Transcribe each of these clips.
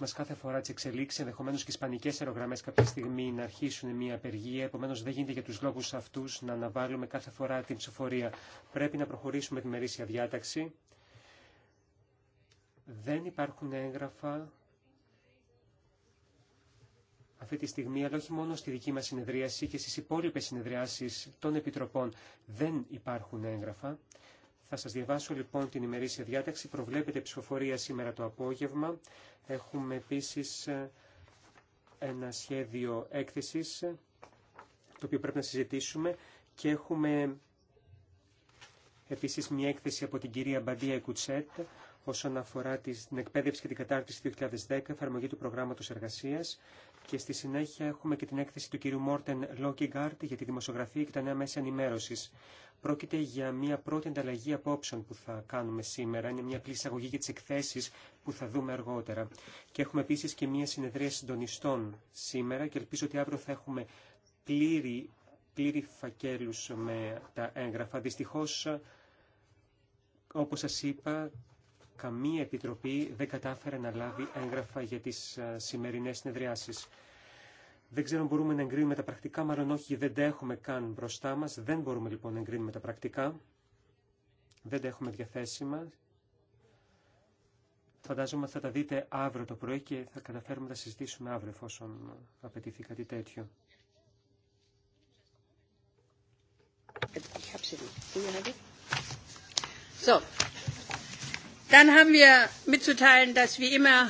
μα κάθε φορά τι εξελίξει, ενδεχομένω και οι ισπανικέ αερογραμμέ κάποια στιγμή να αρχίσουν μια απεργία. Επομένω, δεν γίνεται για του λόγου αυτού να αναβάλουμε κάθε φορά την ψηφορία. Πρέπει να προχωρήσουμε τη μερίσια διάταξη. Δεν υπάρχουν έγγραφα αυτή τη στιγμή, αλλά όχι μόνο στη δική μας συνεδρίαση και στι υπόλοιπε συνεδριάσεις των Επιτροπών δεν υπάρχουν έγγραφα. Θα σας διαβάσω λοιπόν την ημερήσια διάταξη. Προβλέπεται ψηφοφορία σήμερα το απόγευμα. Έχουμε επίσης ένα σχέδιο έκθεσης το οποίο πρέπει να συζητήσουμε και έχουμε επίσης μια έκθεση από την κυρία Μπαντία Κουτσέτ όσον αφορά την εκπαίδευση και την κατάρτιση του 2010, εφαρμογή του προγράμματος εργασίας και στη συνέχεια έχουμε και την έκθεση του κ. Μόρτεν Λόκιγκάρτ για τη δημοσιογραφία και τα νέα μέσα ενημέρωσης. Πρόκειται για μια πρώτη ανταλλαγή απόψεων που θα κάνουμε σήμερα. Είναι μια απλή εισαγωγή για τι εκθέσει που θα δούμε αργότερα. Και έχουμε επίση και μια συνεδρία συντονιστών σήμερα και ελπίζω ότι αύριο θα έχουμε πλήρη, πλήρη φακέλου με τα έγγραφα. Δυστυχώ, όπω σα είπα, καμία επιτροπή δεν κατάφερε να λάβει έγγραφα για τις ε, σημερινές συνεδριάσεις. Δεν ξέρω αν μπορούμε να εγκρίνουμε τα πρακτικά, μάλλον όχι, δεν τα έχουμε καν μπροστά μας. Δεν μπορούμε λοιπόν να εγκρίνουμε τα πρακτικά. Δεν τα έχουμε διαθέσιμα. Φαντάζομαι θα τα δείτε αύριο το πρωί και θα καταφέρουμε να συζητήσουμε αύριο εφόσον απαιτηθεί κάτι τέτοιο. So, Dann haben wir mitzuteilen, dass wie immer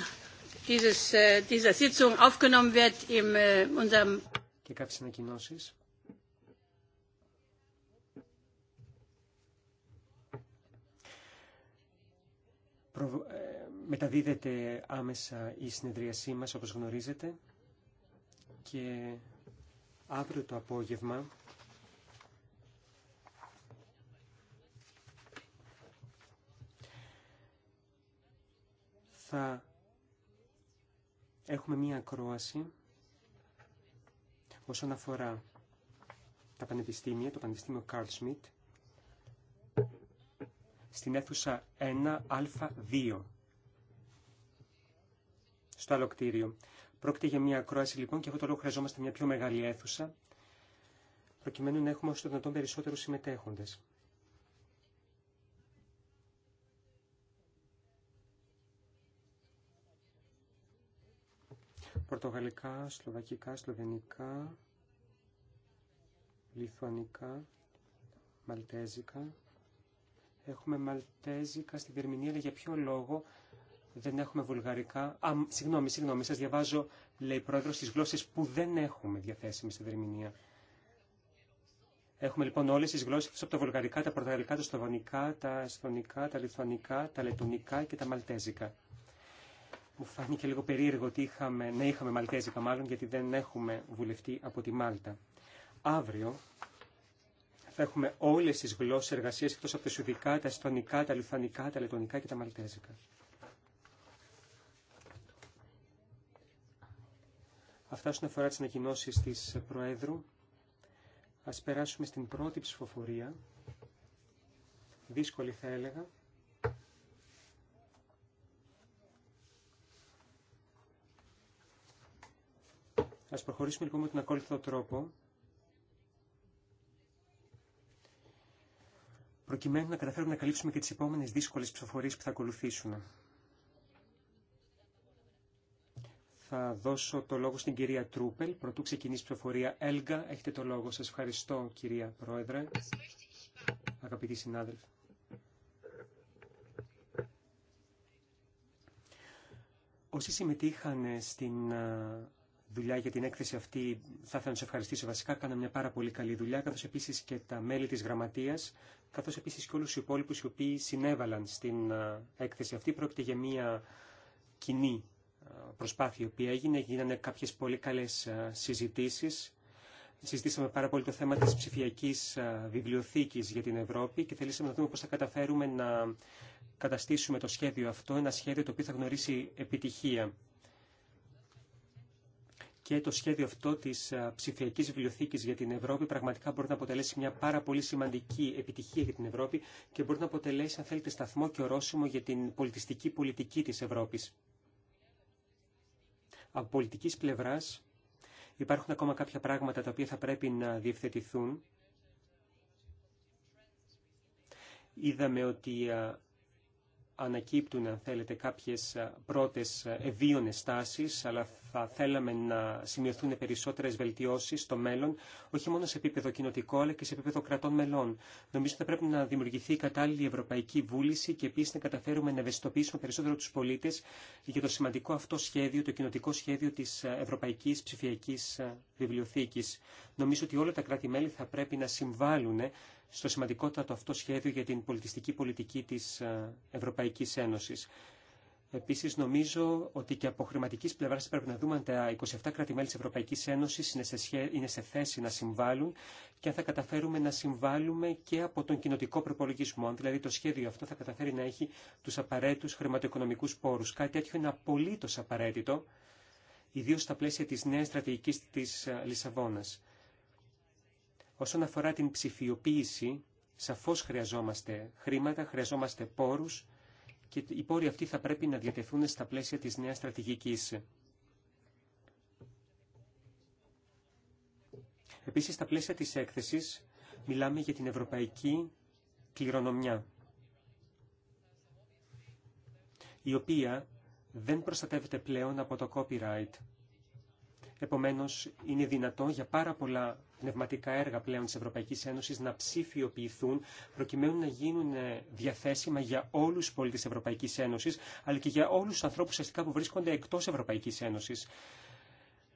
dieses, dieser Sitzung aufgenommen wird in unserem. Μεταδίδεται άμεσα η συνεδρίασή μας, όπως γνωρίζετε, και αύριο το απόγευμα θα έχουμε μία ακρόαση όσον αφορά τα πανεπιστήμια, το Πανεπιστήμιο Carl Schmitt, στην αίθουσα 1α2, στο άλλο κτίριο. Πρόκειται για μια ακρόαση λοιπόν και αυτό το λόγο χρειαζόμαστε μια πιο μεγάλη αίθουσα, προκειμένου να έχουμε όσο το δυνατόν περισσότερους συμμετέχοντες. Πορτογαλικά, Σλοβακικά, Σλοβενικά, Λιθουανικά, Μαλτέζικα. Έχουμε Μαλτέζικα στη Δερμηνία, αλλά για ποιο λόγο δεν έχουμε Βουλγαρικά. Α, συγγνώμη, συγγνώμη, σας διαβάζω, λέει πρόεδρος, τις γλώσσες που δεν έχουμε διαθέσιμες στη Δερμηνία. Έχουμε λοιπόν όλε τι γλώσσε από τα βουλγαρικά, τα πορτογαλικά, τα σλοβανικά, τα εσθονικά, τα λιθουανικά, τα Λετουνικά και τα μαλτέζικα. Μου φάνηκε λίγο περίεργο ότι είχαμε, να είχαμε Μαλτέζικα μάλλον, γιατί δεν έχουμε βουλευτή από τη Μάλτα. Αύριο θα έχουμε όλες τις γλώσσες εργασίας εκτός από τα Σουδικά, τα αστωνικά, τα Λουθανικά, τα Λετωνικά και τα Μαλτέζικα. Αυτά όσον αφορά τις ανακοινώσεις της Προέδρου. Ας περάσουμε στην πρώτη ψηφοφορία. Δύσκολη θα έλεγα. Ας προχωρήσουμε λοιπόν με τον ακόλουθο τρόπο. προκειμένου να καταφέρουμε να καλύψουμε και τις επόμενες δύσκολες ψηφοφορίες που θα ακολουθήσουν. Θα δώσω το λόγο στην κυρία Τρούπελ, πρωτού ξεκινήσει η ψηφοφορία. Έλγα, έχετε το λόγο. Σας ευχαριστώ, κυρία Πρόεδρε. Αγαπητοί συνάδελφοι. Όσοι συμμετείχαν στην δουλειά για την έκθεση αυτή. Θα ήθελα να σε ευχαριστήσω. Βασικά, κάναμε μια πάρα πολύ καλή δουλειά, καθώ επίση και τα μέλη τη Γραμματεία, καθώ επίση και όλου του υπόλοιπου οι οποίοι συνέβαλαν στην έκθεση αυτή. Πρόκειται για μια κοινή προσπάθεια η οποία έγινε. Γίνανε κάποιε πολύ καλέ συζητήσει. Συζητήσαμε πάρα πολύ το θέμα της ψηφιακής βιβλιοθήκης για την Ευρώπη και θελήσαμε να δούμε πώς θα καταφέρουμε να καταστήσουμε το σχέδιο αυτό, ένα σχέδιο το οποίο θα γνωρίσει επιτυχία και το σχέδιο αυτό της ε, ψηφιακής βιβλιοθήκης για την Ευρώπη πραγματικά μπορεί να αποτελέσει μια πάρα πολύ σημαντική επιτυχία για την Ευρώπη και μπορεί να αποτελέσει, αν θέλετε, σταθμό και ορόσημο για την πολιτιστική πολιτική της Ευρώπης. Από πολιτικής πλευράς υπάρχουν ακόμα κάποια πράγματα τα οποία θα πρέπει να διευθετηθούν. Είδαμε ότι ε, ανακύπτουν, αν θέλετε, κάποιες ε, πρώτες ε, ευίωνες στάσεις, αλλά θα θέλαμε να σημειωθούν περισσότερες βελτιώσεις στο μέλλον, όχι μόνο σε επίπεδο κοινοτικό, αλλά και σε επίπεδο κρατών μελών. Νομίζω ότι θα πρέπει να δημιουργηθεί η κατάλληλη ευρωπαϊκή βούληση και επίσης να καταφέρουμε να ευαισθητοποιήσουμε περισσότερο τους πολίτες για το σημαντικό αυτό σχέδιο, το κοινοτικό σχέδιο της ε, Ευρωπαϊκής Ψηφιακής Βιβλιοθήκης. Νομίζω ότι όλα τα κράτη-μέλη θα πρέπει να συμβάλλουν στο σημαντικότατο αυτό σχέδιο για την πολιτιστική πολιτική της ε, Ευρωπαϊκής Ένωσης. Επίσης, νομίζω ότι και από χρηματική πλευρά πρέπει να δούμε αν τα 27 κράτη-μέλη της Ευρωπαϊκή Ένωση είναι σε θέση να συμβάλλουν και αν θα καταφέρουμε να συμβάλλουμε και από τον κοινοτικό προπολογισμό. δηλαδή το σχέδιο αυτό θα καταφέρει να έχει τους απαραίτητους χρηματοοικονομικούς πόρους. Κάτι τέτοιο είναι απολύτω απαραίτητο, ιδίως στα πλαίσια τη νέα στρατηγική τη ε, Λισαβόνα. Όσον αφορά την ψηφιοποίηση, σαφώς χρειαζόμαστε χρήματα, χρειαζόμαστε πόρους και οι πόροι αυτοί θα πρέπει να διατεθούν στα πλαίσια της νέας στρατηγικής. Επίσης, στα πλαίσια της έκθεσης μιλάμε για την ευρωπαϊκή κληρονομιά, η οποία δεν προστατεύεται πλέον από το copyright. Επομένως, είναι δυνατό για πάρα πολλά πνευματικά έργα πλέον της Ευρωπαϊκής Ένωσης να ψηφιοποιηθούν προκειμένου να γίνουν ε, διαθέσιμα για όλους τους πολίτες της Ευρωπαϊκής Ένωσης αλλά και για όλους τους ανθρώπους αστικά που βρίσκονται εκτός Ευρωπαϊκής Ένωσης.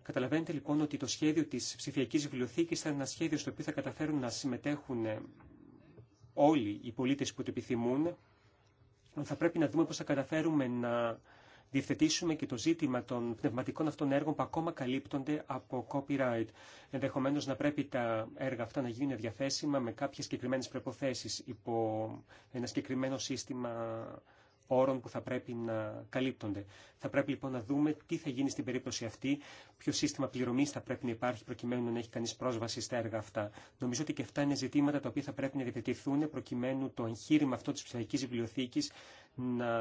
Καταλαβαίνετε λοιπόν ότι το σχέδιο της ψηφιακής βιβλιοθήκης θα είναι ένα σχέδιο στο οποίο θα καταφέρουν να συμμετέχουν ε, όλοι οι πολίτες που το επιθυμούν. Θα πρέπει να δούμε πώς θα καταφέρουμε να διευθετήσουμε και το ζήτημα των πνευματικών αυτών έργων που ακόμα καλύπτονται από copyright. Ενδεχομένω να πρέπει τα έργα αυτά να γίνουν διαθέσιμα με κάποιε συγκεκριμένε προποθέσει υπό ένα συγκεκριμένο σύστημα όρων που θα πρέπει να καλύπτονται. Θα πρέπει λοιπόν να δούμε τι θα γίνει στην περίπτωση αυτή, ποιο σύστημα πληρωμή θα πρέπει να υπάρχει προκειμένου να έχει κανεί πρόσβαση στα έργα αυτά. Νομίζω ότι και αυτά είναι ζητήματα τα οποία θα πρέπει να διαπαιτηθούν προκειμένου το εγχείρημα αυτό τη ψηφιακή βιβλιοθήκη να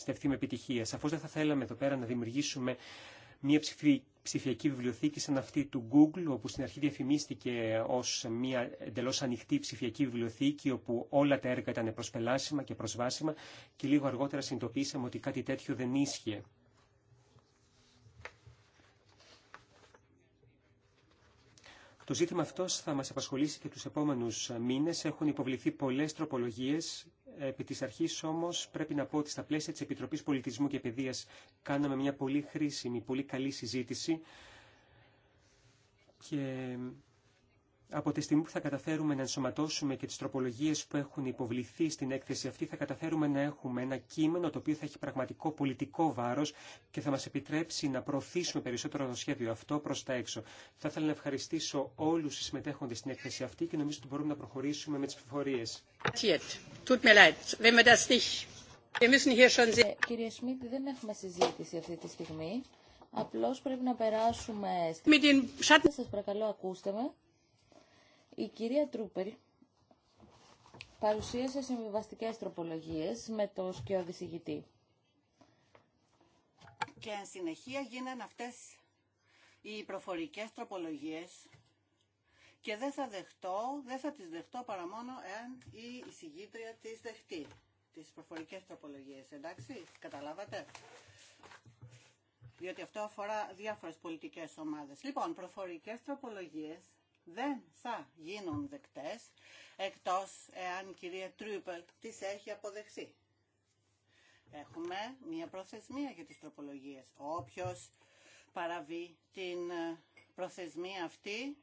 στεφθεί με επιτυχία. Σαφώ δεν θα θέλαμε εδώ πέρα να δημιουργήσουμε μια ψηφιακή βιβλιοθήκη σαν αυτή του Google, όπου στην αρχή διαφημίστηκε ως μια εντελώ ανοιχτή ψηφιακή βιβλιοθήκη, όπου όλα τα έργα ήταν προσπελάσιμα και προσβάσιμα και λίγο αργότερα συνειδητοποίησαμε ότι κάτι τέτοιο δεν ίσχυε. Το ζήτημα αυτό θα μα απασχολήσει και του επόμενου μήνε. Έχουν υποβληθεί πολλέ τροπολογίε. Επί της αρχής όμως πρέπει να πω ότι στα πλαίσια της Επιτροπής Πολιτισμού και Παιδείας κάναμε μια πολύ χρήσιμη, πολύ καλή συζήτηση και από τη στιγμή που θα καταφέρουμε να ενσωματώσουμε και τις τροπολογίες που έχουν υποβληθεί στην έκθεση αυτή, θα καταφέρουμε να έχουμε ένα κείμενο το οποίο θα έχει πραγματικό πολιτικό βάρος και θα μας επιτρέψει να προωθήσουμε περισσότερο το σχέδιο αυτό προς τα έξω. Θα ήθελα να ευχαριστήσω όλους οι συμμετέχοντες στην έκθεση αυτή και νομίζω ότι μπορούμε να προχωρήσουμε με τις πληροφορίες. Ε, κύριε Σμίτ, δεν έχουμε συζήτηση αυτή τη στιγμή. Απλώς πρέπει να περάσουμε... Σας παρακαλώ, ακούστε με. Η κυρία Τρούπερ παρουσίασε συμβιβαστικέ τροπολογίε με το σκιώδη συγητή. Και εν συνεχεία γίνανε αυτές οι προφορικέ τροπολογίε και δεν θα δεχτώ, δεν θα τις δεχτώ παρά μόνο εάν η εισηγήτρια τις δεχτεί, τις προφορικές τροπολογίες, εντάξει, καταλάβατε. Διότι αυτό αφορά διάφορες πολιτικές ομάδες. Λοιπόν, προφορικές τροπολογίες δεν θα γίνουν δεκτές εκτός εάν η κυρία Τρούπελ τις έχει αποδεχθεί. Έχουμε μία προθεσμία για τις τροπολογίες. Όποιος παραβεί την ε, προθεσμία αυτή,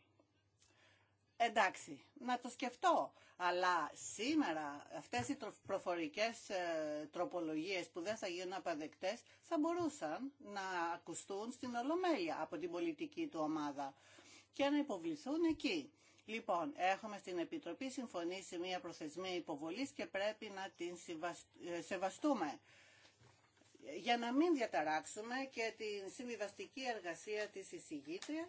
εντάξει, να το σκεφτώ. Αλλά σήμερα αυτές οι προφορικές ε, τροπολογίες που δεν θα γίνουν απαδεκτές θα μπορούσαν να ακουστούν στην Ολομέλεια από την πολιτική του ομάδα και να υποβληθούν εκεί. Λοιπόν, έχουμε στην Επιτροπή συμφωνήσει μία προθεσμία υποβολής και πρέπει να την ε, σεβαστούμε για να μην διαταράξουμε και την συμβιβαστική εργασία της εισηγήτριας.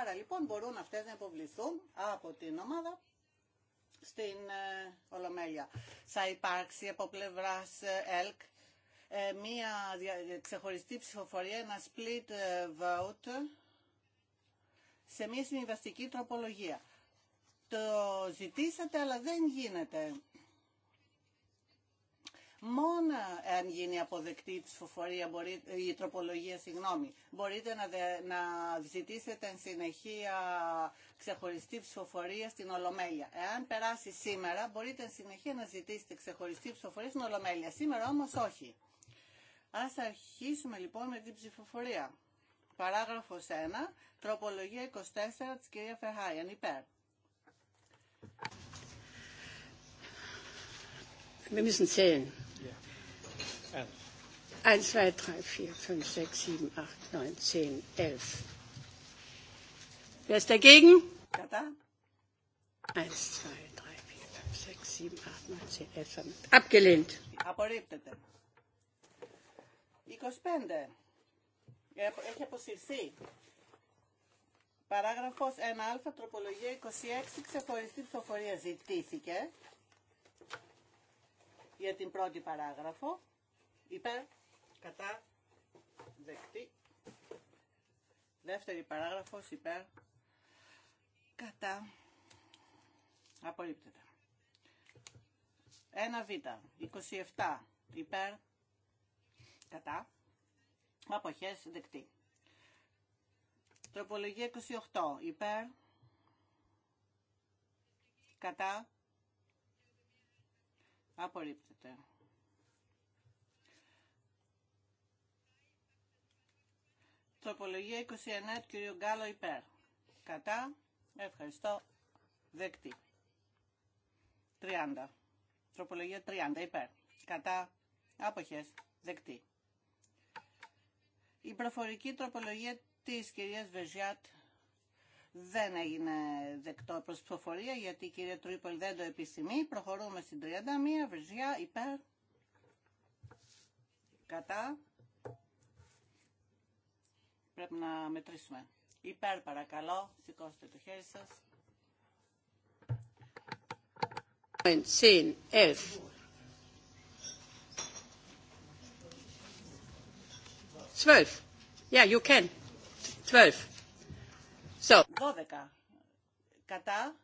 Άρα λοιπόν μπορούν αυτές να υποβληθούν από την ομάδα στην ε, Ολομέλεια. Θα υπάρξει από πλευράς ε, ΕΛΚ μία ξεχωριστή ψηφοφορία, ένα split vote σε μια συμβιβαστική τροπολογία. Το ζητήσατε αλλά δεν γίνεται. Μόνο αν γίνει αποδεκτή η ψηφοφορία, η τροπολογία, συγγνώμη, μπορείτε να, να ζητήσετε εν συνεχεία ξεχωριστή ψηφοφορία στην Ολομέλεια. Εάν περάσει σήμερα, μπορείτε εν συνεχεία να ζητήσετε ξεχωριστή ψηφοφορία στην Ολομέλεια. Σήμερα όμως όχι. Ας αρχίσουμε λοιπόν με την ψηφοφορία. Παράγραφος 1, τροπολογία 24 της κυρία Φερχάιεν, Wir müssen zählen. Ja. 1, 2, 3, 4, 5, 6, 7, 8, 9, 10, 11. Wer ist dagegen? Κατά. 1, 2, 3, 4, 5, 6, 7, 8, 9, 10, 11. Abgelehnt. Απορρίπτεται. 25. Έχει αποσυρθεί. Παράγραφος 1α, τροπολογία 26, ξεχωριστή ψηφοφορία ζητήθηκε για την πρώτη παράγραφο. Υπέρ, κατά, δεκτή. Δεύτερη παράγραφος, υπέρ, κατά, απορρίπτεται. 1β, 27, υπέρ, κατά, Αποχές δεκτή. Τροπολογία 28. Υπέρ. Κατά. Απορρίπτεται. Τροπολογία 29 Κύριο Γκάλο υπέρ. Κατά. Ευχαριστώ. Δεκτή. 30. Τροπολογία 30 υπέρ. Κατά. Άποχες. Δεκτή. Η προφορική τροπολογία της κυρίας Βεζιάτ δεν έγινε δεκτό προς ψηφοφορία γιατί η κυρία Τρούπολ δεν το επισημεί. Προχωρούμε στην 31. Βεζιά υπέρ. Κατά. Πρέπει να μετρήσουμε. Υπέρ παρακαλώ. Σηκώστε το χέρι σας. 12. Yeah, you can. Zwölf. So. 12. Κατά.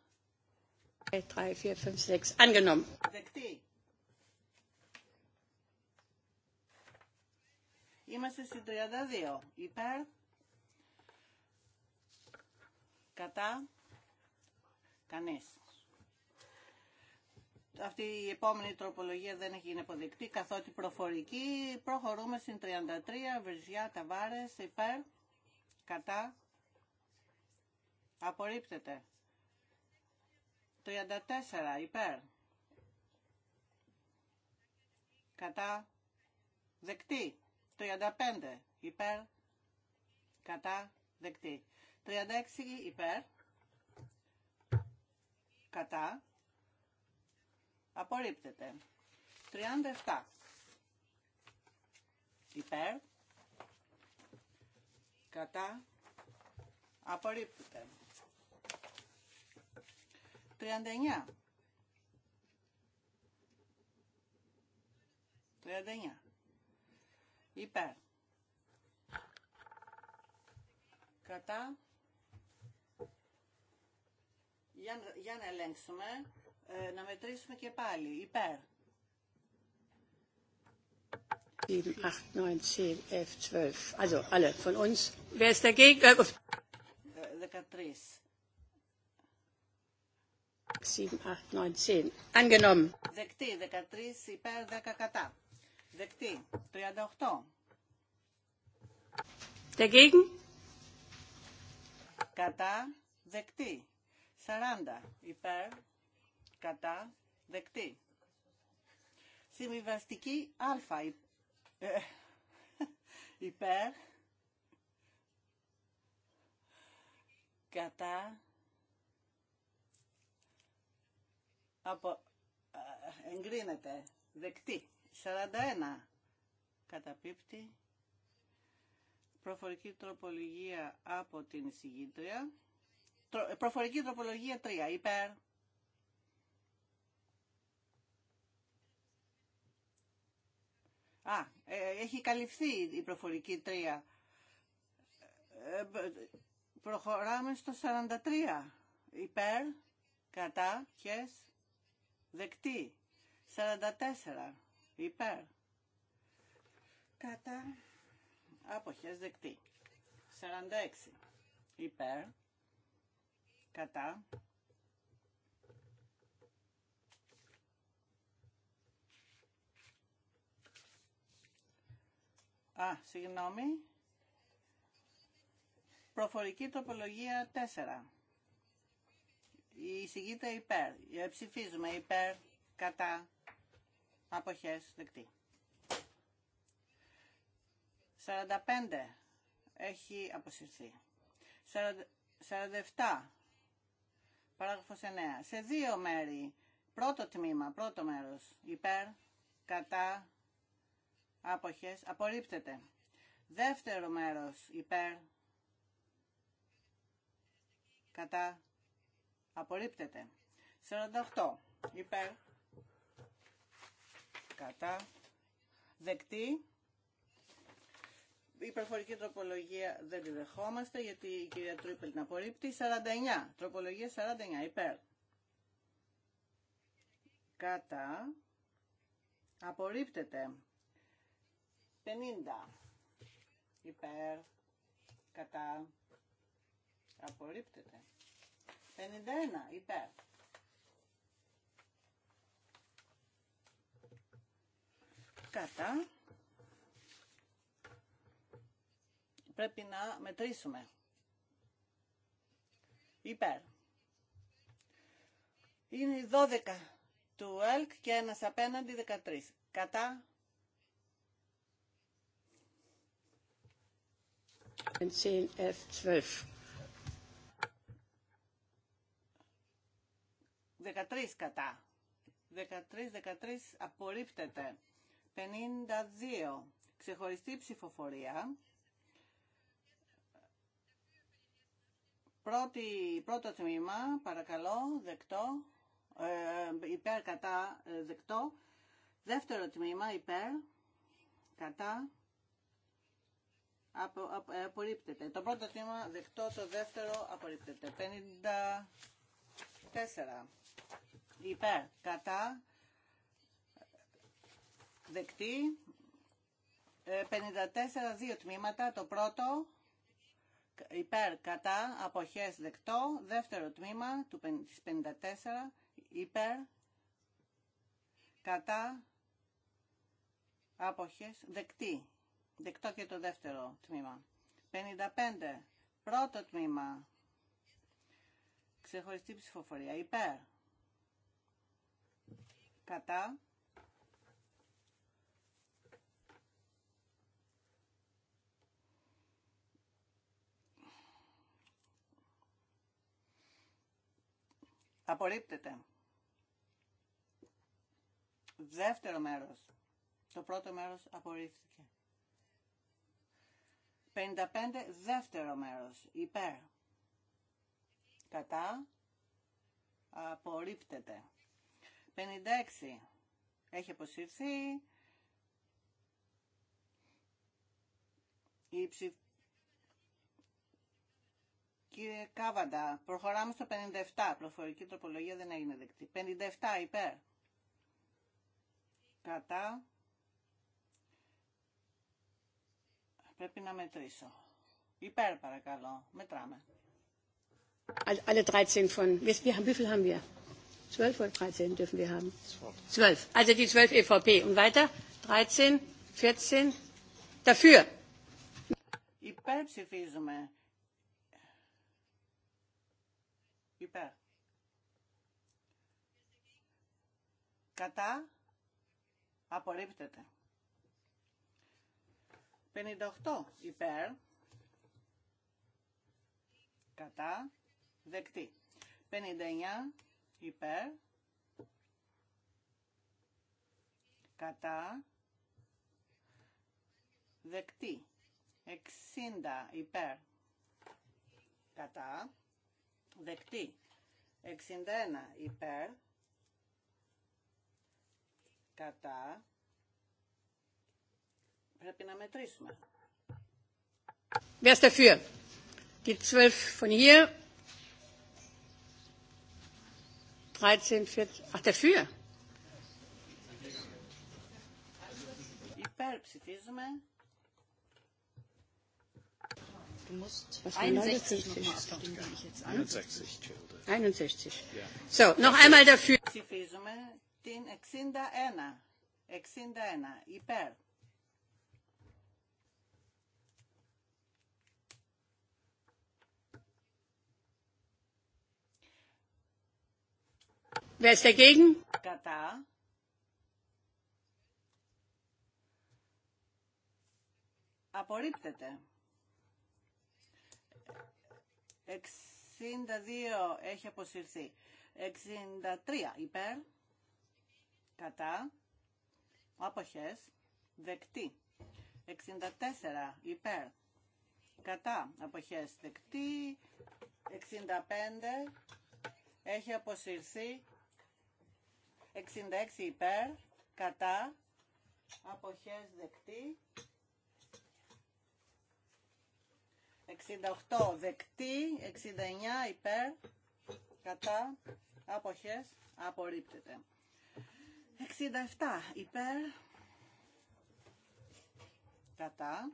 3, 4, 5, 6. Angenommen. Δεκτή. Είμαστε στην 32. Υπέρ. Κατά. Κανείς αυτή η επόμενη τροπολογία δεν έχει γίνει αποδεκτή, καθότι προφορική. Προχωρούμε στην 33, Βριζιά, Ταβάρες, υπέρ, κατά, απορρίπτεται. 34, υπέρ, κατά, δεκτή. 35, υπέρ, κατά, δεκτή. 36, υπέρ, κατά, Απορρίπτεται. 37. Υπέρ. Κατά. Απορρίπτεται. 39. 39. Υπέρ. Κατά. Για, για να ελέγξουμε. Ε, να μετρήσουμε και πάλι. Υπέρ. 7, 8, 9, 10, 11, 12. Also alle von uns. Wer ist dagegen? 13. 7, 8, 9, 10. Angenommen. Δεκτή. 13 υπέρ 10 κατά. Δεκτή. 38. Dagegen? Κατά. Δεκτή. 40 υπέρ κατά, δεκτή. Συμβιβαστική α, ε, υπέρ, κατά, από, ε, εγκρίνεται, δεκτή. 41 καταπίπτει προφορική τροπολογία από την εισηγήτρια. Ε, προφορική τροπολογία 3. Υπέρ, Α, ε, έχει καλυφθεί η προφορική 3. Ε, προχωράμε στο 43. Υπέρ, κατά, χες, δεκτή. 44. Υπέρ. Κατά. χες, δεκτή. 46. Υπέρ. Κατά. Α, συγγνώμη. Προφορική τροπολογία 4. Η Εισηγείται υπέρ. Ε, ψηφίζουμε υπέρ, κατά, αποχές, δεκτή. 45 έχει αποσυρθεί. 47 παράγραφος 9. Σε δύο μέρη. Πρώτο τμήμα, πρώτο μέρος. Υπέρ, κατά, άποχες, απορρίπτεται. Δεύτερο μέρος, υπέρ, κατά, απορρίπτεται. 48, υπέρ, κατά, δεκτή. Η προφορική τροπολογία δεν τη δεχόμαστε γιατί η κυρία Τρούπελ την απορρίπτει. 49, τροπολογία 49, υπέρ. Κατά, απορρίπτεται. 50 υπέρ κατά απορρίπτεται 51 υπέρ κατά πρέπει να μετρήσουμε υπέρ είναι 12 του ΕΛΚ και ένας απέναντι 13 κατά 10, 11, 12. 13 κατά. 13-13 απορρίπτεται. 52. Ξεχωριστή ψηφοφορία. Πρώτη, πρώτο τμήμα, παρακαλώ, δεκτό. Ε, υπέρ κατά δεκτό. Δεύτερο τμήμα, υπέρ κατά Απο, απο, ε, απορρίπτεται. Το πρώτο τμήμα δεκτό, το δεύτερο απορρίπτεται. 54. Υπέρ, κατά, δεκτή. 54, ε, δύο τμήματα. Το πρώτο, υπέρ, κατά, αποχές, δεκτό. Δεύτερο τμήμα του 54, υπέρ, κατά, αποχές, δεκτή. Δεκτό και το δεύτερο τμήμα. 55. Πρώτο τμήμα. Ξεχωριστή ψηφοφορία. Υπέρ. Κατά. Απορρίπτεται. Δεύτερο μέρος. Το πρώτο μέρος απορρίφθηκε. 55 δεύτερο μέρος υπέρ κατά απορρίπτεται 56 έχει αποσυρθεί η ψη... Κύριε Κάβαντα, προχωράμε στο 57. Προφορική τροπολογία δεν έγινε δεκτή. 57 υπέρ. Κατά. Πρέπει να μετρήσω. Υπέρ παρακαλώ. Μετράμε. Alle 13 von, wie viel haben wir? 12 oder 13 dürfen wir haben? 12. Also die 12 EVP. Und weiter? 13, 14. Dafür. Υπέρ ψηφίζουμε. Υπέρ. Κατά. Απορρίπτεται. 58 υπέρ, κατά, δεκτή. 59 υπέρ, κατά, δεκτή. 60 υπέρ, κατά, δεκτή. 61 υπέρ, κατά, Πρέπει να μετρήσουμε. Wer ist dafür? Die 12 von hier. 13, 14. Ach, dafür. Υπέρ Du musst 61 nochmal abstimmen, ich jetzt an. 61, 61. So, noch einmal dafür. Ψηφίζουμε την 61. 61. Υπέρ. Wer ist dagegen? Κατά. Απορρίπτεται. 62 έχει αποσυρθεί. 63 υπέρ. Κατά. Αποχές. Δεκτή. 64 υπέρ. Κατά. Αποχές. Δεκτή. 65 έχει αποσυρθεί. 66 υπέρ, κατά, αποχές δεκτή. 68 δεκτή, 69 υπέρ, κατά, αποχές, απορρίπτεται. 67 υπέρ, κατά,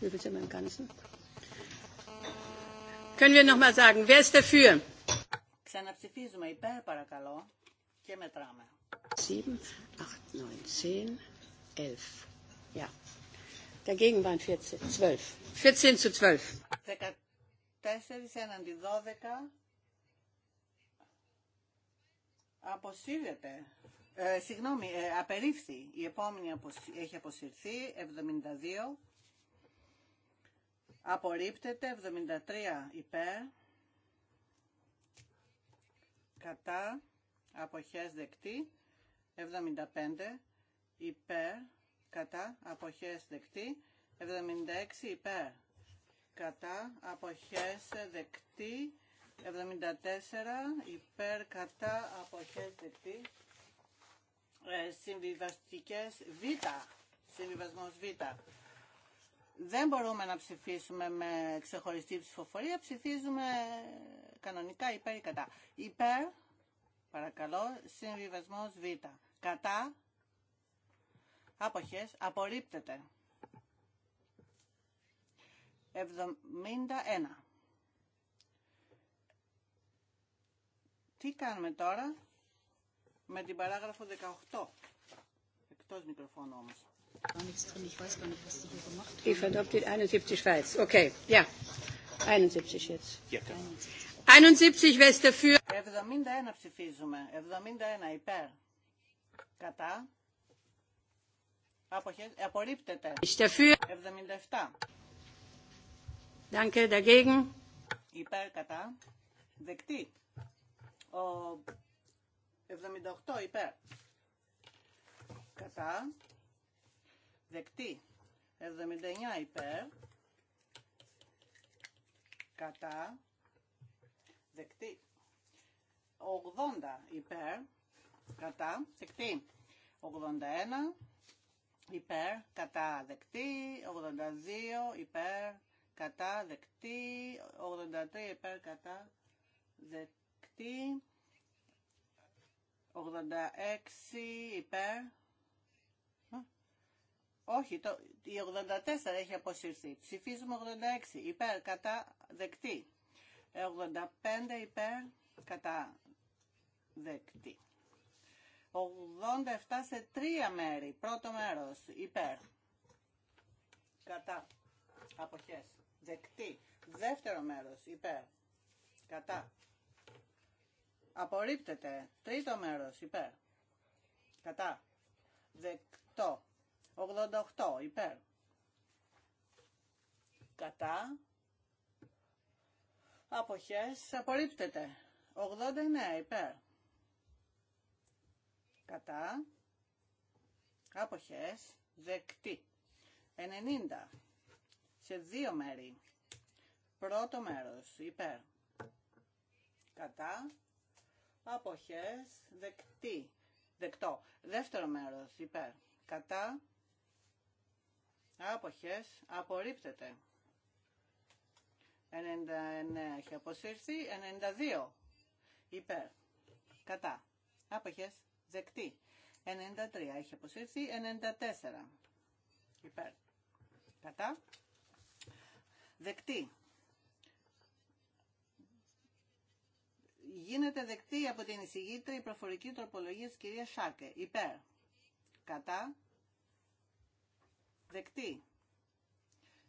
Wie bitte beim nicht. Können wir noch mal sagen, wer ist dafür? Ξαναψηφίζουμε υπέρ παρακαλώ και μετράμε. 7, 8, 9, 10, 11. Ja. Dagegen waren 14, 12. 14 zu 12. 14 έναντι 12. Αποσύρεται. Ε, συγγνώμη, ε, απερίφθη. Η επόμενη έχει αποσυρθεί, 72. Απορρίπτεται 73 υπέρ. Κατά. Αποχές δεκτή. 75 υπέρ. Κατά. Αποχές δεκτή. 76 υπέρ. Κατά. Αποχές δεκτή. 74 υπέρ. Κατά. Αποχές δεκτή. Ε, συμβιβαστικές Β. Συμβιβασμός Β δεν μπορούμε να ψηφίσουμε με ξεχωριστή ψηφοφορία, ψηφίζουμε κανονικά υπέρ ή κατά. Υπέρ, παρακαλώ, συμβιβασμός Β. Κατά, αποχές, απορρίπτεται. 71. Τι κάνουμε τώρα με την παράγραφο 18, εκτός μικροφώνου όμως gar nichts drin. Ich weiß gar nicht, was die hier gemacht haben. If 71 Schweiz. Okay, ja. 71 jetzt. 71 wer ist dafür? 71 ψηφίζουμε. 71 υπέρ. Κατά. Απορρίπτεται. Ich dafür. 77. Danke, dagegen. Υπέρ, κατά. Δεκτή. Ο 78 υπέρ. Κατά. Δεκτή. 79 υπέρ. Κατά. Δεκτή. 80 υπέρ. Κατά. Δεκτή. 81 υπέρ. Κατά. Δεκτή. 82 υπέρ. Κατά. Δεκτή. 83 υπέρ. Κατά. Δεκτή. 86 υπέρ όχι, το, η 84 έχει αποσυρθεί. Ψηφίζουμε 86 υπέρ κατά δεκτή. 85 υπέρ κατά δεκτή. 87 σε τρία μέρη. Πρώτο μέρος υπέρ κατά αποχές δεκτή. Δεύτερο μέρος υπέρ κατά απορρίπτεται. Τρίτο μέρος υπέρ κατά δεκτό. 88 υπέρ. Κατά. Αποχές απορρίπτεται. 89 υπέρ. Κατά. Αποχές δεκτή. 90 σε δύο μέρη. Πρώτο μέρος υπέρ. Κατά. Αποχές δεκτή. Δεκτό. Δεύτερο μέρος υπέρ. Κατά Άποχες. Απορρίπτεται. 99 έχει αποσύρθει. 92 υπέρ. Κατά. Άποχες. Δεκτή. 93 έχει αποσύρθει. 94 υπέρ. Κατά. Δεκτή. Γίνεται δεκτή από την εισηγήτρια η προφορική τροπολογία της κυρίας Σάκε. Υπέρ. Κατά. Δεκτή.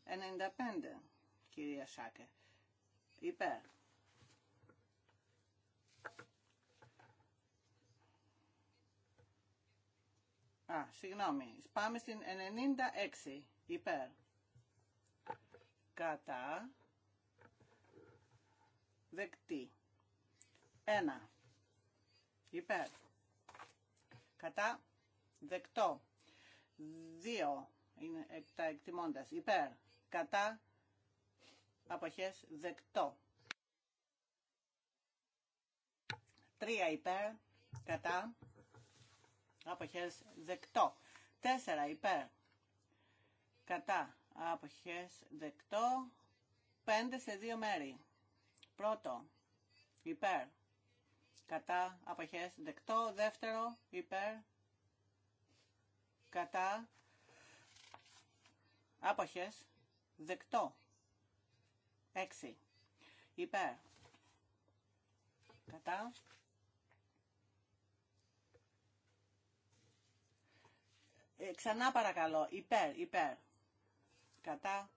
95. Κυρία Σάκε. Υπέρ. Α, συγγνώμη. Πάμε στην 96. Υπέρ. Κατά. Δεκτή. Ένα. Υπέρ. Κατά. Δεκτό. Δύο είναι ε, τα εκτιμώντας. Υπέρ, κατά, αποχές, δεκτό. Τρία υπέρ, κατά, αποχές, δεκτό. Τέσσερα υπέρ, κατά, αποχές, δεκτό. Πέντε σε δύο μέρη. Πρώτο, υπέρ, κατά, αποχές, δεκτό. Δεύτερο, υπέρ, κατά, Άποχες, δεκτό, έξι, υπέρ, κατά, ε, ξανά παρακαλώ, υπέρ, υπέρ, κατά,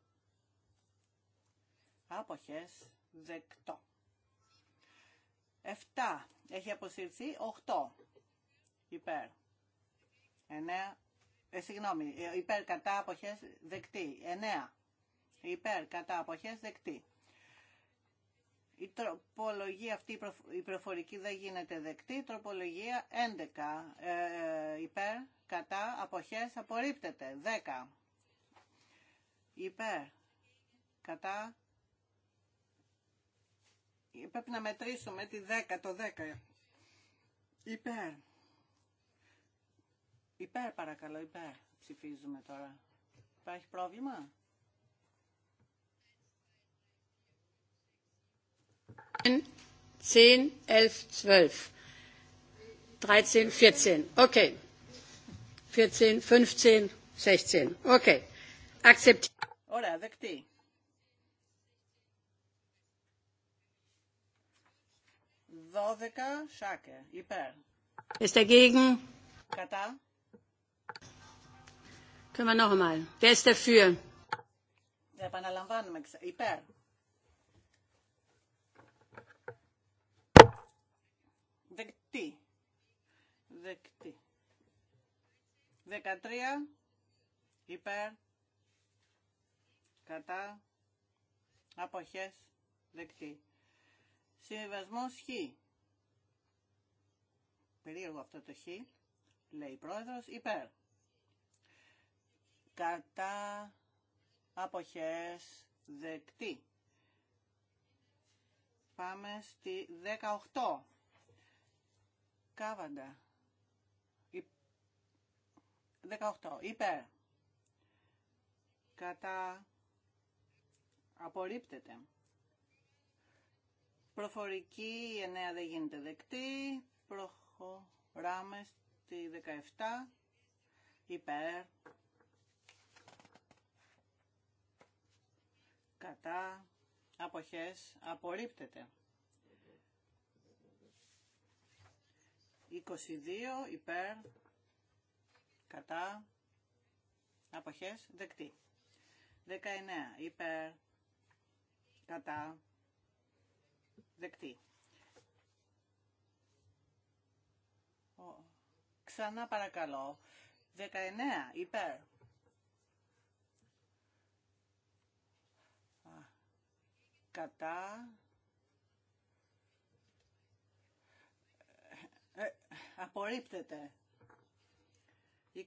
άποχες, δεκτό, εφτά, έχει αποσυρθεί, οχτώ, υπέρ, εννέα, ε, συγγνώμη, ε, υπέρ κατά αποχές δεκτή. 9. Υπέρ κατά αποχές δεκτή. Η τροπολογία αυτή, η προφορική δεν γίνεται δεκτή. Τροπολογία 11. Ε, ε, υπέρ κατά αποχές απορρίπτεται. 10. Υπέρ κατά ε, πρέπει να μετρήσουμε τη 10, το 10 υπέρ Υπέρ παρακαλώ, υπέρ ψηφίζουμε τώρα. Υπάρχει πρόβλημα? 10, 11, 12, 13, 14. 14, 15, 16. Ωραία, δεκτεί. 12, Σάκε, υπέρ. Είναι dagegen. Κατά. Können wir noch einmal. Wer ist dafür? Επαναλαμβάνουμε. Υπέρ. Δεκτή. Δεκτή. Δεκατρία. Υπέρ. Κατά. Αποχές. Δεκτή. Συμβιβασμός Χ. Περίεργο αυτό το Χ. Λέει η πρόεδρος. Υπέρ κατά αποχές δεκτή. Πάμε στη 18. Κάβαντα. 18. Υπέρ. Κατά. Απορρίπτεται. Προφορική 9 δεν γίνεται δεκτή. Προχωράμε στη 17. Υπέρ. κατά, αποχές, απορρίπτεται. 22 υπέρ, κατά, αποχές, δεκτή. 19 υπέρ, κατά, δεκτή. Ξανά παρακαλώ. 19 υπέρ, κατά ε, απορρίπτεται 23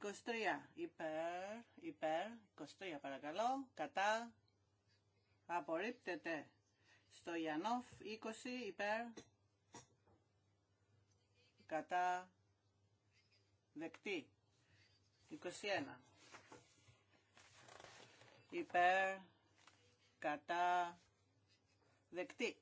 υπέρ υπέρ 23 παρακαλώ κατά απορρίπτεται στο Ιανόφ 20 υπέρ κατά δεκτή 21 υπέρ κατά Δεκτή.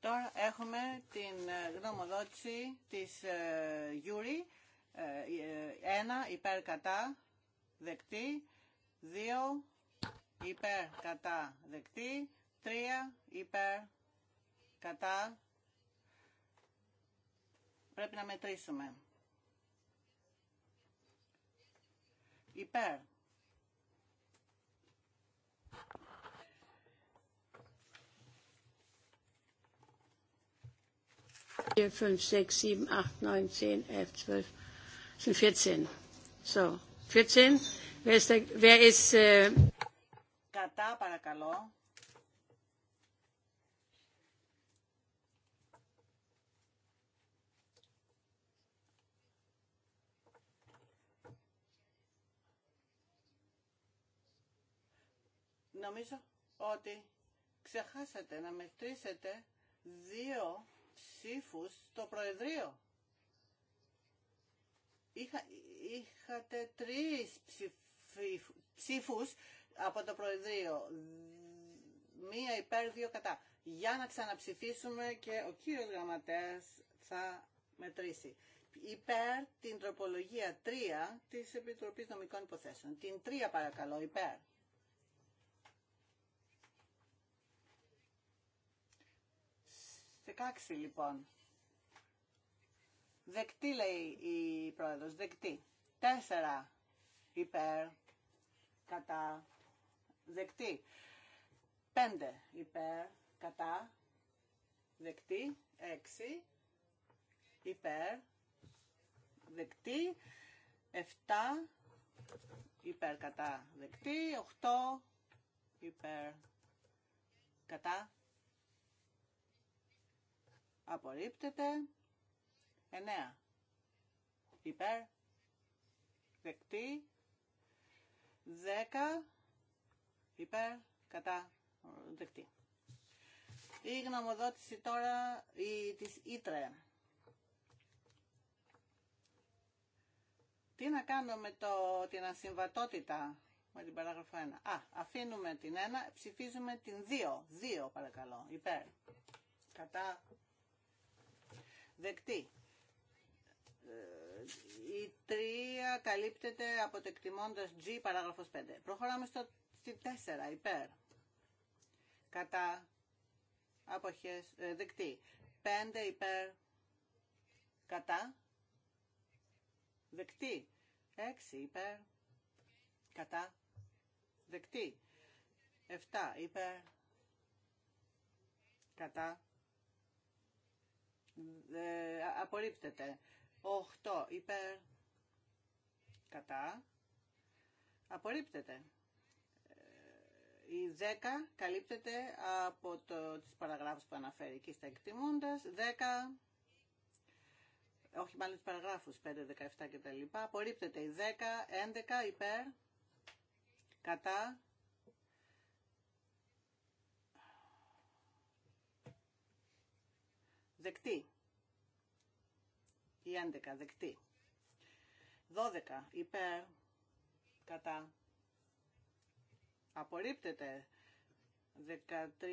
Τώρα έχουμε την ε, γνωμοδότηση της ε, Γιούρη. Ε, ένα υπέρ κατά δεκτή. Δύο υπέρ κατά δεκτή. Τρία υπέρ κατά πρέπει να μετρήσουμε. Υπέρ 4, 5, 6, 7, 8, 9, 10, 11, 12, sind 14. So, 14. Wer ist, der, wer ist äh... Κατά, παρακαλώ. Νομίζω ότι ξεχάσατε να μετρήσετε δύο ψήφους στο Προεδρείο. Είχα, είχατε τρεις ψήφου από το Προεδρείο. Μία υπέρ, δύο κατά. Για να ξαναψηφίσουμε και ο κύριος Γραμματέας θα μετρήσει. Υπέρ την τροπολογία 3 της Επιτροπής Νομικών Υποθέσεων. Την 3 παρακαλώ, υπέρ. 16 λοιπόν. Δεκτεί λέει η πρόεδρος, Δεκτεί. 4 υπέρ, κατά, Δεκτεί. 5 υπέρ, κατά, Δεκτεί. 6 υπέρ, δεκτεί. 7 υπέρ, κατά, δεκτεί. 8 υπέρ, κατά, απορρίπτεται. 9 υπέρ, δεκτή. 10 υπέρ, κατά, δεκτή. Η γνωμοδότηση τώρα η, της Ήτρε. Τι να κάνω με το, την ασυμβατότητα με την παράγραφο 1. Α, αφήνουμε την 1, ψηφίζουμε την 2. 2 παρακαλώ, υπέρ. Κατά δεκτή. Ε, η 3 καλύπτεται από το εκτιμώντας G παράγραφος 5. Προχωράμε στο, 4 υπέρ. Κατά αποχές ε, δεκτή. 5 υπέρ κατά δεκτή. 6 υπέρ κατά δεκτή. 7 υπέρ κατά ε, απορρίπτεται. 8 υπέρ κατά απορρίπτεται. Ε, η 10 καλύπτεται από το, τις παραγράφους που αναφέρει εκεί στα εκτιμούντας. 10, όχι μάλλον τις παραγράφους 5, 17 κτλ. Απορρίπτεται η 10, 11 υπέρ, κατά, δεκτή. Η 11 δεκτή. 12 υπέρ κατά απορρίπτεται.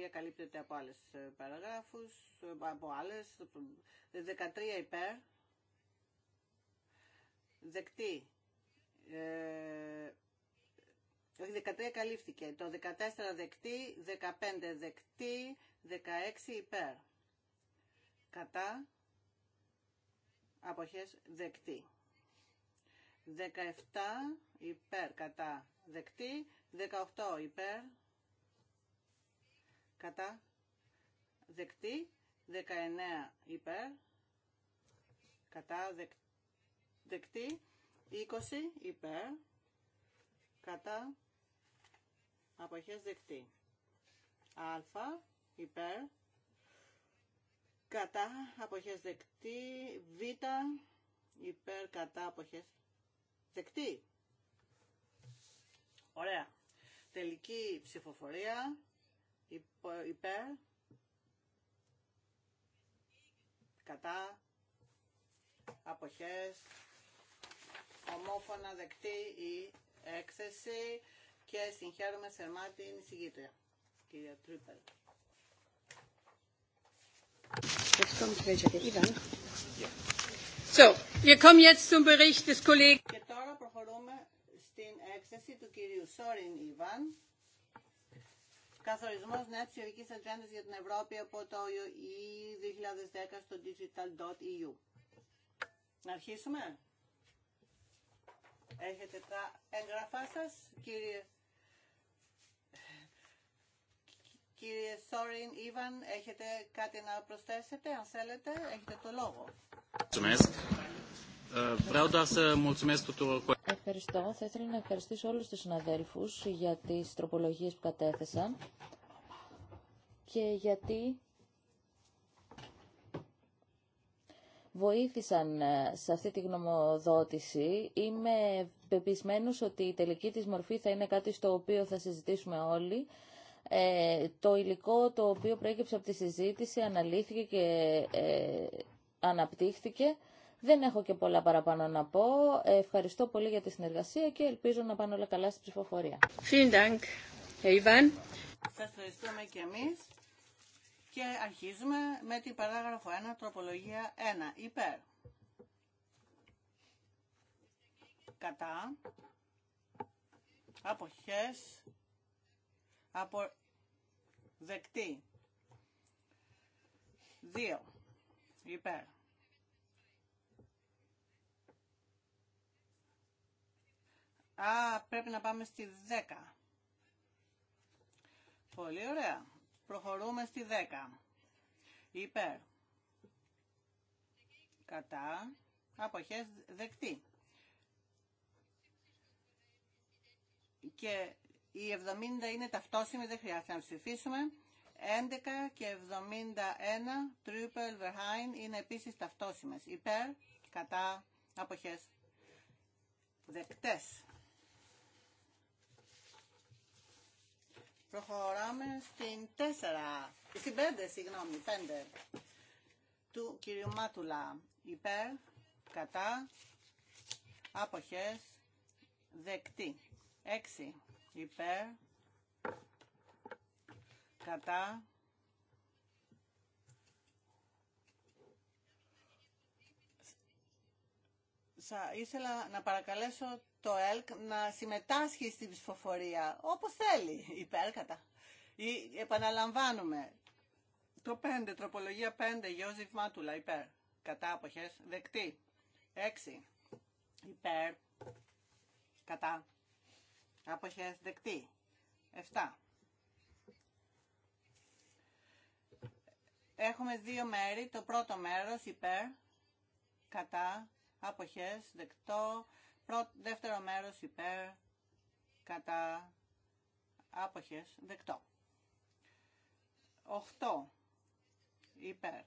13 καλύπτεται από άλλες ε, παραγράφους, ε, από άλλες, 13 υπέρ, δεκτή, ε, 13 καλύφθηκε, το 14 δεκτή, 15 δεκτή, 16 υπέρ κατά αποχές δεκτή. 17 υπέρ κατά δεκτή, 18 υπέρ κατά δεκτή, 19 υπέρ κατά δεκτή, 20 υπέρ κατά αποχές δεκτή. Α υπέρ κατά αποχές δεκτή, β υπέρ κατά αποχές δεκτή. Ωραία. Τελική ψηφοφορία υπέρ κατά αποχές ομόφωνα δεκτή η έκθεση και συγχαίρουμε σερμά την εισηγήτρια κυρία Τρίπελ wir kommen jetzt zum Bericht des Kollegen. Και τώρα προχωρούμε στην έκθεση του κυρίου Σόριν Ιβάν. Καθορισμός νέας ψηφιακής ατζέντας για την Ευρώπη από το 2010 στο digital.eu. Να αρχίσουμε. Έχετε τα έγγραφά σας, κύριε Κύριε Σόριν, Ιβαν, έχετε κάτι να προσθέσετε, αν θέλετε, έχετε το λόγο. Ε, Ευχαριστώ. Θα ήθελα να ευχαριστήσω όλους τους συναδέλφους για τις τροπολογίες που κατέθεσαν και γιατί βοήθησαν ε, σε αυτή τη γνωμοδότηση. Είμαι πεπισμένος ότι η τελική της μορφή θα είναι κάτι στο οποίο θα συζητήσουμε όλοι ε, το υλικό το οποίο προέκυψε από τη συζήτηση αναλύθηκε και ε, αναπτύχθηκε. Δεν έχω και πολλά παραπάνω να πω. Ε, ευχαριστώ πολύ για τη συνεργασία και ελπίζω να πάνε όλα καλά στην ψηφοφορία. Σας ευχαριστούμε και εμείς. Και αρχίζουμε με την παράγραφο 1, τροπολογία 1. Υπέρ. Κατά. Αποχές. Απο... Δεκτή. Δύο. Υπέρ. Α, πρέπει να πάμε στη 10. Πολύ ωραία. Προχωρούμε στη 10. Υπέρ. Κατά. Αποχές δεκτή. Και οι 70 είναι ταυτόσιμοι, δεν χρειάζεται να ψηφίσουμε. 11 και 71 triple, behind, είναι επίσης ταυτόσιμες. Υπέρ, κατά, αποχές. Δεκτές. Προχωράμε στην 4, στην 5, συγγνώμη, 5 του κυρίου Μάτουλα. Υπέρ, κατά, αποχές, δεκτή. 6 υπέρ, κατά, θα ήθελα να παρακαλέσω το ΕΛΚ να συμμετάσχει στην ψηφοφορία όπως θέλει, υπέρ, κατά. Ή, επαναλαμβάνουμε, το 5, τροπολογία 5, Γιώργη Μάτουλα, υπέρ, κατά, αποχές, δεκτή. 6, υπέρ, κατά, Αποχές δεκτή. 7. Έχουμε δύο μέρη. Το πρώτο μέρος υπέρ, κατά, αποχές, δεκτό. Πρώτο, δεύτερο μέρος υπέρ, κατά, άποχες, δεκτό. 8. Υπέρ.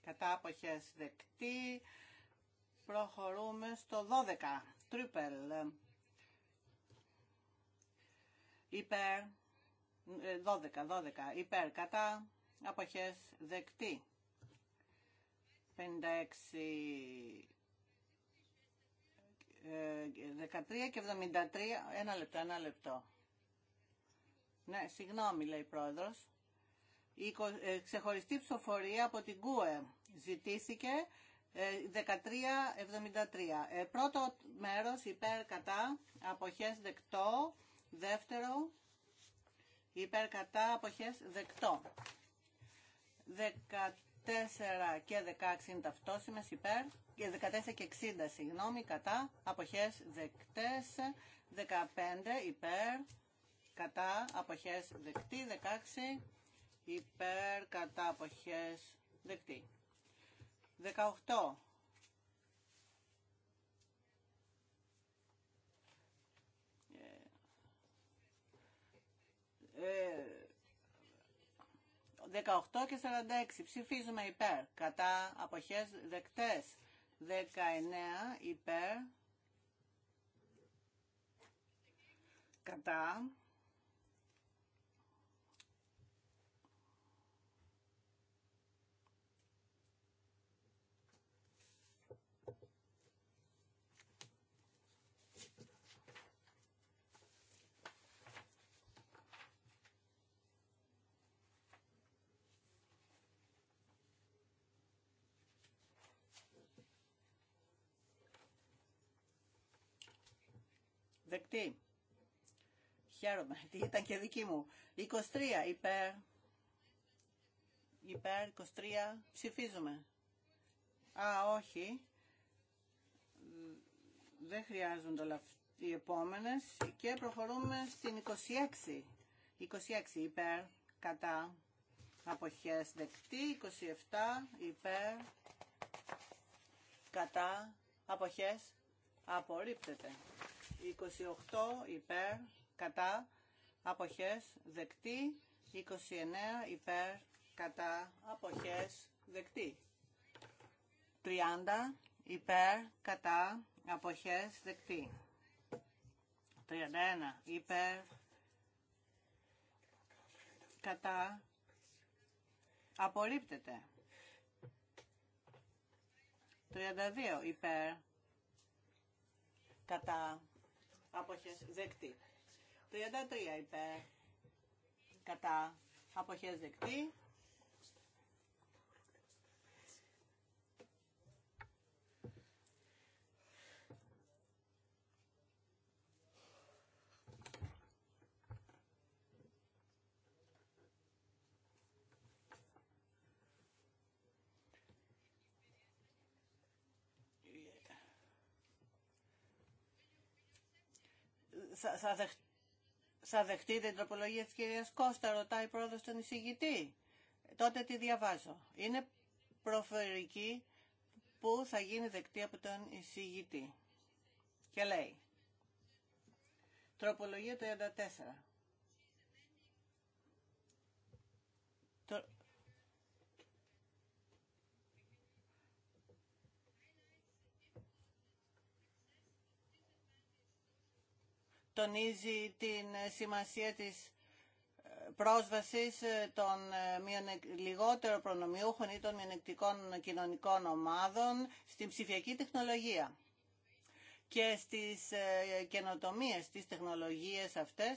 Κατά άποχες δεκτή. Προχωρούμε στο 12. Τρίπελ υπέρ, 12, ε, 12, υπέρ, κατά, αποχές, δεκτή. 56, 13 ε, και 73, ένα λεπτό, ένα λεπτό. Ναι, συγγνώμη, λέει η πρόεδρος. Η ε, ξεχωριστή ψηφοφορία από την ΚΟΕ ζητήθηκε 13, 73. Πρώτο μέρος υπέρ κατά αποχές δεκτό, Δεύτερο, υπέρ κατά αποχές δεκτό. 14 και 16 είναι ταυτόσιμες υπέρ, 14 και 60 συγγνώμη, κατά αποχές δεκτές, 15 υπέρ, κατά αποχές δεκτή, 16 υπέρ κατά αποχές δεκτή. 18 18 ε, και 46 ψηφίζουμε υπέρ, κατά αποχές δεκτές. 19 υπέρ, κατά δεκτή. Χαίρομαι, ήταν και δική μου. 23 υπέρ. Υπέρ, 23, ψηφίζουμε. Α, όχι. Δεν χρειάζονται όλα οι επόμενες. Και προχωρούμε στην 26. 26 υπέρ, κατά, αποχές δεκτή. 27 υπέρ, κατά, αποχές απορρίπτεται. 28 υπέρ κατά αποχές δεκτή. 29 υπέρ κατά αποχές δεκτή. 30 υπέρ κατά αποχές δεκτή. 31 υπέρ κατά απορρίπτεται. 32 υπέρ κατά αποχές δεκτή. 33 είπε κατά αποχές δεκτή. θα, δεχτείτε την τροπολογία της κυρίας Κώστα, ρωτάει πρόεδρος τον εισηγητή. Τότε τη διαβάζω. Είναι προφορική που θα γίνει δεκτή από τον εισηγητή. Και λέει, τροπολογία 34. τονίζει την σημασία της ε, πρόσβασης ε, των ε, λιγότερο προνομιούχων ή των μειονεκτικών κοινωνικών ομάδων στην ψηφιακή τεχνολογία και στις καινοτομίες, της τεχνολογίες αυτές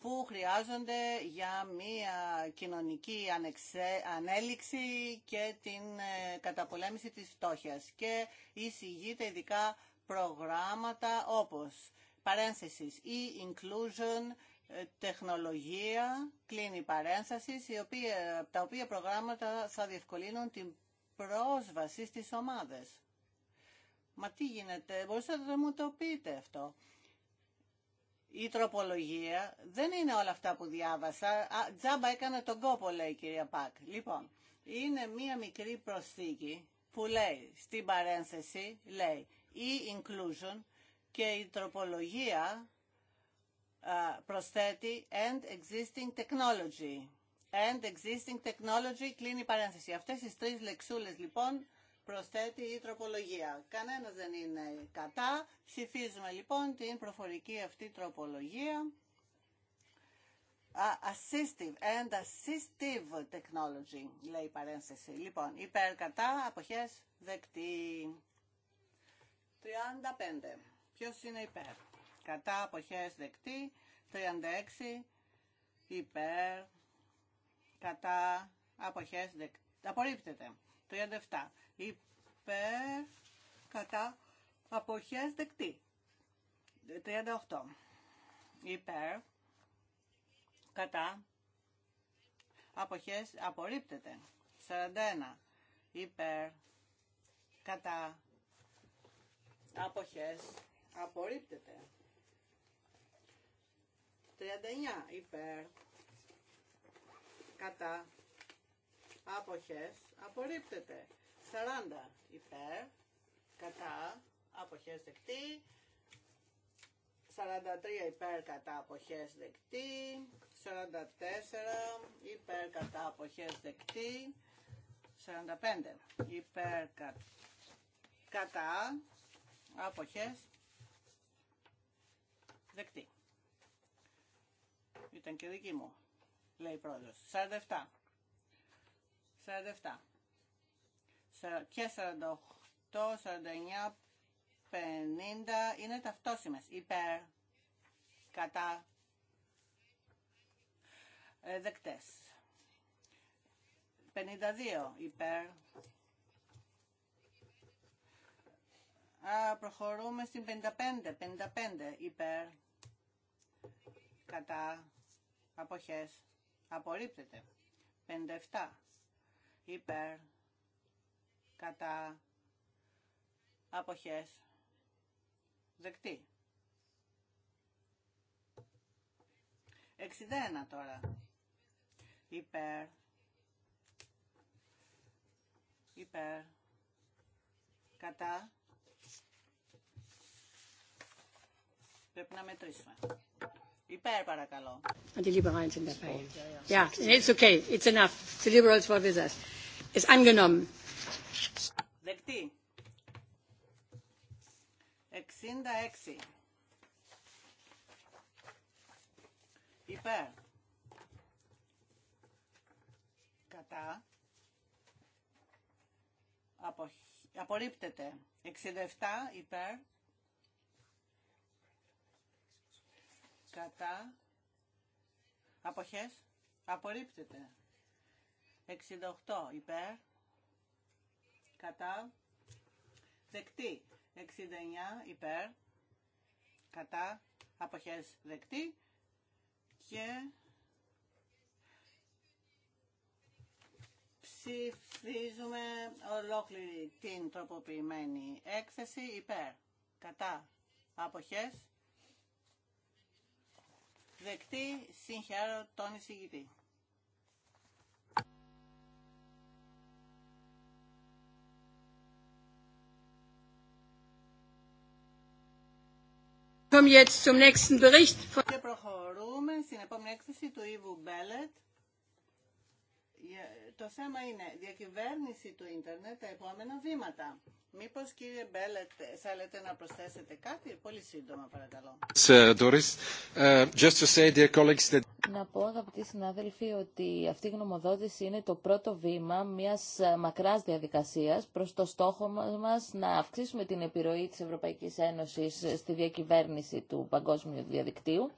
που χρειάζονται για μια κοινωνική ανέλυξη και την καταπολέμηση της φτώχειας και εισηγείται ειδικά προγράμματα όπως παρένθεσης ή inclusion ε, τεχνολογία, κλείνει παρένθεση, τα οποία προγράμματα θα διευκολύνουν την πρόσβαση στις ομάδες. Μα τι γίνεται, μπορείτε να μου το πείτε αυτό. Η τροπολογία δεν είναι όλα αυτά που διάβασα. Α, τζάμπα έκανε τον κόπο, λέει η κυρία Πακ. Λοιπόν, είναι μία μικρή προσθήκη που λέει στην παρένθεση, λέει, ή inclusion, και η τροπολογία προσθέτει and existing technology. And existing technology κλείνει η παρένθεση. Αυτές τις τρεις λεξούλες λοιπόν προσθέτει η τροπολογία. Κανένας δεν είναι κατά. Ψηφίζουμε λοιπόν την προφορική αυτή τροπολογία. Assistive and assistive technology, λέει η παρένθεση. Λοιπόν, υπέρ κατά, αποχές δεκτή. 35. Ποιος είναι υπέρ. Κατά αποχές δεκτή. 36 υπέρ. Κατά αποχές δεκτή. Απορρίπτεται. 37 υπέρ. Κατά αποχές δεκτή. 38 υπέρ. Κατά αποχές απορρίπτεται. 41 υπέρ. Κατά αποχές Απορρίπτεται. 39 υπέρ. Κατά. Αποχές. Απορρίπτεται. 40 υπέρ. Κατά. Αποχές δεκτή. 43 υπέρ κατά αποχές δεκτή, 44 υπέρ κατά αποχές δεκτή, 45 υπέρ κα... κατά αποχές Δεκτή. Ήταν και δική μου, λέει η πρόεδρος. 47. 47. Και 48, 49, 50 είναι ταυτόσιμες. Υπέρ, κατά, ε, δεκτές. 52 υπέρ. Α, προχωρούμε στην 55. 55 υπέρ κατά αποχές απορρίπτεται. 57 υπέρ κατά αποχές δεκτή. 61 τώρα υπέρ υπέρ κατά πρέπει να μετρήσουμε. Υπέρ, παρακαλώ. Αν τη Yeah, it's okay. It's enough. the Liberals for It's Δεκτή. Εξήντα έξι. Υπέρ. Κατά. Απορρίπτεται. Εξήντα εφτά. κατά, αποχές, απορρίπτεται. 68 υπέρ, κατά, δεκτή. 69 υπέρ, κατά, αποχές, δεκτή. Και ψηφίζουμε ολόκληρη την τροποποιημένη έκθεση υπέρ, κατά, αποχές, Δεκτεί, Συγχαίρω τον εισηγητή. Και προχωρούμε στην επόμενη έκθεση του Ιβου Μπέλετ. Ε, το θέμα είναι διακυβέρνηση του ίντερνετ, τα επόμενα βήματα. Μήπως κύριε Μπέλετ θέλετε να προσθέσετε κάτι, πολύ σύντομα παρακαλώ. Ε, ε, να πω αγαπητοί συνάδελφοι ότι αυτή η γνωμοδότηση είναι το πρώτο βήμα μιας μακράς διαδικασίας προς το στόχο μας να αυξήσουμε την επιρροή της Ευρωπαϊκής Ένωσης στη διακυβέρνηση του παγκόσμιου διαδικτύου.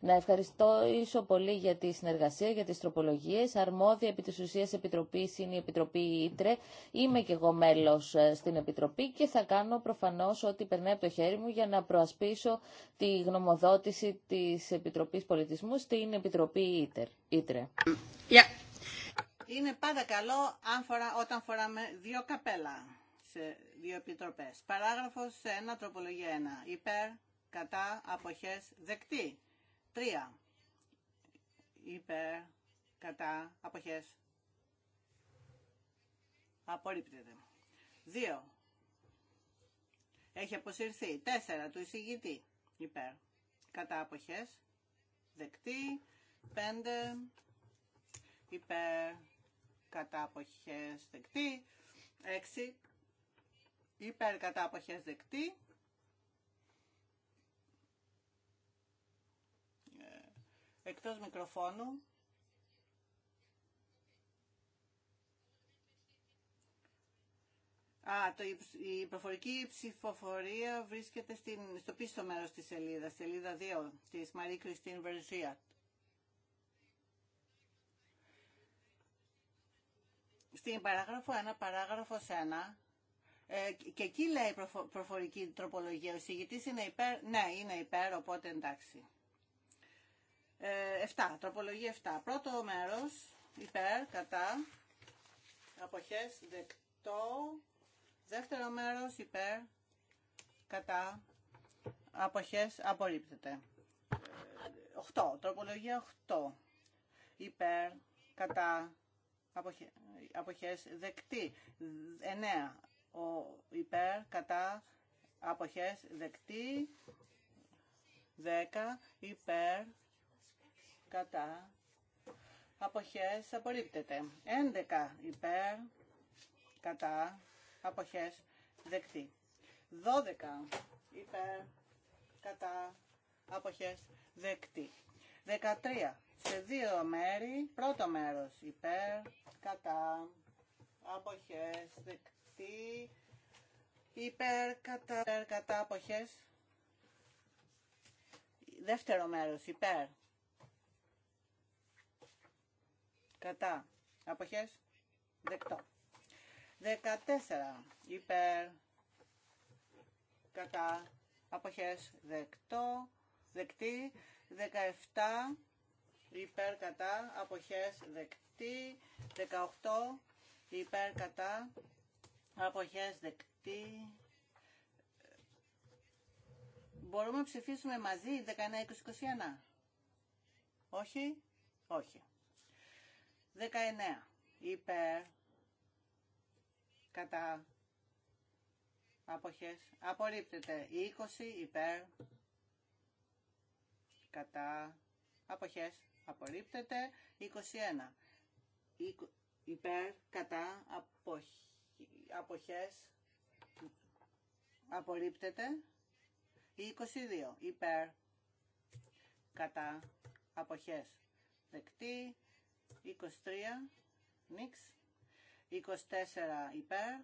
Να ευχαριστώ ίσο πολύ για τη συνεργασία, για τις τροπολογίες. Αρμόδια επί της ουσίας Επιτροπής είναι η Επιτροπή Ήτρε. Είμαι και εγώ μέλος ε, στην Επιτροπή και θα κάνω προφανώς ό,τι περνάει από το χέρι μου για να προασπίσω τη γνωμοδότηση της Επιτροπής Πολιτισμού στην Επιτροπή Ήτρε. Yeah. Είναι πάντα καλό αν όταν φοράμε δύο καπέλα σε δύο επιτροπές. Παράγραφος 1, τροπολογία 1. Υπέρ, κατά, αποχές, δεκτή. 3 υπέρ, κατά, αποχές, απορρίπτεται. 2 έχει αποσυρθεί. 4 του εισηγητή υπέρ, κατά, αποχές, δεκτή. 5 υπέρ, κατά, αποχές, δεκτή. 6 υπέρ, κατά, αποχές, δεκτή. εκτός μικροφώνου. Α, το, η προφορική ψηφοφορία βρίσκεται στην, στο πίσω μέρος της σελίδας, σελίδα 2 της Marie Christine Verziat. Στην παράγραφο 1, παράγραφος 1, ε, και εκεί λέει προφο, προφορική τροπολογία, ο συγητής είναι υπέρ, ναι, είναι υπέρ, οπότε εντάξει. 7, ε, τροπολογία 7. Πρώτο μέρος, υπέρ, κατά, αποχές, δεκτό. Δεύτερο μέρος, υπέρ, κατά, αποχές, απορρίπτεται. 8, τροπολογία 8, υπέρ, κατά, αποχές, αποχές δεκτή. 9, ο υπέρ, κατά, αποχές, δεκτή. 10, υπέρ, κατά, αποχές, απορρίπτεται. 11 υπέρ, κατά, αποχές, δεκτή. 12 υπέρ, κατά, αποχές, δεκτή. 13 σε δύο μέρη, πρώτο μέρος υπέρ, κατά, αποχές, δεκτή, υπέρ, κατά, υπέρ, κατά, αποχές, δεύτερο μέρος υπέρ, Κατά. Αποχές. Δεκτό. 14. Υπέρ. Κατά. Αποχές. Δεκτό. Δεκτή. 17. Υπέρ. Κατά. Αποχές. Δεκτή. 18. Υπέρ. Κατά. Αποχές. Δεκτή. Μπορούμε να ψηφίσουμε μαζί 19, 21. Όχι. Όχι. 19 υπέρ κατά αποχές απορρίπτεται 20 υπέρ κατά αποχές απορρίπτεται 21 υπέρ κατά αποχ... αποχές απορρίπτεται 22 υπέρ κατά αποχές δεκτή 23 νίξ 24 υπέρ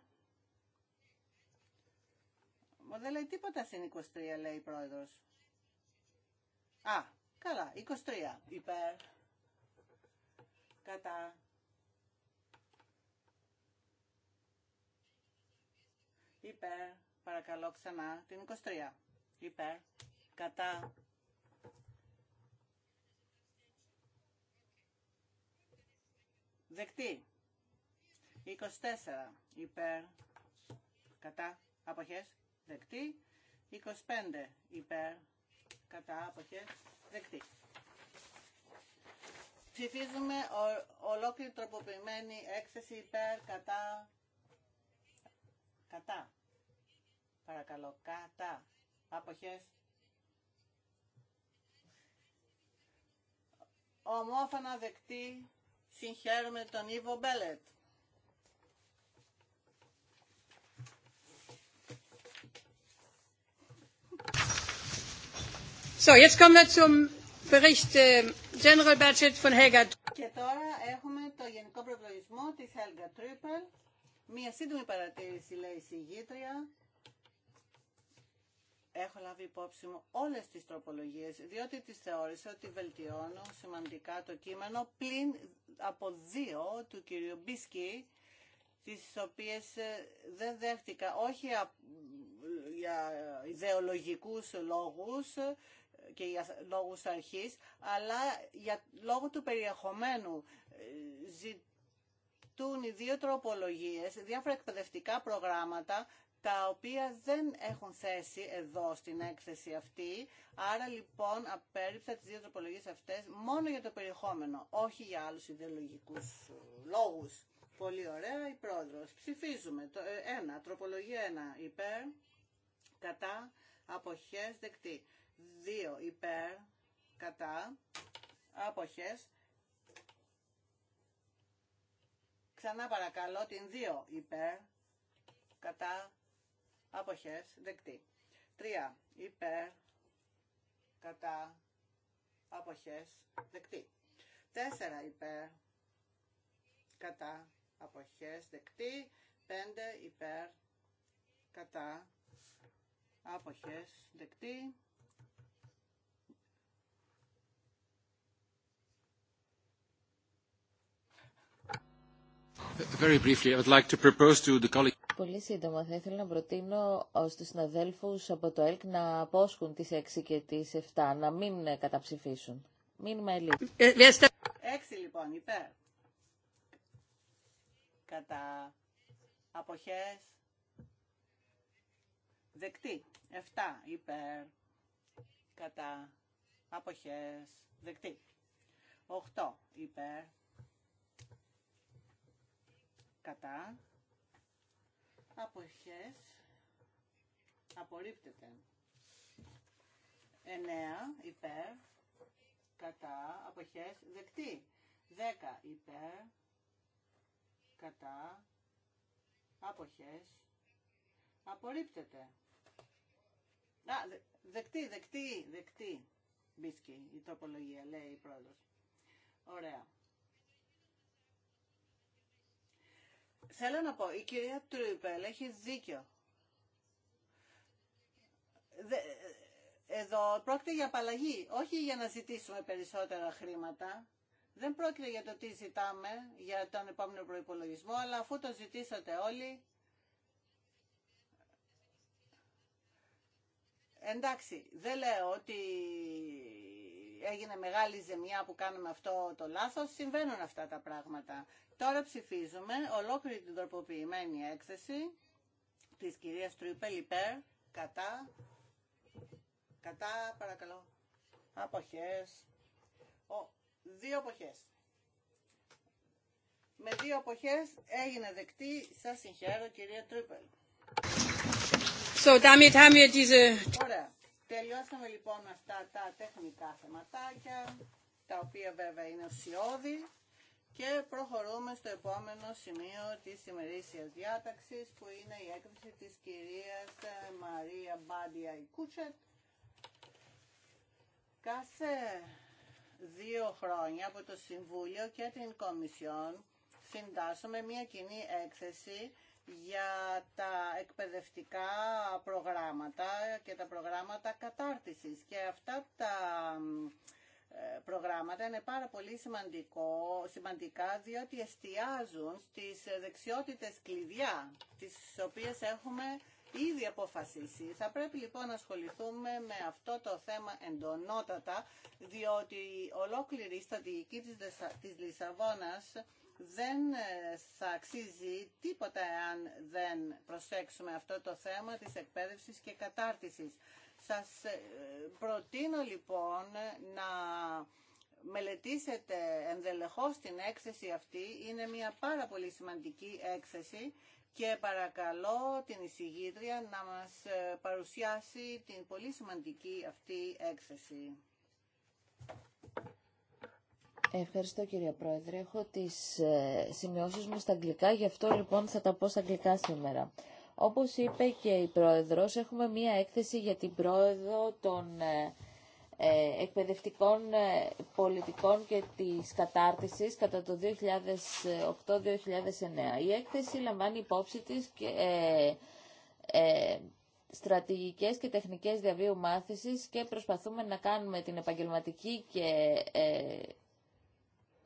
Μα δεν λέει τίποτα στην 23 λέει η πρόεδρος Α, καλά, 23 υπέρ κατά υπέρ παρακαλώ ξανά την 23 υπέρ κατά Δεκτή. 24 υπέρ κατά αποχές. Δεκτή. 25 υπέρ κατά αποχές. Δεκτή. Ψηφίζουμε ο, ολόκληρη τροποποιημένη έκθεση υπέρ κατά κατά παρακαλώ κατά αποχές ομόφωνα δεκτή Συγχαίρουμε τον Ιβο Μπέλετ. So, jetzt kommen wir zum äh, τώρα έχουμε το γενικό της Trüppel. Μία σύντομη παρατήρηση λέει έχω λάβει υπόψη μου όλες τις τροπολογίες, διότι τις θεώρησα ότι βελτιώνω σημαντικά το κείμενο πλην από δύο του κυρίου Μπίσκι, τις οποίες ε, δεν δέχτηκα, όχι για ιδεολογικούς λόγους και για λόγους αρχής, αλλά για λόγω του περιεχομένου ε, ζητούν οι δύο τροπολογίες, διάφορα εκπαιδευτικά προγράμματα τα οποία δεν έχουν θέση εδώ στην έκθεση αυτή. Άρα λοιπόν απέρριψα τις δύο τροπολογίες αυτές μόνο για το περιεχόμενο, όχι για άλλους ιδεολογικούς λόγους. Πολύ ωραία η πρόεδρος. Ψηφίζουμε. Το, ε, ένα, τροπολογία 1 υπέρ, κατά, αποχές, δεκτή. 2 υπέρ, κατά, αποχές. Ξανά παρακαλώ την 2 υπέρ, κατά, αποχές δεκτή. Τρία υπέρ κατά αποχές δεκτή. Τέσσερα υπέρ κατά αποχές δεκτή. Πέντε υπέρ κατά αποχές δεκτή. Very briefly, I would like to propose to the colleague. Πολύ σύντομα θα ήθελα να προτείνω ε, στους συναδέλφους από το ΕΛΚ να απόσχουν τις 6 και τις 7, να μην ε, καταψηφίσουν. Μήνυμα ελίτ. Ε, 6 λοιπόν, υπέρ. Κατά αποχές δεκτή. 7 υπέρ. Κατά αποχές δεκτή. 8 υπέρ. Κατά αποχές απορρίπτεται. 9 υπέρ κατά αποχές δεκτή. 10 υπέρ κατά αποχές απορρίπτεται. Α, δεκτή, δεκτή, δεκτή. Μπίσκι, η τοπολογία, λέει η πρόεδρος. Ωραία. Θέλω να πω, η κυρία Τρούιπελ έχει δίκιο. Εδώ πρόκειται για απαλλαγή, όχι για να ζητήσουμε περισσότερα χρήματα. Δεν πρόκειται για το τι ζητάμε για τον επόμενο προϋπολογισμό, αλλά αφού το ζητήσατε όλοι, εντάξει, δεν λέω ότι έγινε μεγάλη ζημιά που κάνουμε αυτό το λάθος, συμβαίνουν αυτά τα πράγματα. Τώρα ψηφίζουμε ολόκληρη την τροποποιημένη έκθεση της κυρίας Τρουιπέλ υπέρ, κατά, κατά παρακαλώ, αποχές, Ο, δύο αποχές. Με δύο αποχές έγινε δεκτή, σας συγχαίρω κυρία Τρουιπέλ. So, damit haben wir Ωραία. Τελειώσαμε λοιπόν αυτά τα τεχνικά θεματάκια, τα οποία βέβαια είναι ουσιώδη. Και προχωρούμε στο επόμενο σημείο της ημερήσιας διάταξης που είναι η έκθεση της κυρίας ε, Μαρία Μπάντια Μπάντια-Ικούτσετ. Κάθε δύο χρόνια από το Συμβούλιο και την Κομισιόν συντάσσουμε μια κοινή έκθεση για τα εκπαιδευτικά προγράμματα και τα προγράμματα κατάρτισης. Και αυτά τα προγράμματα είναι πάρα πολύ σημαντικό, σημαντικά διότι εστιάζουν στις δεξιότητες κλειδιά τις οποίες έχουμε ήδη αποφασίσει. Θα πρέπει λοιπόν να ασχοληθούμε με αυτό το θέμα εντονότατα διότι ολόκληρη η στρατηγική της Λισαβόνας δεν ε, θα αξίζει τίποτα εάν δεν προσέξουμε αυτό το θέμα της εκπαίδευσης και κατάρτισης. Σας ε, προτείνω λοιπόν να μελετήσετε ενδελεχώς την έκθεση αυτή. Είναι μια πάρα πολύ σημαντική έκθεση και παρακαλώ την εισηγήτρια να μας ε, παρουσιάσει την πολύ σημαντική αυτή έκθεση. Ευχαριστώ κυρία Πρόεδρε. Έχω τις ε, σημειώσεις μου στα αγγλικά, γι' αυτό λοιπόν θα τα πω στα αγγλικά σήμερα. Όπως είπε και η Πρόεδρος, έχουμε μία έκθεση για την πρόεδρο των ε, ε, εκπαιδευτικών ε, πολιτικών και της κατάρτισης κατά το 2008-2009. Η έκθεση λαμβάνει υπόψη της και, ε, στρατηγικές και τεχνικές διαβίου μάθησης και προσπαθούμε να κάνουμε την επαγγελματική και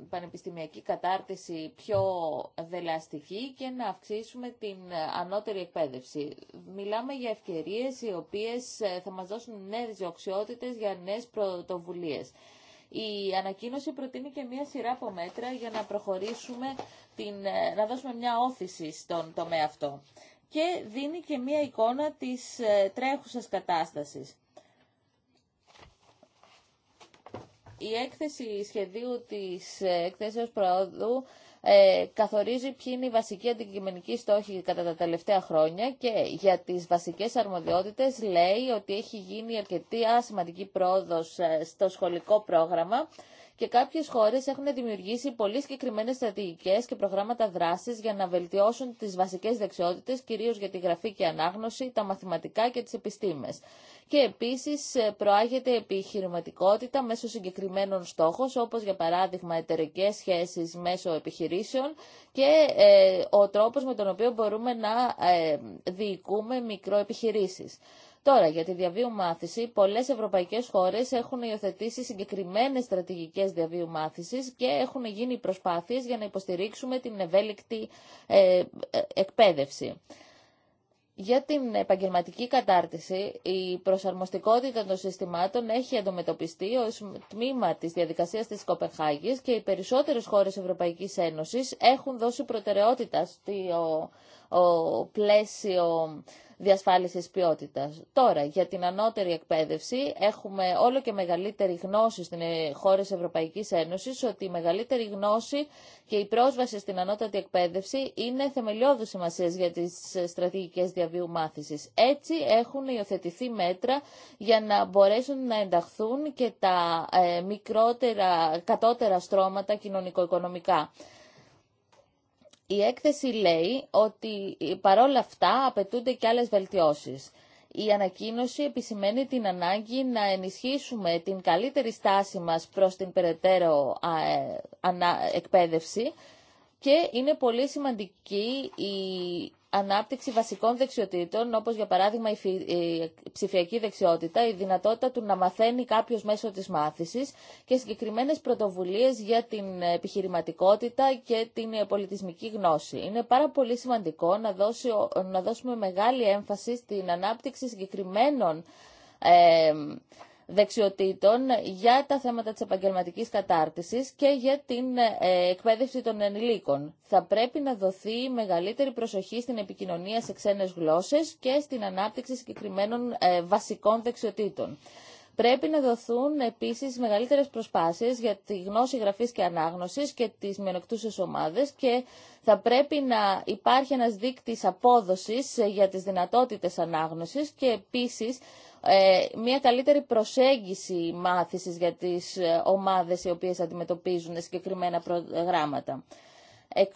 πανεπιστημιακή κατάρτιση πιο δελαστική και να αυξήσουμε την ανώτερη εκπαίδευση. Μιλάμε για ευκαιρίες οι οποίες ε, θα μας δώσουν νέες διοξιότητες για νέες πρωτοβουλίες. Η ανακοίνωση προτείνει και μία σειρά από μέτρα για να προχωρήσουμε, την, ε, να δώσουμε μια όθηση στον τομέα αυτό. Και δίνει και μία εικόνα της ε, τρέχουσας κατάστασης. Η έκθεση σχεδίου της ε, εκθέσεως προόδου ε, καθορίζει ποιοι είναι οι βασικοί αντικειμενικοί στόχοι κατά τα τελευταία χρόνια και για τις βασικές αρμοδιότητες λέει ότι έχει γίνει αρκετή σημαντική πρόοδος ε, στο σχολικό πρόγραμμα και κάποιες χώρες έχουν δημιουργήσει πολύ συγκεκριμένε στρατηγικέ και προγράμματα δράσης για να βελτιώσουν τις βασικές δεξιότητες, κυρίως για τη γραφή και ανάγνωση, τα μαθηματικά και τις επιστήμες. Και επίσης ε, προάγεται επιχειρηματικότητα μέσω συγκεκριμένων στόχων, όπως για παράδειγμα εταιρικέ σχέσεις μέσω επιχειρήσεων και ε, ο τρόπο με τον οποίο μπορούμε να ε, διοικούμε μικροεπιχειρήσεις. Τώρα, για τη διαβίου μάθηση, πολλές ευρωπαϊκές χώρες έχουν υιοθετήσει συγκεκριμένες στρατηγικές διαβίου μάθηση και έχουν γίνει προσπάθειε για να υποστηρίξουμε την ευέλικτη ε, ε, εκπαίδευση. Για την επαγγελματική κατάρτιση, η προσαρμοστικότητα των συστημάτων έχει αντιμετωπιστεί ως τμήμα της διαδικασίας της Κοπεχάγης και οι περισσότερες χώρες Ευρωπαϊκής Ένωσης έχουν δώσει προτεραιότητα στο ο πλαίσιο διασφάλισης ποιότητας. Τώρα, για την ανώτερη εκπαίδευση έχουμε όλο και μεγαλύτερη γνώση στις ε, χώρες Ευρωπαϊκής Ένωσης ότι η μεγαλύτερη γνώση και η πρόσβαση στην ανώτατη εκπαίδευση είναι θεμελιώδου σημασία για τις ε, στρατηγικές διαβίου μάθησης. Έτσι έχουν υιοθετηθεί μέτρα για να μπορέσουν να ενταχθούν και τα ε, μικρότερα, κατώτερα στρώματα κοινωνικο-οικονομικά. Η έκθεση λέει ότι παρόλα αυτά απαιτούνται και άλλες βελτιώσεις. Η ανακοίνωση επισημαίνει την ανάγκη να ενισχύσουμε την καλύτερη στάση μας προς την περαιτέρω ε, εκπαίδευση και είναι πολύ σημαντική η ανάπτυξη βασικών δεξιοτήτων, όπως για παράδειγμα η ψηφιακή δεξιότητα, η δυνατότητα του να μαθαίνει κάποιος μέσω της μάθησης και συγκεκριμένες πρωτοβουλίες για την επιχειρηματικότητα και την πολιτισμική γνώση. Είναι πάρα πολύ σημαντικό να, δώσουμε μεγάλη έμφαση στην ανάπτυξη συγκεκριμένων ε, δεξιοτήτων για τα θέματα της επαγγελματικής κατάρτισης και για την ε, εκπαίδευση των ενηλίκων. Θα πρέπει να δοθεί μεγαλύτερη προσοχή στην επικοινωνία σε ξένες γλώσσες και στην ανάπτυξη συγκεκριμένων ε, βασικών δεξιοτήτων. Πρέπει να δοθούν επίσης μεγαλύτερες προσπάσεις για τη γνώση γραφής και ανάγνωσης και τις μειονεκτούσες ομάδες και θα πρέπει να υπάρχει ένας δείκτης απόδοσης ε, για τις δυνατότητες ανάγνωσης και επίσης ε, μια καλύτερη προσέγγιση μάθησης για τις ε, ομάδες οι οποίες αντιμετωπίζουν συγκεκριμένα προγράμματα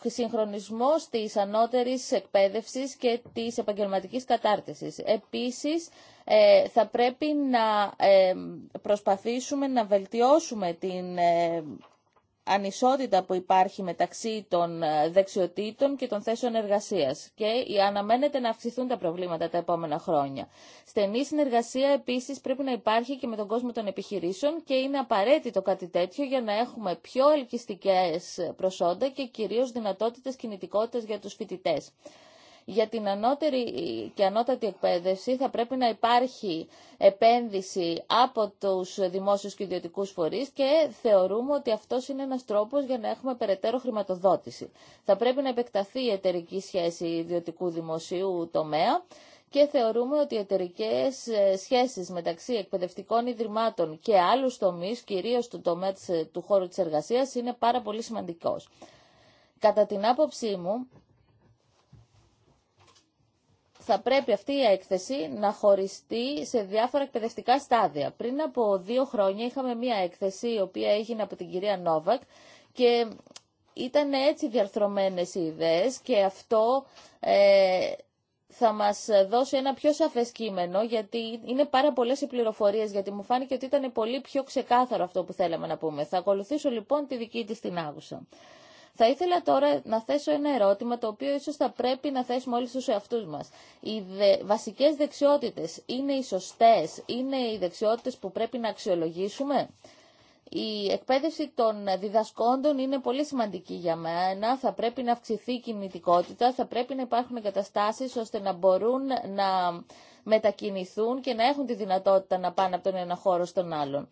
συγχρονισμός της ανώτερης εκπαίδευσης και της επαγγελματικής κατάρτισης. Επίσης, ε, θα πρέπει να προσπαθήσουμε να βελτιώσουμε την ανισότητα που υπάρχει μεταξύ των ε, δεξιοτήτων και των θέσεων εργασίας και αναμένεται να αυξηθούν τα προβλήματα τα επόμενα χρόνια. Στενή συνεργασία επίσης πρέπει να υπάρχει και με τον κόσμο των επιχειρήσεων και είναι απαραίτητο κάτι τέτοιο για να έχουμε πιο ελκυστικές προσόντα και κυρίως δυνατότητες κινητικότητας για τους φοιτητές. Για την ανώτερη και ανώτατη εκπαίδευση θα πρέπει να υπάρχει επένδυση από τους δημόσιους και ιδιωτικούς φορείς και θεωρούμε ότι αυτό είναι ένας τρόπος για να έχουμε περαιτέρω χρηματοδότηση. Θα πρέπει να επεκταθεί η εταιρική σχέση ιδιωτικού-δημοσίου τομέα και θεωρούμε ότι οι εταιρικέ ε, σχέσεις μεταξύ εκπαιδευτικών ιδρυμάτων και άλλους τομείς, κυρίως του τομέα ε, του χώρου της εργασίας, είναι πάρα πολύ σημαντικός. Κατά την άποψή μου, θα πρέπει αυτή η έκθεση να χωριστεί σε διάφορα εκπαιδευτικά στάδια. Πριν από δύο χρόνια είχαμε μία έκθεση η οποία έγινε από την κυρία Νόβακ και ήταν έτσι διαρθρωμένες οι ιδέες και αυτό ε, θα μας δώσει ένα πιο σαφές κείμενο γιατί είναι πάρα πολλές οι πληροφορίες γιατί μου φάνηκε ότι ήταν πολύ πιο ξεκάθαρο αυτό που θέλαμε να πούμε. Θα ακολουθήσω λοιπόν τη δική της την άγουσα. Θα ήθελα τώρα να θέσω ένα ερώτημα το οποίο ίσως θα πρέπει να θέσουμε όλοι στους εαυτούς μας. Οι δε, βασικές δεξιότητες είναι οι σωστές, είναι οι δεξιότητες που πρέπει να αξιολογήσουμε. Η εκπαίδευση των διδασκόντων είναι πολύ σημαντική για μένα. Θα πρέπει να αυξηθεί η κινητικότητα, θα πρέπει να υπάρχουν εγκαταστάσεις ώστε να μπορούν να μετακινηθούν και να έχουν τη δυνατότητα να πάνε από τον ένα χώρο στον άλλον.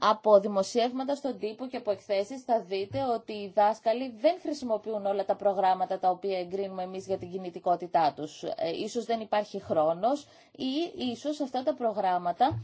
Από δημοσιεύματα στον τύπο και από εκθέσεις θα δείτε ότι οι δάσκαλοι δεν χρησιμοποιούν όλα τα προγράμματα τα οποία εγκρίνουμε εμείς για την κινητικότητά τους. Ε, ίσως δεν υπάρχει χρόνος ή ίσως αυτά τα προγράμματα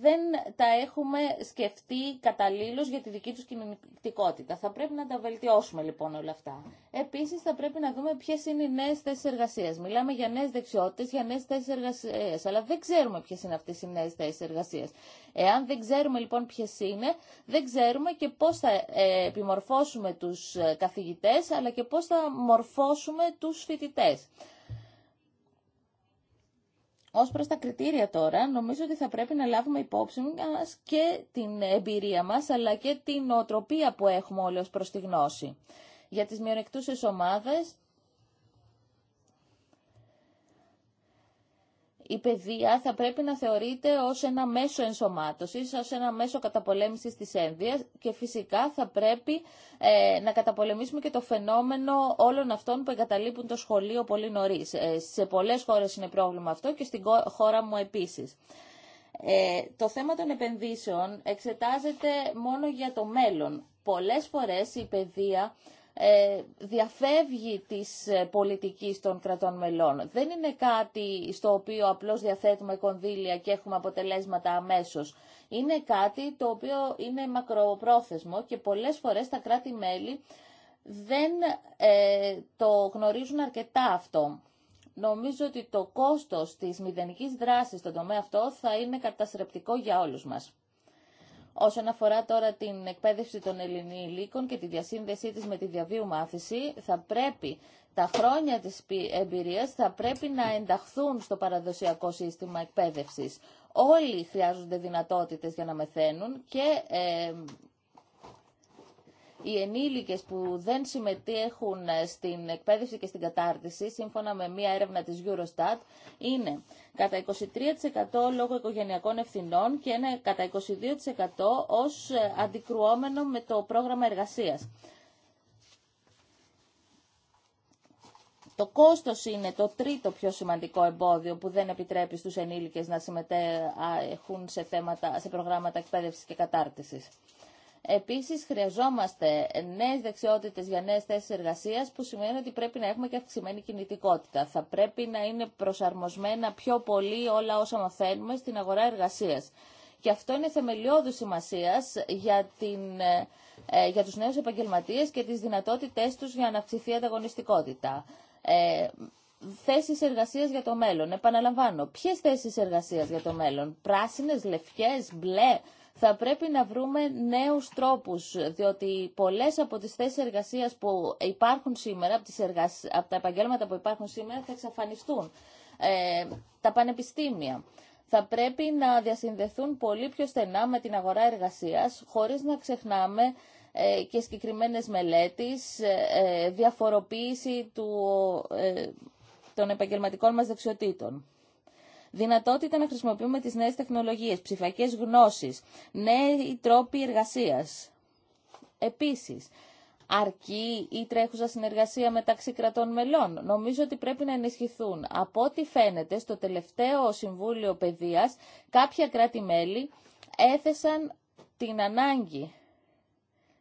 δεν τα έχουμε σκεφτεί καταλήλως για τη δική τους κινητικότητα. Θα πρέπει να τα βελτιώσουμε λοιπόν όλα αυτά. Επίσης θα πρέπει να δούμε ποιες είναι οι νέες θέσεις εργασίας. Μιλάμε για νέες δεξιότητες, για νέες θέσεις εργασίας, αλλά δεν ξέρουμε ποιες είναι αυτές οι νέες θέσεις εργασίας. Εάν δεν ξέρουμε λοιπόν ποιες είναι, δεν ξέρουμε και πώς θα ε, επιμορφώσουμε τους ε, καθηγητές, αλλά και πώς θα μορφώσουμε τους φοιτητές. Ως προς τα κριτήρια τώρα, νομίζω ότι θα πρέπει να λάβουμε υπόψη μας και την εμπειρία μας, αλλά και την οτροπία που έχουμε όλοι ως προς τη γνώση. Για τις μειονεκτούσες ομάδες, η παιδεία θα πρέπει να θεωρείται ως ένα μέσο ενσωμάτωσης, ως ένα μέσο καταπολέμησης της ένδυας και φυσικά θα πρέπει ε, να καταπολεμήσουμε και το φαινόμενο όλων αυτών που εγκαταλείπουν το σχολείο πολύ νωρίς. Ε, σε πολλές χώρες είναι πρόβλημα αυτό και στην χώρα μου επίσης. Ε, το θέμα των επενδύσεων εξετάζεται μόνο για το μέλλον. Πολλές φορές η παιδεία ε, διαφεύγει της ε, πολιτικής των κρατών μελών. Δεν είναι κάτι στο οποίο απλώς διαθέτουμε κονδύλια και έχουμε αποτελέσματα αμέσως. Είναι κάτι το οποίο είναι μακροπρόθεσμο και πολλές φορές τα κράτη-μέλη δεν ε, το γνωρίζουν αρκετά αυτό. Νομίζω ότι το κόστος της μηδενικής δράσης στον τομέα αυτό θα είναι καταστρεπτικό για όλους μας. Όσον αφορά τώρα την εκπαίδευση των ελληνικών και τη διασύνδεσή της με τη διαβίου μάθηση, θα πρέπει τα χρόνια της εμπειρίας θα πρέπει να ενταχθούν στο παραδοσιακό σύστημα εκπαίδευσης. Όλοι χρειάζονται δυνατότητες για να μεθαίνουν και ε, οι ενήλικες που δεν συμμετέχουν στην εκπαίδευση και στην κατάρτιση, σύμφωνα με μία έρευνα της Eurostat, είναι κατά 23% λόγω οικογενειακών ευθυνών και είναι κατά 22% ως αντικρουόμενο με το πρόγραμμα εργασίας. Το κόστος είναι το τρίτο πιο σημαντικό εμπόδιο που δεν επιτρέπει στους ενήλικες να συμμετέχουν σε, θέματα, σε προγράμματα εκπαίδευσης και κατάρτισης. Επίση, χρειαζόμαστε νέε δεξιότητε για νέε θέσει εργασία, που σημαίνει ότι πρέπει να έχουμε και αυξημένη κινητικότητα. Θα πρέπει να είναι προσαρμοσμένα πιο πολύ όλα όσα μαθαίνουμε στην αγορά εργασία. Και αυτό είναι θεμελιώδου σημασία για, την, ε, ε, για τους νέους επαγγελματίες και τις δυνατότητές τους για να αυξηθεί η ανταγωνιστικότητα. Ε, θέσεις εργασίας για το μέλλον. Επαναλαμβάνω, ποιες θέσεις εργασίας για το μέλλον. Πράσινες, λευκές, μπλε θα πρέπει να βρούμε νέους τρόπους, διότι πολλές από τις θέσεις εργασίας που υπάρχουν σήμερα, από, τις εργασ... από τα επαγγέλματα που υπάρχουν σήμερα, θα εξαφανιστούν. Ε, τα πανεπιστήμια θα πρέπει να διασυνδεθούν πολύ πιο στενά με την αγορά εργασίας, χωρίς να ξεχνάμε ε, και συγκεκριμένες μελέτες, ε, διαφοροποίηση του, των επαγγελματικών μας δεξιοτήτων δυνατότητα να χρησιμοποιούμε τις νέες τεχνολογίες, ψηφιακές γνώσεις, νέοι τρόποι εργασίας. Επίσης, αρκεί η τρέχουσα συνεργασία μεταξύ κρατών μελών. Νομίζω ότι πρέπει να ενισχυθούν. Από ό,τι φαίνεται, στο τελευταίο Συμβούλιο Παιδείας, κάποια κράτη-μέλη έθεσαν την ανάγκη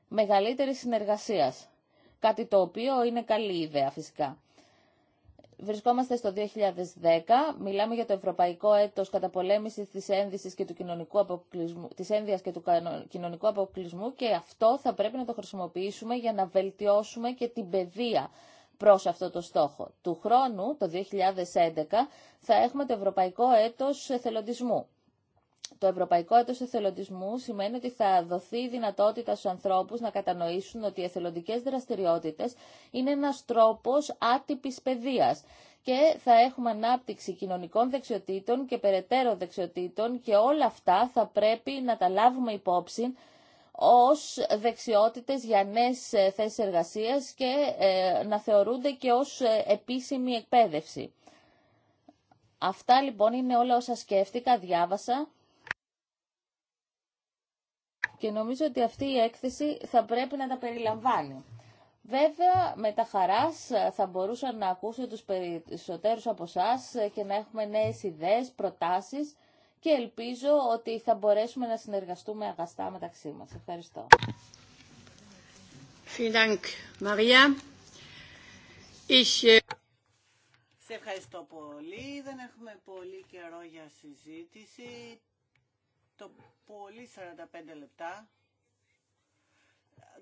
μεγαλύτερης συνεργασίας. Κάτι το οποίο είναι καλή ιδέα φυσικά. Βρισκόμαστε στο 2010, μιλάμε για το Ευρωπαϊκό Έτος Καταπολέμησης της, ένδυσης και του κοινωνικού αποκλεισμού, της ένδυας και του κοινωνικού αποκλεισμού και αυτό θα πρέπει να το χρησιμοποιήσουμε για να βελτιώσουμε και την παιδεία προς αυτό το στόχο. Του χρόνου, το 2011, θα έχουμε το Ευρωπαϊκό Έτος Εθελοντισμού. Το Ευρωπαϊκό Έτος Εθελοντισμού σημαίνει ότι θα δοθεί η δυνατότητα στους ανθρώπους να κατανοήσουν ότι οι εθελοντικές δραστηριότητες είναι ένας τρόπος άτυπης παιδείας και θα έχουμε ανάπτυξη κοινωνικών δεξιοτήτων και περαιτέρω δεξιοτήτων και όλα αυτά θα πρέπει να τα λάβουμε υπόψη ως δεξιότητες για νέες ε, θέσεις εργασίας και ε, να θεωρούνται και ως ε, επίσημη εκπαίδευση. Αυτά λοιπόν είναι όλα όσα σκέφτηκα, διάβασα και νομίζω ότι αυτή η έκθεση θα πρέπει να τα περιλαμβάνει. Βέβαια, με τα χαράς θα μπορούσα να ακούσω τους περισσότερους από εσά και να έχουμε νέες ιδέες, προτάσεις και ελπίζω ότι θα μπορέσουμε να συνεργαστούμε αγαστά μεταξύ μας. Ευχαριστώ. Ε, Σε ευχαριστώ πολύ. Δεν έχουμε πολύ καιρό για συζήτηση το πολύ 45 λεπτά.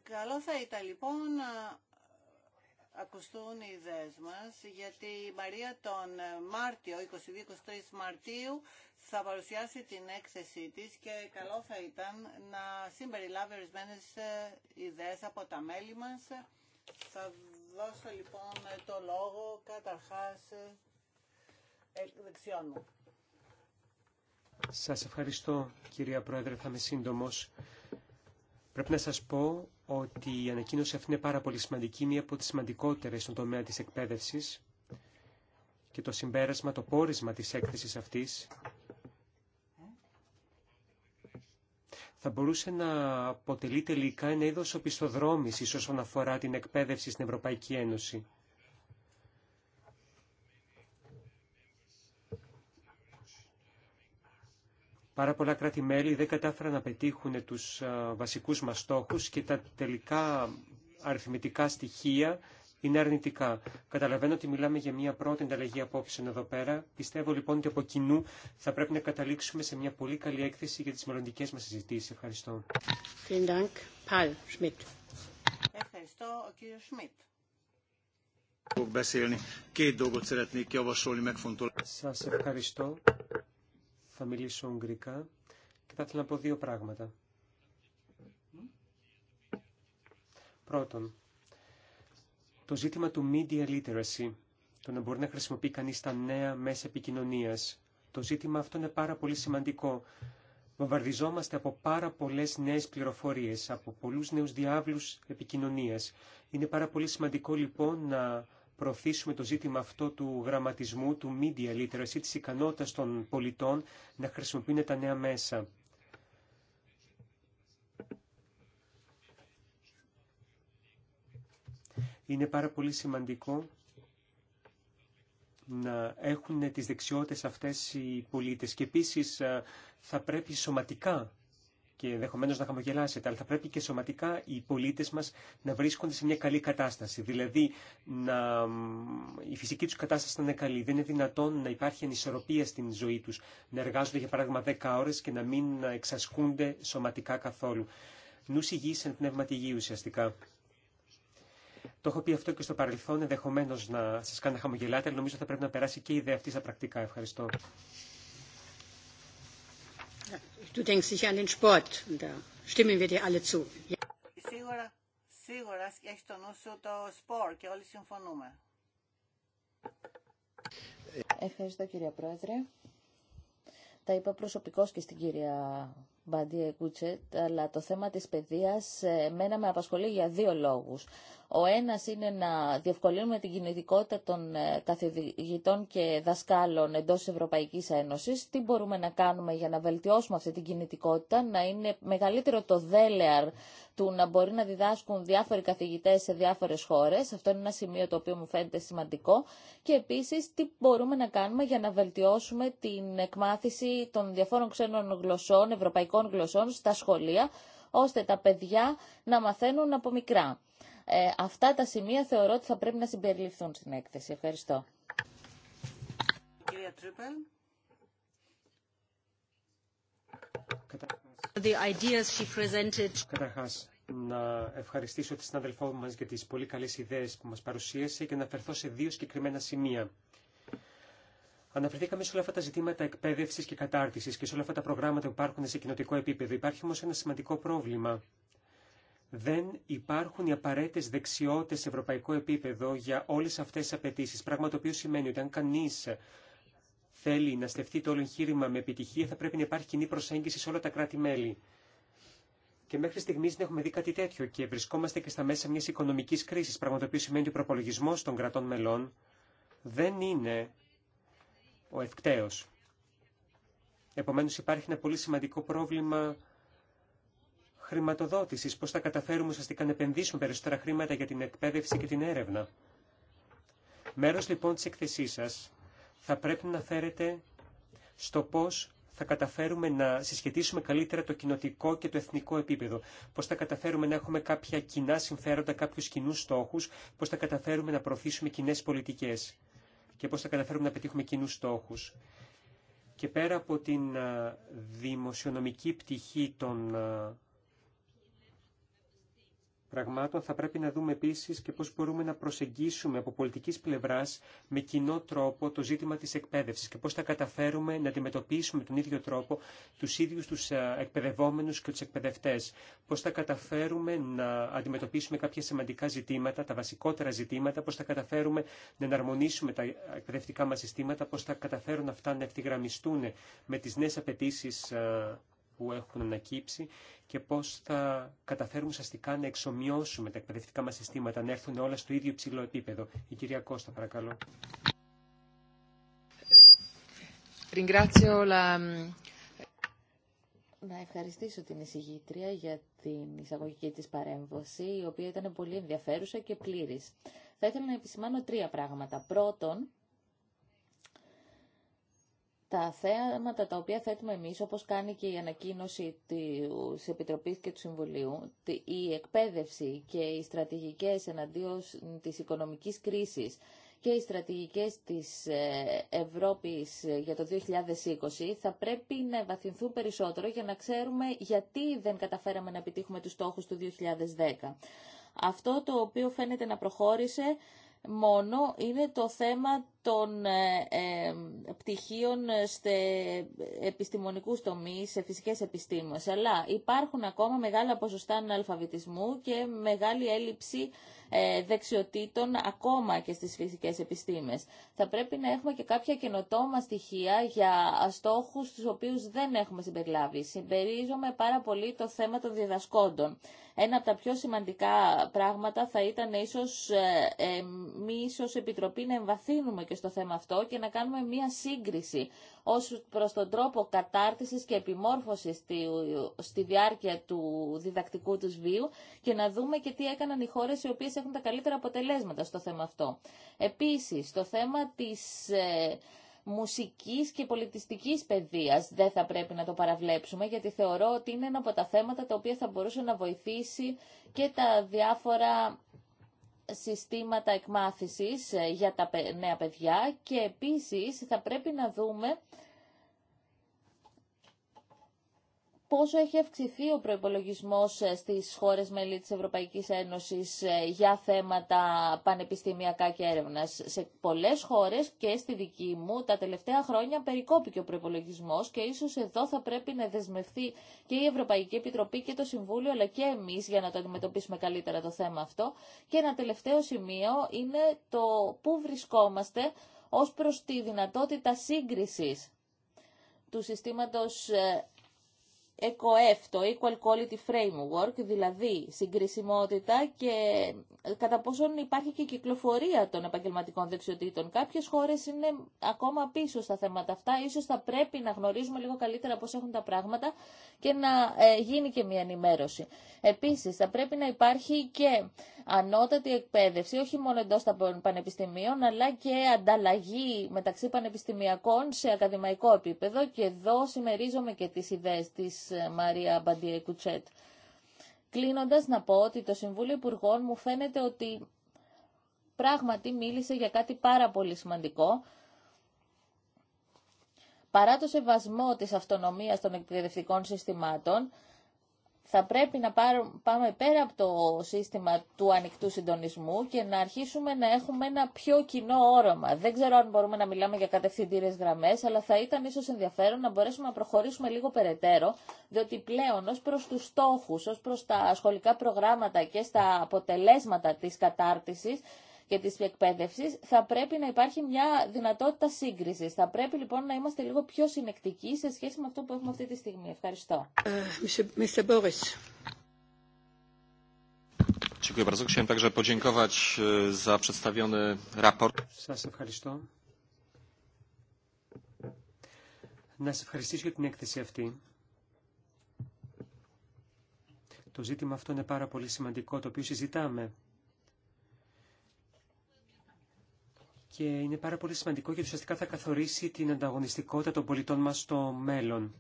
Καλό θα ήταν λοιπόν να ακουστούν οι ιδέες μας, γιατί η Μαρία τον Μάρτιο, 22-23 Μαρτίου, θα παρουσιάσει την έκθεσή της και καλό θα ήταν να συμπεριλάβει ορισμένε ε, ιδέες από τα μέλη μας. Θα δώσω λοιπόν το λόγο καταρχάς ε, δεξιών μου. Σας ευχαριστώ κυρία Πρόεδρε, θα είμαι σύντομο. Πρέπει να σας πω ότι η ανακοίνωση αυτή είναι πάρα πολύ σημαντική, μία από τις σημαντικότερες στον τομέα της εκπαίδευσης και το συμπέρασμα, το πόρισμα της έκθεσης αυτής θα μπορούσε να αποτελεί τελικά ένα είδος οπισθοδρόμησης όσον αφορά την εκπαίδευση στην Ευρωπαϊκή Ένωση. Πάρα πολλά κράτη-μέλη δεν κατάφεραν να πετύχουν τους βασικούς μας στόχους και τα τελικά αριθμητικά στοιχεία είναι αρνητικά. Καταλαβαίνω ότι μιλάμε για μια πρώτη ανταλλαγή απόψεων εδώ πέρα. Πιστεύω λοιπόν ότι από κοινού θα πρέπει να καταλήξουμε σε μια πολύ καλή έκθεση για τις μελλοντικέ μας συζητήσεις. Ευχαριστώ. Σας ευχαριστώ θα μιλήσω ουγγρικά και θα ήθελα να πω δύο πράγματα. Πρώτον, το ζήτημα του media literacy, το να μπορεί να χρησιμοποιεί κανείς τα νέα μέσα επικοινωνίας. Το ζήτημα αυτό είναι πάρα πολύ σημαντικό. Βομβαρδιζόμαστε από πάρα πολλέ νέε πληροφορίε, από πολλού νέου διάβλους επικοινωνία. Είναι πάρα πολύ σημαντικό λοιπόν να προωθήσουμε το ζήτημα αυτό του γραμματισμού, του media literacy, της ικανότητας των πολιτών να χρησιμοποιούν τα νέα μέσα. Είναι πάρα πολύ σημαντικό να έχουν τις δεξιότητες αυτές οι πολίτες και επίσης θα πρέπει σωματικά και ενδεχομένω να χαμογελάσετε, αλλά θα πρέπει και σωματικά οι πολίτε μα να βρίσκονται σε μια καλή κατάσταση. Δηλαδή, να... η φυσική του κατάσταση να είναι καλή. Δεν είναι δυνατόν να υπάρχει ανισορροπία στην ζωή του. Να εργάζονται, για παράδειγμα, 10 ώρε και να μην εξασκούνται σωματικά καθόλου. Νου υγιή εν πνεύμα υγιή ουσιαστικά. Το έχω πει αυτό και στο παρελθόν, ενδεχομένω να σα κάνω να χαμογελάτε, αλλά νομίζω θα πρέπει να περάσει και η ιδέα αυτή στα πρακτικά. Ευχαριστώ. Du denkst sicher an den Sport und da stimmen wir dir alle zu. Σίγουρα, σίγουρα έχει στο νου σου το σπορ και όλοι συμφωνούμε. Ευχαριστώ κύριε Πρόεδρε. Τα είπα προσωπικώς και στην κυρία Μπαντίε Κούτσετ, αλλά το θέμα της παιδείας ε, εμένα με απασχολεί για δύο λόγους. Ο ένας είναι να διευκολύνουμε την κινητικότητα των ε, καθηγητών και δασκάλων εντός Ευρωπαϊκής Ένωσης. Τι μπορούμε να κάνουμε για να βελτιώσουμε αυτή την κινητικότητα, να είναι μεγαλύτερο το δέλεαρ του να μπορεί να διδάσκουν διάφοροι καθηγητές σε διάφορες χώρες. Αυτό είναι ένα σημείο το οποίο μου φαίνεται σημαντικό. Και επίσης τι μπορούμε να κάνουμε για να βελτιώσουμε την εκμάθηση των διαφόρων ξένων γλωσσών, ευρωπαϊκών γλωσσών στα σχολεία, ώστε τα παιδιά να μαθαίνουν από μικρά. Ε, αυτά τα σημεία θεωρώ ότι θα πρέπει να συμπεριληφθούν στην έκθεση. Ευχαριστώ. Καταρχά να ευχαριστήσω τη συναδελφό μα για τι πολύ καλέ ιδέε που μα παρουσίασε και να αφαιρθώ σε δύο συγκεκριμένα σημεία. Αναφερθήκαμε σε όλα αυτά τα ζητήματα εκπαίδευση και κατάρτιση και σε όλα αυτά τα προγράμματα που υπάρχουν σε κοινοτικό επίπεδο. Υπάρχει όμω ένα σημαντικό πρόβλημα δεν υπάρχουν οι απαραίτητες δεξιότητες σε ευρωπαϊκό επίπεδο για όλες αυτές τις απαιτήσει. Πράγμα το οποίο σημαίνει ότι αν κανείς θέλει να στεφτεί το όλο εγχείρημα με επιτυχία, θα πρέπει να υπάρχει κοινή προσέγγιση σε όλα τα κράτη-μέλη. Και μέχρι στιγμή δεν έχουμε δει κάτι τέτοιο και βρισκόμαστε και στα μέσα μια οικονομική κρίση. Πράγμα το οποίο σημαίνει ότι ο προπολογισμό των κρατών μελών δεν είναι ο ευκταίο. Επομένω υπάρχει ένα πολύ σημαντικό πρόβλημα χρηματοδότησης, πώς θα καταφέρουμε ουσιαστικά να επενδύσουμε περισσότερα χρήματα για την εκπαίδευση και την έρευνα. Μέρος λοιπόν της εκθεσής σας θα πρέπει να φέρετε στο πώς θα καταφέρουμε να συσχετίσουμε καλύτερα το κοινοτικό και το εθνικό επίπεδο. Πώς θα καταφέρουμε να έχουμε κάποια κοινά συμφέροντα, κάποιους κοινού στόχους, πώς θα καταφέρουμε να προωθήσουμε κοινέ πολιτικές και πώς θα καταφέρουμε να πετύχουμε κοινού στόχους. Και πέρα από την δημοσιονομική πτυχή των πραγμάτων θα πρέπει να δούμε επίση και πώ μπορούμε να προσεγγίσουμε από πολιτική πλευρά με κοινό τρόπο το ζήτημα της εκπαίδευση και πώ θα καταφέρουμε να αντιμετωπίσουμε τον ίδιο τρόπο του ίδιου του εκπαιδευόμενου και του εκπαιδευτέ. Πώ θα καταφέρουμε να αντιμετωπίσουμε κάποια σημαντικά ζητήματα, τα βασικότερα ζητήματα, πώ θα καταφέρουμε να εναρμονίσουμε τα εκπαιδευτικά μα συστήματα, πώ θα καταφέρουν αυτά να ευθυγραμμιστούν με τι νέε απαιτήσει που έχουν ανακύψει και πώ θα καταφέρουμε ουσιαστικά να εξομοιώσουμε τα εκπαιδευτικά μα συστήματα, να έρθουν όλα στο ίδιο υψηλό επίπεδο. Η κυρία Κώστα, παρακαλώ. Να ευχαριστήσω την εισηγήτρια για την εισαγωγική της παρέμβαση, η οποία ήταν πολύ ενδιαφέρουσα και πλήρης. Θα ήθελα να επισημάνω τρία πράγματα. Πρώτον, τα θέματα τα οποία θέτουμε εμείς, όπως κάνει και η ανακοίνωση της Επιτροπής και του Συμβουλίου, η εκπαίδευση και οι στρατηγικές εναντίον της οικονομικής κρίσης και οι στρατηγικές της ε, Ευρώπης ε, για το 2020 θα πρέπει να βαθυνθούν περισσότερο για να ξέρουμε γιατί δεν καταφέραμε να επιτύχουμε τους στόχους του 2010. Αυτό το οποίο φαίνεται να προχώρησε μόνο είναι το θέμα των ε, πτυχίων σε επιστημονικούς τομείς, σε φυσικές επιστήμες. Αλλά υπάρχουν ακόμα μεγάλα ποσοστά αναλφαβητισμού και μεγάλη έλλειψη ε, δεξιοτήτων ακόμα και στις φυσικές επιστήμες. Θα πρέπει να έχουμε και κάποια καινοτόμα στοιχεία για στόχους τους οποίους δεν έχουμε συμπεριλάβει. Συμπερίζομαι πάρα πολύ το θέμα των διδασκόντων. Ένα από τα πιο σημαντικά πράγματα θα ήταν ίσως ε, μη Επιτροπή να εμβαθύνουμε και στο θέμα αυτό και να κάνουμε μία σύγκριση ως προς τον τρόπο κατάρτισης και επιμόρφωσης στη, στη διάρκεια του διδακτικού τους βίου και να δούμε και τι έκαναν οι χώρες οι οποίες έχουν τα καλύτερα αποτελέσματα στο θέμα αυτό. Επίσης, το θέμα της... Ε, μουσικής και πολιτιστικής παιδείας δεν θα πρέπει να το παραβλέψουμε γιατί θεωρώ ότι είναι ένα από τα θέματα τα οποία θα μπορούσε να βοηθήσει και τα διάφορα συστήματα εκμάθησης ε, για τα νέα παιδιά και επίσης θα πρέπει να δούμε πόσο έχει αυξηθεί ο προϋπολογισμός ε, στις χώρες μέλη της Ευρωπαϊκής Ένωσης ε, για θέματα πανεπιστημιακά και έρευνας. Σε πολλές χώρες και στη δική μου τα τελευταία χρόνια περικόπηκε ο προϋπολογισμός και ίσως εδώ θα πρέπει να δεσμευτεί και η Ευρωπαϊκή Επιτροπή και το Συμβούλιο αλλά και εμείς για να το αντιμετωπίσουμε καλύτερα το θέμα αυτό. Και ένα τελευταίο σημείο είναι το πού βρισκόμαστε ως προς τη δυνατότητα σύγκρισης του συστήματος ε, ECOF, το Equal Quality Framework, δηλαδή συγκρισιμότητα και ε, κατά πόσον υπάρχει και κυκλοφορία των επαγγελματικών δεξιοτήτων. Κάποιες χώρες είναι ακόμα πίσω στα θέματα αυτά, ίσως θα πρέπει να γνωρίζουμε λίγο καλύτερα πώς έχουν τα πράγματα και να ε, γίνει και μια ενημέρωση. Επίσης, θα πρέπει να υπάρχει και ανώτατη εκπαίδευση, όχι μόνο εντός των πανεπιστημίων, αλλά και ανταλλαγή μεταξύ πανεπιστημιακών σε ακαδημαϊκό επίπεδο. Και εδώ συμμερίζομαι και τις ιδέες της ε, Μαρία Μπαντιέ Κουτσέτ. Κλείνοντας να πω ότι το Συμβούλιο Υπουργών μου φαίνεται ότι πράγματι μίλησε για κάτι πάρα πολύ σημαντικό, παρά το σεβασμό της αυτονομίας των εκπαιδευτικών συστημάτων, θα πρέπει να πάμε πέρα από το σύστημα του ανοιχτού συντονισμού και να αρχίσουμε να έχουμε ένα πιο κοινό όραμα. Δεν ξέρω αν μπορούμε να μιλάμε για κατευθυντήρες γραμμές, αλλά θα ήταν ίσως ενδιαφέρον να μπορέσουμε να προχωρήσουμε λίγο περαιτέρω, διότι πλέον ως προς τους στόχους, ως προς τα σχολικά προγράμματα και στα αποτελέσματα της κατάρτισης, και της εκπαίδευση θα πρέπει να υπάρχει μια δυνατότητα σύγκριση. Θα πρέπει λοιπόν να είμαστε λίγο πιο συνεκτικοί σε σχέση με αυτό που έχουμε αυτή τη στιγμή. Ευχαριστώ. Σας ευχαριστώ. Να σας ευχαριστήσω για την έκθεση αυτή. Το ζήτημα αυτό είναι πάρα πολύ σημαντικό, το οποίο συζητάμε και είναι πάρα πολύ σημαντικό γιατί ουσιαστικά θα καθορίσει την ανταγωνιστικότητα των πολιτών μας στο μέλλον.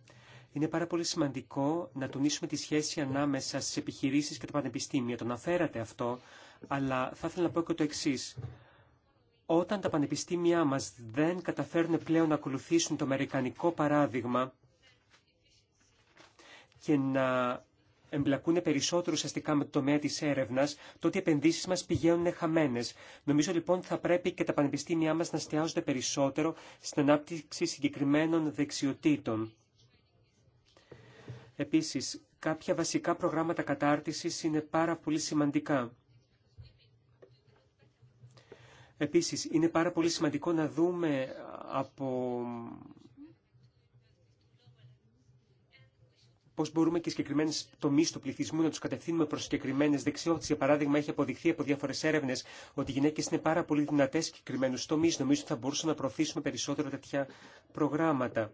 Είναι πάρα πολύ σημαντικό να τονίσουμε τη σχέση ανάμεσα στις επιχειρήσεις και το πανεπιστήμιο. Το αναφέρατε αυτό, αλλά θα ήθελα να πω και το εξή. Όταν τα πανεπιστήμια μας δεν καταφέρουν πλέον να ακολουθήσουν το αμερικανικό παράδειγμα και να εμπλακούν περισσότερο ουσιαστικά με το τομέα τη έρευνα, τότε οι επενδύσει μα πηγαίνουν χαμένε. Νομίζω λοιπόν θα πρέπει και τα πανεπιστήμια μα να εστιάζονται περισσότερο στην ανάπτυξη συγκεκριμένων δεξιοτήτων. Επίση, κάποια βασικά προγράμματα κατάρτιση είναι πάρα πολύ σημαντικά. Επίσης, είναι πάρα πολύ σημαντικό να δούμε από πώ μπορούμε και συγκεκριμένε τομεί του πληθυσμού να του κατευθύνουμε προ συγκεκριμένε δεξιότητε. Για παράδειγμα, έχει αποδειχθεί από διάφορε έρευνε ότι οι γυναίκε είναι πάρα πολύ δυνατέ σε συγκεκριμένου τομεί. Νομίζω ότι θα μπορούσαμε να προωθήσουμε περισσότερο τέτοια προγράμματα.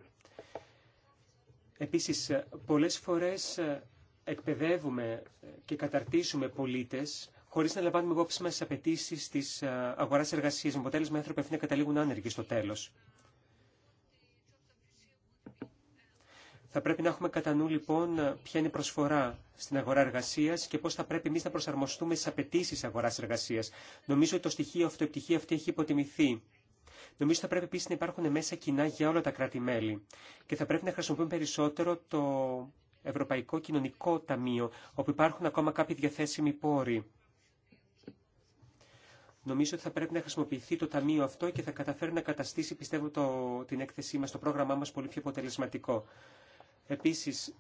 Επίση, πολλέ φορέ ε, εκπαιδεύουμε και καταρτίζουμε πολίτε χωρί να λαμβάνουμε υπόψη μα τις απαιτήσεις της ε, αγοράς εργασίας. Με αποτέλεσμα, οι άνθρωποι αυτοί να καταλήγουν άνεργοι στο τέλο. Θα πρέπει να έχουμε κατά νου λοιπόν ποια είναι η προσφορά στην αγορά εργασία και πώ θα πρέπει εμεί να προσαρμοστούμε στι απαιτήσει αγορά εργασία. Νομίζω ότι το στοιχείο αυτό, η επιτυχία αυτή έχει υποτιμηθεί. Νομίζω ότι θα πρέπει επίση να υπάρχουν μέσα κοινά για όλα τα κράτη-μέλη και θα πρέπει να χρησιμοποιούμε περισσότερο το Ευρωπαϊκό Κοινωνικό Ταμείο, όπου υπάρχουν ακόμα κάποιοι διαθέσιμοι πόροι. Νομίζω ότι θα πρέπει να χρησιμοποιηθεί το ταμείο αυτό και θα καταφέρει να καταστήσει, πιστεύω, το, την έκθεσή μα το πρόγραμμά μα πολύ πιο αποτελεσματικό. Επίσης,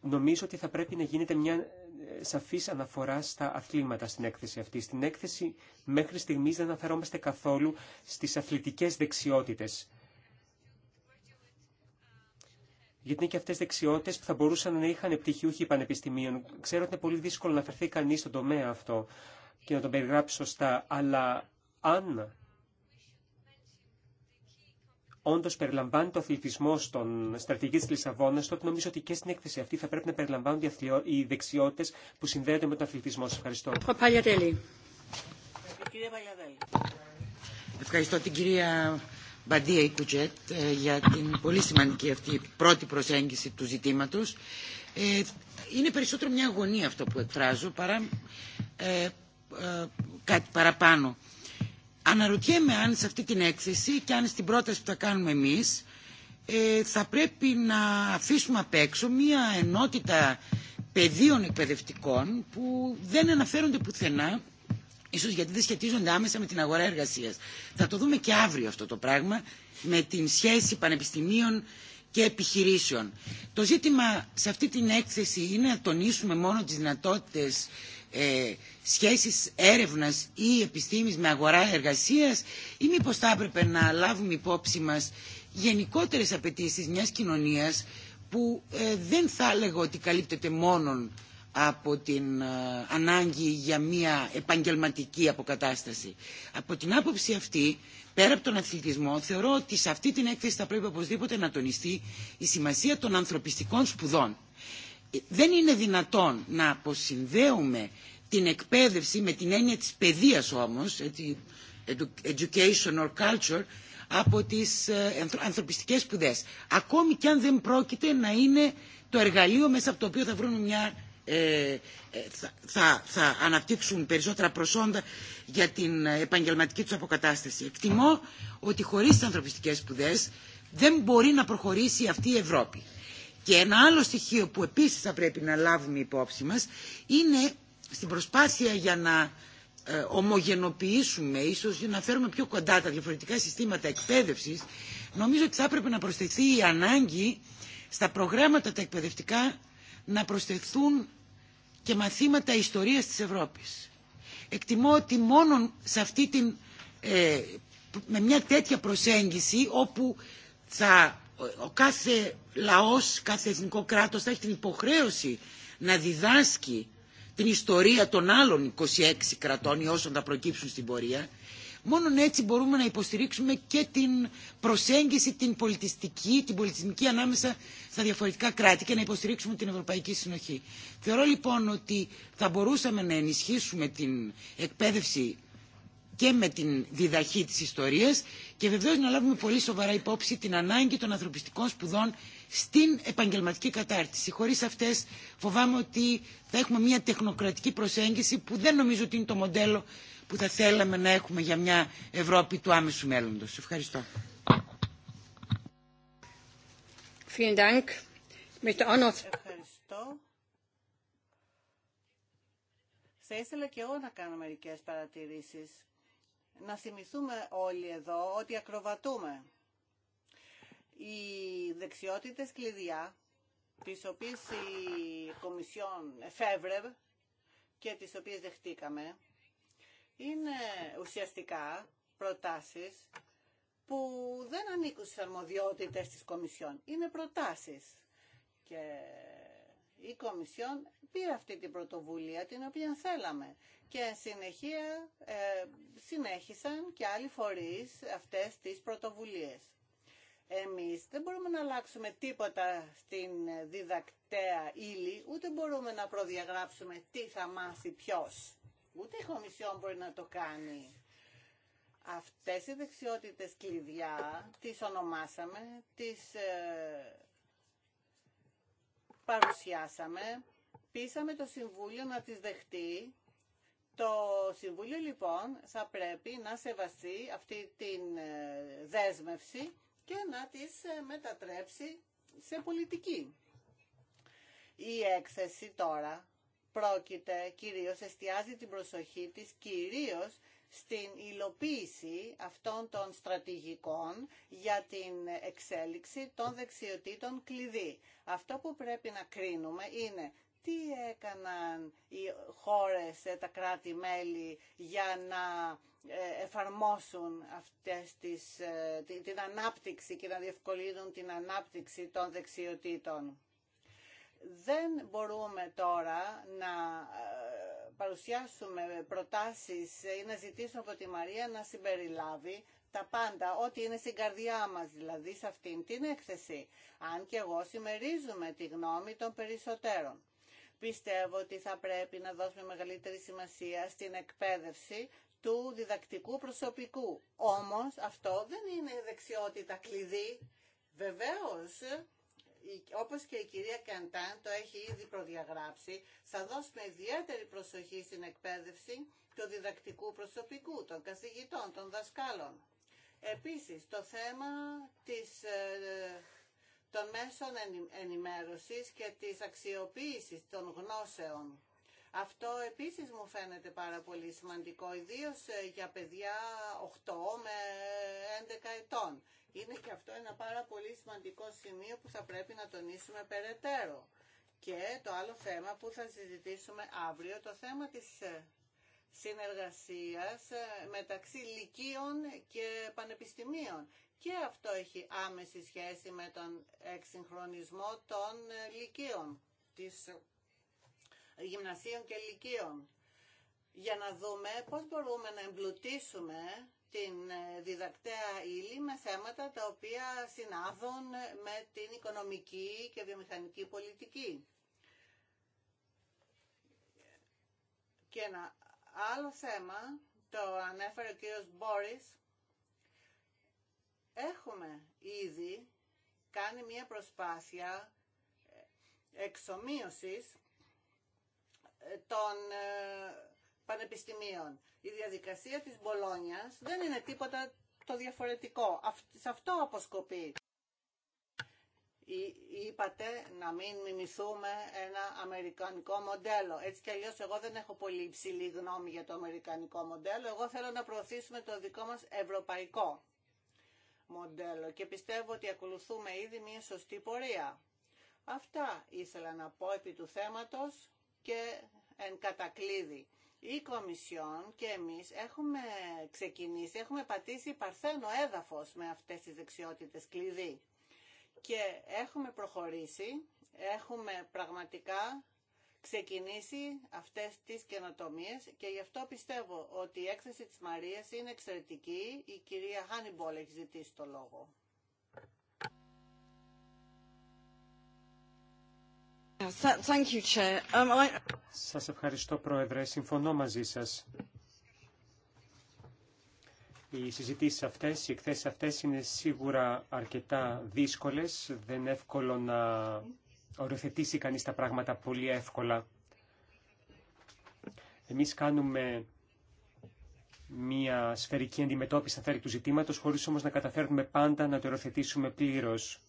νομίζω ότι θα πρέπει να γίνεται μια ε, σαφής αναφορά στα αθλήματα στην έκθεση αυτή. Στην έκθεση μέχρι στιγμής δεν αναφερόμαστε καθόλου στις αθλητικές δεξιότητες. Γιατί είναι και αυτές δεξιότητες που θα μπορούσαν να είχαν πτυχιούχοι πανεπιστημίων. Ξέρω ότι είναι πολύ δύσκολο να φερθεί κανείς στον τομέα αυτό και να τον περιγράψει σωστά, αλλά αν όντω περιλαμβάνει το αθλητισμό στον στρατηγική τη Λισαβόνα, τότε νομίζω ότι και στην έκθεση αυτή θα πρέπει να περιλαμβάνουν οι δεξιότητε που συνδέονται με τον αθλητισμό. Σα ευχαριστώ. Ευχαριστώ την κυρία Μπαντία Ικουτζέτ ε, για την πολύ σημαντική αυτή πρώτη προσέγγιση του ζητήματος. Ε, είναι περισσότερο μια αγωνία αυτό που εκφράζω παρά ε, κάτι παραπάνω αναρωτιέμαι αν σε αυτή την έκθεση και αν στην πρόταση που θα κάνουμε εμείς ε, θα πρέπει να αφήσουμε απ' έξω μία ενότητα πεδίων εκπαιδευτικών που δεν αναφέρονται πουθενά ίσως γιατί δεν σχετίζονται άμεσα με την αγορά εργασίας. Θα το δούμε και αύριο αυτό το πράγμα με την σχέση πανεπιστημίων και επιχειρήσεων. Το ζήτημα σε αυτή την έκθεση είναι να τονίσουμε μόνο τις δυνατότητες ε, σχέσεις έρευνας ή επιστήμης με αγορά εργασίας ή μήπως θα έπρεπε να λάβουμε υπόψη μας γενικότερες απαιτήσει μιας κοινωνίας που ε, δεν θα έλεγα ότι καλύπτεται μόνον από την ε, ανάγκη για μια επαγγελματική αποκατάσταση. Από την άποψη αυτή, πέρα από τον αθλητισμό, θεωρώ ότι σε αυτή την έκθεση θα πρέπει οπωσδήποτε να τονιστεί η σημασία των ανθρωπιστικών σπουδών δεν είναι δυνατόν να αποσυνδέουμε την εκπαίδευση με την έννοια της παιδείας όμως, education or culture, από τις ε, ανθρωπιστικές σπουδές. Ακόμη και αν δεν πρόκειται να είναι το εργαλείο μέσα από το οποίο θα βρουν μια... Ε, ε θα, θα αναπτύξουν περισσότερα προσόντα για την επαγγελματική τους αποκατάσταση. Εκτιμώ ότι χωρίς τις ανθρωπιστικές σπουδές δεν μπορεί να προχωρήσει αυτή η Ευρώπη. Και ένα άλλο στοιχείο που επίσης θα πρέπει να λάβουμε υπόψη μας είναι στην προσπάθεια για να ε, ομογενοποιήσουμε, ίσως να φέρουμε πιο κοντά τα διαφορετικά συστήματα εκπαίδευσης, νομίζω ότι θα έπρεπε να προσθεθεί η ανάγκη στα προγράμματα τα εκπαιδευτικά να προσθεθούν και μαθήματα ιστορίας της Ευρώπης. Εκτιμώ ότι μόνο ε, με μια τέτοια προσέγγιση όπου θα ο κάθε λαός, κάθε εθνικό κράτος θα έχει την υποχρέωση να διδάσκει την ιστορία των άλλων 26 κρατών ή όσων θα προκύψουν στην πορεία, μόνον έτσι μπορούμε να υποστηρίξουμε και την προσέγγιση την πολιτιστική, την πολιτισμική ανάμεσα στα διαφορετικά κράτη και να υποστηρίξουμε την Ευρωπαϊκή Συνοχή. Θεωρώ λοιπόν ότι θα μπορούσαμε να ενισχύσουμε την εκπαίδευση και με την διδαχή της ιστορίας και βεβαίως να λάβουμε πολύ σοβαρά υπόψη την ανάγκη των ανθρωπιστικών σπουδών στην επαγγελματική κατάρτιση. Χωρίς αυτές φοβάμαι ότι θα έχουμε μια τεχνοκρατική προσέγγιση που δεν νομίζω ότι είναι το μοντέλο που θα θέλαμε να έχουμε για μια Ευρώπη του άμεσου μέλλοντος. Ευχαριστώ. Ευχαριστώ. Θα ήθελα και εγώ να κάνω μερικές παρατηρήσεις να θυμηθούμε όλοι εδώ ότι ακροβατούμε. Οι δεξιότητες κλειδιά, τις οποίες η Κομισιόν εφεύρευε και τις οποίες δεχτήκαμε, είναι ουσιαστικά προτάσεις που δεν ανήκουν στις αρμοδιότητες της Κομισιόν. Είναι προτάσεις. Και η Κομισιόν πήρε αυτή την πρωτοβουλία την οποία θέλαμε και συνεχεία ε, συνέχισαν και άλλοι φορείς αυτές τις πρωτοβουλίες. Εμείς δεν μπορούμε να αλλάξουμε τίποτα στην διδακτέα ύλη, ούτε μπορούμε να προδιαγράψουμε τι θα μάθει ποιος. Ούτε η Κομισιόν μπορεί να το κάνει. Αυτές οι δεξιότητες κλειδιά τις ονομάσαμε, τις ε, παρουσιάσαμε, πείσαμε το Συμβούλιο να τις δεχτεί το Συμβούλιο λοιπόν θα πρέπει να σεβαστεί αυτή την ε, δέσμευση και να τις ε, μετατρέψει σε πολιτική. Η έκθεση τώρα πρόκειται κυρίως, εστιάζει την προσοχή της κυρίως στην υλοποίηση αυτών των στρατηγικών για την εξέλιξη των δεξιοτήτων κλειδί. Αυτό που πρέπει να κρίνουμε είναι τι έκαναν οι χώρες, ε, τα κράτη-μέλη για να ε, εφαρμόσουν αυτές τις, ε, την ανάπτυξη και να διευκολύνουν την ανάπτυξη των δεξιοτήτων. Δεν μπορούμε τώρα να παρουσιάσουμε προτάσεις ή να ζητήσουμε από τη Μαρία να συμπεριλάβει τα πάντα, ό,τι είναι στην καρδιά μας, δηλαδή σε αυτήν την έκθεση. Αν και εγώ συμμερίζουμε τη γνώμη των περισσότερων. Πιστεύω ότι θα πρέπει να δώσουμε μεγαλύτερη σημασία στην εκπαίδευση του διδακτικού προσωπικού. Όμως αυτό δεν είναι δεξιότητα κλειδί. Βεβαίως, όπως και η κυρία Καντάν το έχει ήδη προδιαγράψει, θα δώσουμε ιδιαίτερη προσοχή στην εκπαίδευση του διδακτικού προσωπικού, των καθηγητών, των δασκάλων. Επίσης, το θέμα της ε, των μέσων ενημέρωσης και της αξιοποίησης των γνώσεων. Αυτό επίσης μου φαίνεται πάρα πολύ σημαντικό, ιδίως ε, για παιδιά 8 με 11 ετών. Είναι και αυτό ένα πάρα πολύ σημαντικό σημείο που θα πρέπει να τονίσουμε περαιτέρω. Και το άλλο θέμα που θα συζητήσουμε αύριο, το θέμα της ε, συνεργασίας ε, μεταξύ λυκείων και πανεπιστημίων. Και αυτό έχει άμεση σχέση με τον εξυγχρονισμό των ε, λυκείων, της γυμνασίων και λυκείων. Για να δούμε πώς μπορούμε να εμπλουτίσουμε την ε, διδακτέα ύλη με θέματα τα οποία συνάδουν ε, με την οικονομική και βιομηχανική πολιτική. Και ένα άλλο θέμα, το ανέφερε ο κύριος Μπόρις, έχουμε ήδη κάνει μια προσπάθεια ε, εξομοίωσης ε, των ε, πανεπιστημίων. Η διαδικασία της Μπολόνιας δεν είναι τίποτα το διαφορετικό. Σε αυτό αποσκοπεί. Είπατε να μην μιμηθούμε ένα αμερικανικό μοντέλο. Έτσι κι αλλιώς εγώ δεν έχω πολύ υψηλή γνώμη για το αμερικανικό μοντέλο. Εγώ θέλω να προωθήσουμε το δικό μας ευρωπαϊκό μοντέλο και πιστεύω ότι ακολουθούμε ήδη μια σωστή πορεία. Αυτά ήθελα να πω επί του θέματος και εν κατακλείδη. Η Κομισιόν και εμείς έχουμε ξεκινήσει, έχουμε πατήσει παρθένο έδαφος με αυτές τις δεξιότητες κλειδί. Και έχουμε προχωρήσει, έχουμε πραγματικά ξεκινήσει αυτές τις καινοτομίες και γι' αυτό πιστεύω ότι η έκθεση της Μαρίας είναι εξαιρετική. Η κυρία Χάνιμπολ έχει ζητήσει το λόγο. Thank you, Chair. Um, σας ευχαριστώ, Πρόεδρε. Συμφωνώ μαζί σας. Οι συζητήσεις αυτές, οι εκθέσεις αυτές είναι σίγουρα αρκετά δύσκολες. Δεν είναι εύκολο να οριοθετήσει κανείς τα πράγματα πολύ εύκολα. Εμείς κάνουμε μια σφαιρική αντιμετώπιση, αν θέλει, του ζητήματος, χωρίς όμως να καταφέρνουμε πάντα να το οριοθετήσουμε πλήρως.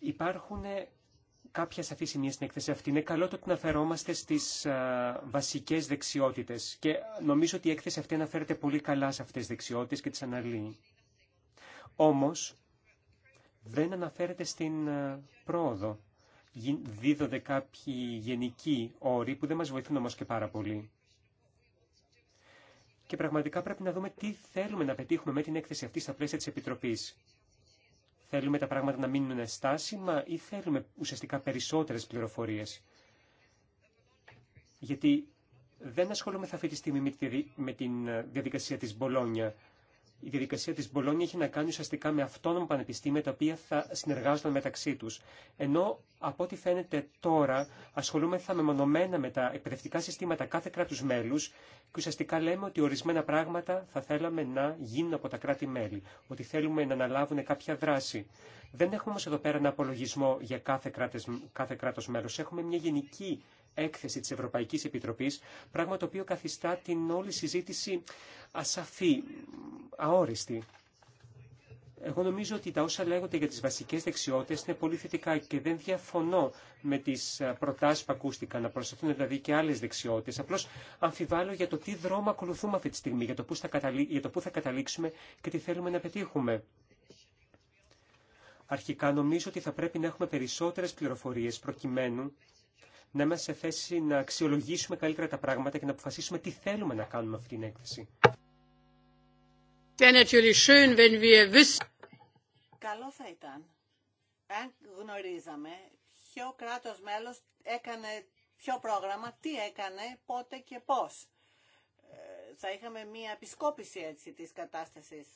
Υπάρχουν κάποια σαφή σημεία στην έκθεση αυτή. Είναι καλό το ότι αναφερόμαστε στι βασικέ δεξιότητε. Και νομίζω ότι η έκθεση αυτή αναφέρεται πολύ καλά σε αυτέ τι δεξιότητε και τι αναλύει. Όμω, δεν αναφέρεται στην ε, πρόοδο. Δίδονται κάποιοι γενικοί όροι που δεν μας βοηθούν όμως και πάρα πολύ. Και πραγματικά πρέπει να δούμε τι θέλουμε να πετύχουμε με την έκθεση αυτή στα πλαίσια της Επιτροπής. Θέλουμε τα πράγματα να μείνουν στάσιμα ή θέλουμε ουσιαστικά περισσότερες πληροφορίες. Γιατί δεν ασχολούμαι αυτή τη στιγμή με την ε, διαδικασία της Μπολόνια η διαδικασία της Μπολόνια είχε να κάνει ουσιαστικά με αυτόνομα πανεπιστήμια τα οποία θα συνεργάζονταν μεταξύ τους. Ενώ από ό,τι φαίνεται τώρα ασχολούμεθα μεμονωμένα με τα εκπαιδευτικά συστήματα κάθε κράτους μέλους και ουσιαστικά λέμε ότι ορισμένα πράγματα θα θέλαμε να γίνουν από τα κράτη-μέλη, ότι θέλουμε να αναλάβουν κάποια δράση. Δεν έχουμε όμως εδώ πέρα ένα απολογισμό για κάθε, κράτες, κάθε κράτος μέλος. Έχουμε μια γενική έκθεση της Ευρωπαϊκής Επιτροπής, πράγμα το οποίο καθιστά την όλη συζήτηση ασαφή, αόριστη. Εγώ νομίζω ότι τα όσα λέγονται για τις βασικές δεξιότητες είναι πολύ θετικά και δεν διαφωνώ με τις προτάσεις που ακούστηκαν να προσθεθούν δηλαδή και άλλες δεξιότητες. Απλώς αμφιβάλλω για το τι δρόμο ακολουθούμε αυτή τη στιγμή, για το πού θα, καταλή... θα καταλήξουμε και τι θέλουμε να πετύχουμε. Αρχικά νομίζω ότι θα πρέπει να έχουμε περισσότερες πληροφορίες προκειμένου να είμαστε σε θέση να αξιολογήσουμε καλύτερα τα πράγματα και να αποφασίσουμε τι θέλουμε να κάνουμε αυτή την έκθεση. Καλό θα ήταν αν γνωρίζαμε ποιο κράτος μέλος έκανε ποιο πρόγραμμα, τι έκανε, πότε και πώς. Ε, θα είχαμε μία επισκόπηση έτσι της κατάστασης.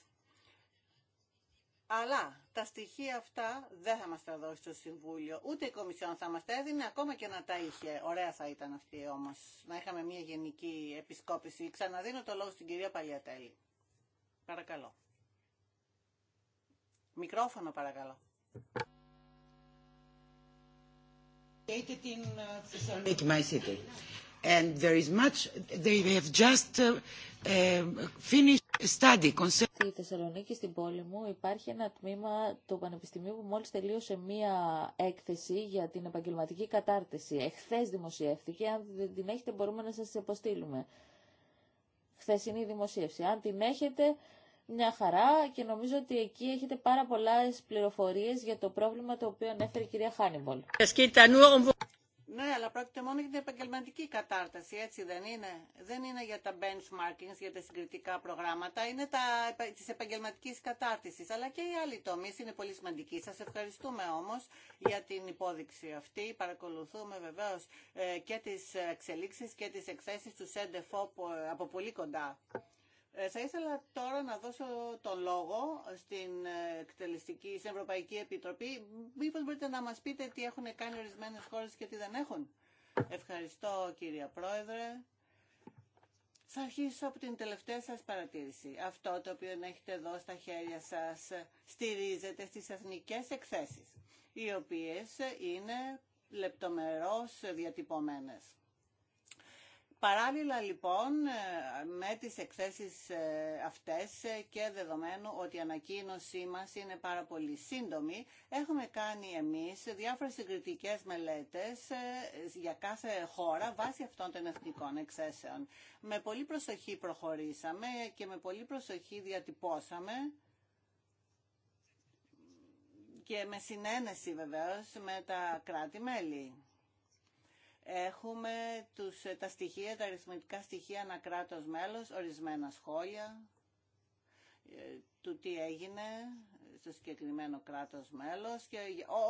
Αλλά τα στοιχεία αυτά δεν θα μας τα δώσει το Συμβούλιο, ούτε η Κομισιόν θα μας τα έδινε, ακόμα και να τα είχε. Ωραία θα ήταν αυτή όμως, να είχαμε μια γενική επισκόπηση. Ξαναδίνω το λόγο στην κυρία Παλιατέλη. Παρακαλώ. Μικρόφωνο παρακαλώ. Ε, And there ε, ε, Στη Θεσσαλονίκη, στην πόλη μου, υπάρχει ένα τμήμα του Πανεπιστημίου που μόλις τελείωσε μία έκθεση για την επαγγελματική κατάρτιση. Εχθέ δημοσιεύτηκε, αν δεν την έχετε μπορούμε να σας αποστείλουμε. η δημοσίευση. Αν την έχετε, μια χαρά και νομίζω ότι εκεί έχετε πάρα πολλά πληροφορίες για το πρόβλημα το οποίο ανέφερε η κυρία Χάνιμπολ. Ναι, αλλά πρόκειται μόνο για την επαγγελματική κατάρταση, έτσι δεν είναι. Δεν είναι για τα benchmarkings, για τα συγκριτικά προγράμματα, είναι τα, της επαγγελματικής κατάρτισης. Αλλά και οι άλλοι τομείς είναι πολύ σημαντικοί. Σας ευχαριστούμε όμως για την υπόδειξη αυτή. Παρακολουθούμε βεβαίως ε, και τις εξελίξεις και τις εκθέσεις του ΣΕΝΤΕΦΟ ε, από πολύ κοντά. Ε, θα ήθελα τώρα να δώσω τον λόγο στην, εκτελεστική, στην Ευρωπαϊκή Επιτροπή. Μήπως μπορείτε να μας πείτε τι έχουν κάνει ορισμένες χώρες και τι δεν έχουν. Ευχαριστώ κύριε Πρόεδρε. Θα αρχίσω από την τελευταία σας παρατήρηση. Αυτό το οποίο έχετε εδώ στα χέρια σας στηρίζεται στις εθνικές εκθέσεις, οι οποίες είναι λεπτομερώς διατυπωμένες. Παράλληλα λοιπόν ε, με τις εκθέσεις ε, αυτές ε, και δεδομένου ότι η ανακοίνωσή μας είναι πάρα πολύ σύντομη, έχουμε κάνει εμείς διάφορες συγκριτικές μελέτες για κάθε χώρα βάσει αυτών των εθνικών εξέσεων. Με πολύ προσοχή προχωρήσαμε και με πολύ προσοχή διατυπώσαμε και με συνένεση βεβαίως με τα κράτη-μέλη. Έχουμε τους, τα στοιχεία, τα αριθμητικά στοιχεία ένα κράτος μέλος, ορισμένα σχόλια ε, του τι έγινε στο συγκεκριμένο κράτος μέλος και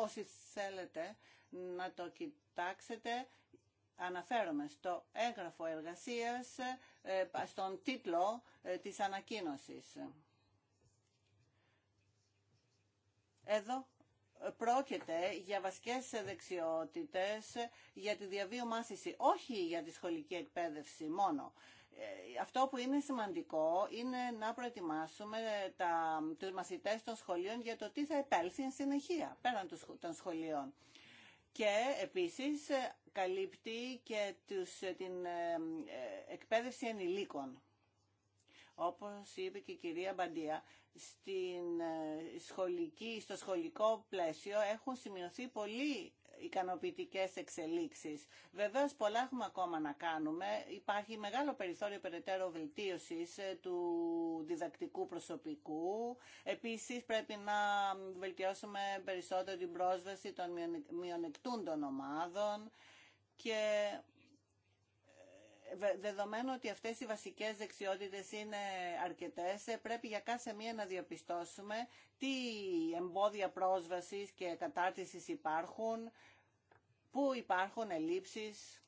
όσοι θέλετε να το κοιτάξετε αναφέρομαι στο έγγραφο εργασίας ε, στον τίτλο ε, της ανακοίνωσης. Εδώ πρόκειται για βασικές δεξιότητες για τη διαβίωμαση, όχι για τη σχολική εκπαίδευση μόνο. Ε, αυτό που είναι σημαντικό είναι να προετοιμάσουμε τα, τους μαθητές των σχολείων για το τι θα επέλθει εν συνεχεία πέραν των σχολείων. Και επίσης ε, καλύπτει και τους, ε, την εκπαίδευση ενηλίκων όπως είπε και η κυρία Μπαντία, στην ε, σχολική, στο σχολικό πλαίσιο έχουν σημειωθεί πολύ ικανοποιητικές εξελίξεις. Βεβαίως πολλά έχουμε ακόμα να κάνουμε. Υπάρχει μεγάλο περιθώριο περαιτέρω βελτίωσης ε, του διδακτικού προσωπικού. Επίσης πρέπει να βελτιώσουμε περισσότερο την πρόσβαση των μειονεκτούντων ομάδων και δεδομένου ότι αυτές οι βασικές δεξιότητες είναι αρκετές, ε, πρέπει για κάθε μία να διαπιστώσουμε τι εμπόδια πρόσβασης και κατάρτισης υπάρχουν, πού υπάρχουν ελλείψεις.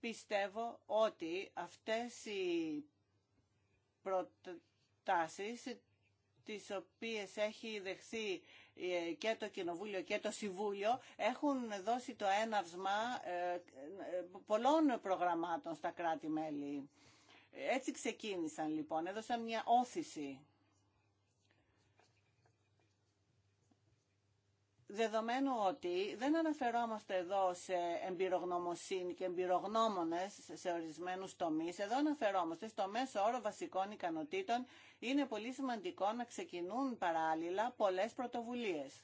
Πιστεύω ότι αυτές οι προτάσεις τις οποίες έχει δεχθεί ε, και το Κοινοβούλιο και το Συμβούλιο έχουν δώσει το έναυσμα ε, ε, πολλών προγραμμάτων στα κράτη-μέλη. Έτσι ξεκίνησαν λοιπόν, έδωσαν μια όθηση Δεδομένου ότι δεν αναφερόμαστε εδώ σε εμπειρογνωμοσύνη και εμπειρογνώμονες σε ορισμένους τομείς, εδώ αναφερόμαστε στο μέσο όρο βασικών ικανοτήτων, είναι πολύ σημαντικό να ξεκινούν παράλληλα πολλές πρωτοβουλίες.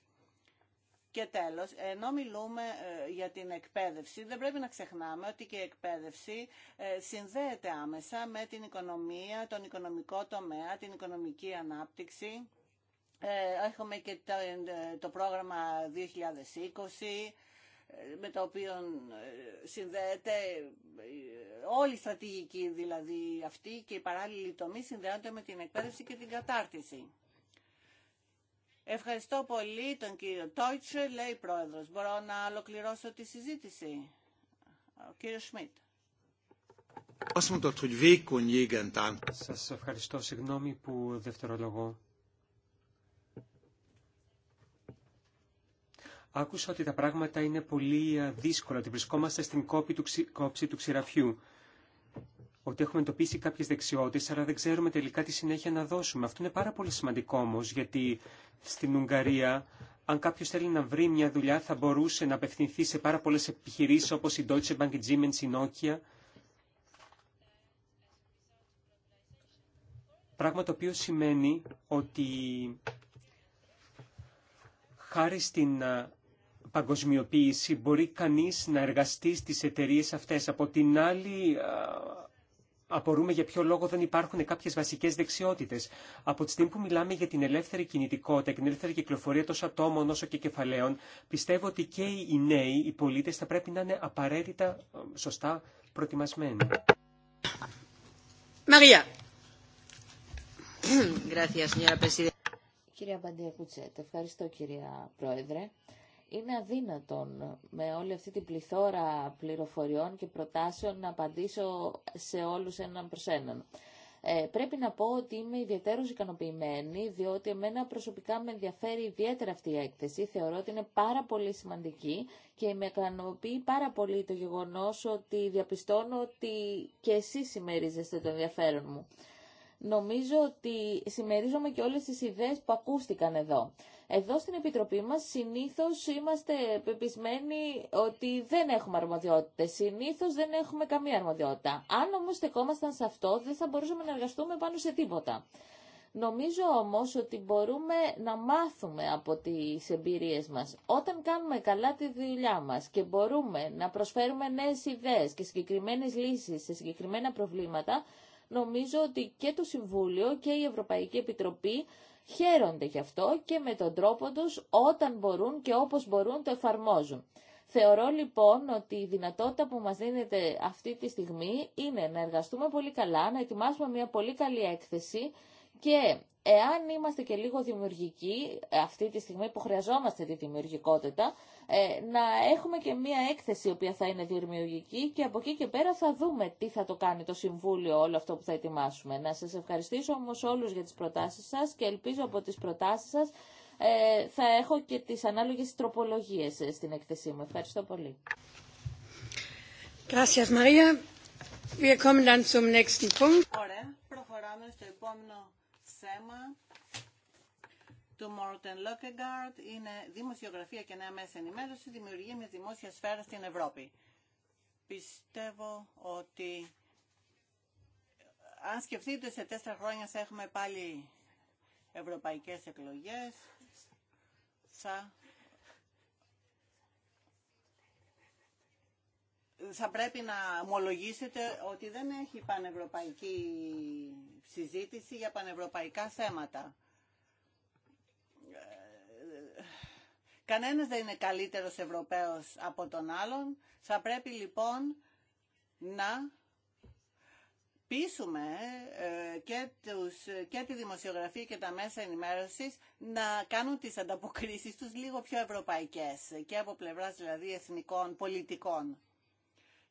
Και τέλος, ενώ μιλούμε ε, για την εκπαίδευση, δεν πρέπει να ξεχνάμε ότι και η εκπαίδευση ε, συνδέεται άμεσα με την οικονομία, τον οικονομικό τομέα, την οικονομική ανάπτυξη ε, έχουμε και ε, το, πρόγραμμα 2020 ε, με το οποίο συνδέεται όλη η στρατηγική δηλαδή αυτή και οι παράλληλοι τομείς συνδέονται με την εκπαίδευση και την κατάρτιση. Ευχαριστώ πολύ τον κύριο Τόιτσε, λέει πρόεδρος. Μπορώ να ολοκληρώσω τη συζήτηση. Ο κύριος Σμιτ. Σας ευχαριστώ, συγγνώμη που δευτερολογώ. Άκουσα ότι τα πράγματα είναι πολύ ε, δύσκολα, ότι βρισκόμαστε στην κόψη του, ξη, του ξηραφιού. Ότι έχουμε εντοπίσει κάποιε δεξιότητε, αλλά δεν ξέρουμε τελικά τι συνέχεια να δώσουμε. Αυτό είναι πάρα πολύ σημαντικό όμω, γιατί στην Ουγγαρία, αν κάποιο θέλει να βρει μια δουλειά, θα μπορούσε να απευθυνθεί σε πάρα πολλέ επιχειρήσει όπω η Deutsche Bank, η Siemens, η Nokia. Πράγμα το οποίο σημαίνει ότι χάρη στην ε, παγκοσμιοποίηση μπορεί κανείς να εργαστεί στις εταιρείες αυτές. Από την άλλη, απορούμε για ποιο λόγο δεν υπάρχουν κάποιες βασικές δεξιότητες. Από τη στιγμή που μιλάμε για την ελεύθερη κινητικότητα και την ελεύθερη κυκλοφορία τόσο ατόμων όσο και κεφαλαίων, πιστεύω ότι και οι νέοι, οι πολίτες, θα πρέπει να είναι απαραίτητα σωστά προετοιμασμένοι. Μαρία. Κυρία Μπαντία Κουτσέτ, ευχαριστώ κυρία Πρόεδρε. Είναι αδύνατον με όλη αυτή την πληθώρα πληροφοριών και προτάσεων να απαντήσω σε όλους έναν προς έναν. Ε, πρέπει να πω ότι είμαι ιδιαίτερα ικανοποιημένη, διότι εμένα προσωπικά με ενδιαφέρει ιδιαίτερα αυτή η έκθεση. Θεωρώ ότι είναι πάρα πολύ σημαντική και με ικανοποιεί πάρα πολύ το γεγονός ότι διαπιστώνω ότι και εσείς συμμερίζεστε το ενδιαφέρον μου. Νομίζω ότι συμμερίζομαι και όλες τις ιδέες που ακούστηκαν εδώ. Εδώ στην Επιτροπή μας συνήθως είμαστε πεπισμένοι ότι δεν έχουμε αρμοδιότητες. Συνήθως δεν έχουμε καμία αρμοδιότητα. Αν όμως στεκόμασταν σε αυτό δεν θα μπορούσαμε να εργαστούμε πάνω σε τίποτα. Νομίζω όμως ότι μπορούμε να μάθουμε από τις εμπειρίες μας. Όταν κάνουμε καλά τη δουλειά μας και μπορούμε να προσφέρουμε νέες ιδέες και συγκεκριμένες λύσεις σε συγκεκριμένα προβλήματα, νομίζω ότι και το Συμβούλιο και η Ευρωπαϊκή Επιτροπή χαίρονται γι' αυτό και με τον τρόπο τους όταν μπορούν και όπως μπορούν το εφαρμόζουν. Θεωρώ λοιπόν ότι η δυνατότητα που μας δίνεται αυτή τη στιγμή είναι να εργαστούμε πολύ καλά, να ετοιμάσουμε μια πολύ καλή έκθεση και εάν είμαστε και λίγο δημιουργικοί, ε, αυτή τη στιγμή που χρειαζόμαστε τη δημιουργικότητα, ε, να έχουμε και μία έκθεση η οποία θα είναι δημιουργική και από εκεί και πέρα θα δούμε τι θα το κάνει το Συμβούλιο όλο αυτό που θα ετοιμάσουμε. Να σας ευχαριστήσω όμως όλους για τις προτάσεις σας και ελπίζω από τις προτάσεις σας ε, θα έχω και τις ανάλογες τροπολογίες στην έκθεσή μου. Ευχαριστώ πολύ θέμα του Μόρτεν Λόκεγκάρτ είναι «Δημοσιογραφία και νέα μέσα ενημέρωση, δημιουργία μια δημόσια σφαίρα στην Ευρώπη». Πιστεύω ότι αν σκεφτείτε σε τέσσερα χρόνια θα έχουμε πάλι ευρωπαϊκές εκλογές, θα πρέπει να ομολογήσετε ότι δεν έχει πανευρωπαϊκή συζήτηση για πανευρωπαϊκά θέματα. Κανένας δεν είναι καλύτερος Ευρωπαίος από τον άλλον. Θα πρέπει λοιπόν να πείσουμε ε, και, τους, και τη δημοσιογραφία και τα μέσα ενημέρωσης να κάνουν τις ανταποκρίσεις τους λίγο πιο ευρωπαϊκές και από πλευράς δηλαδή εθνικών πολιτικών.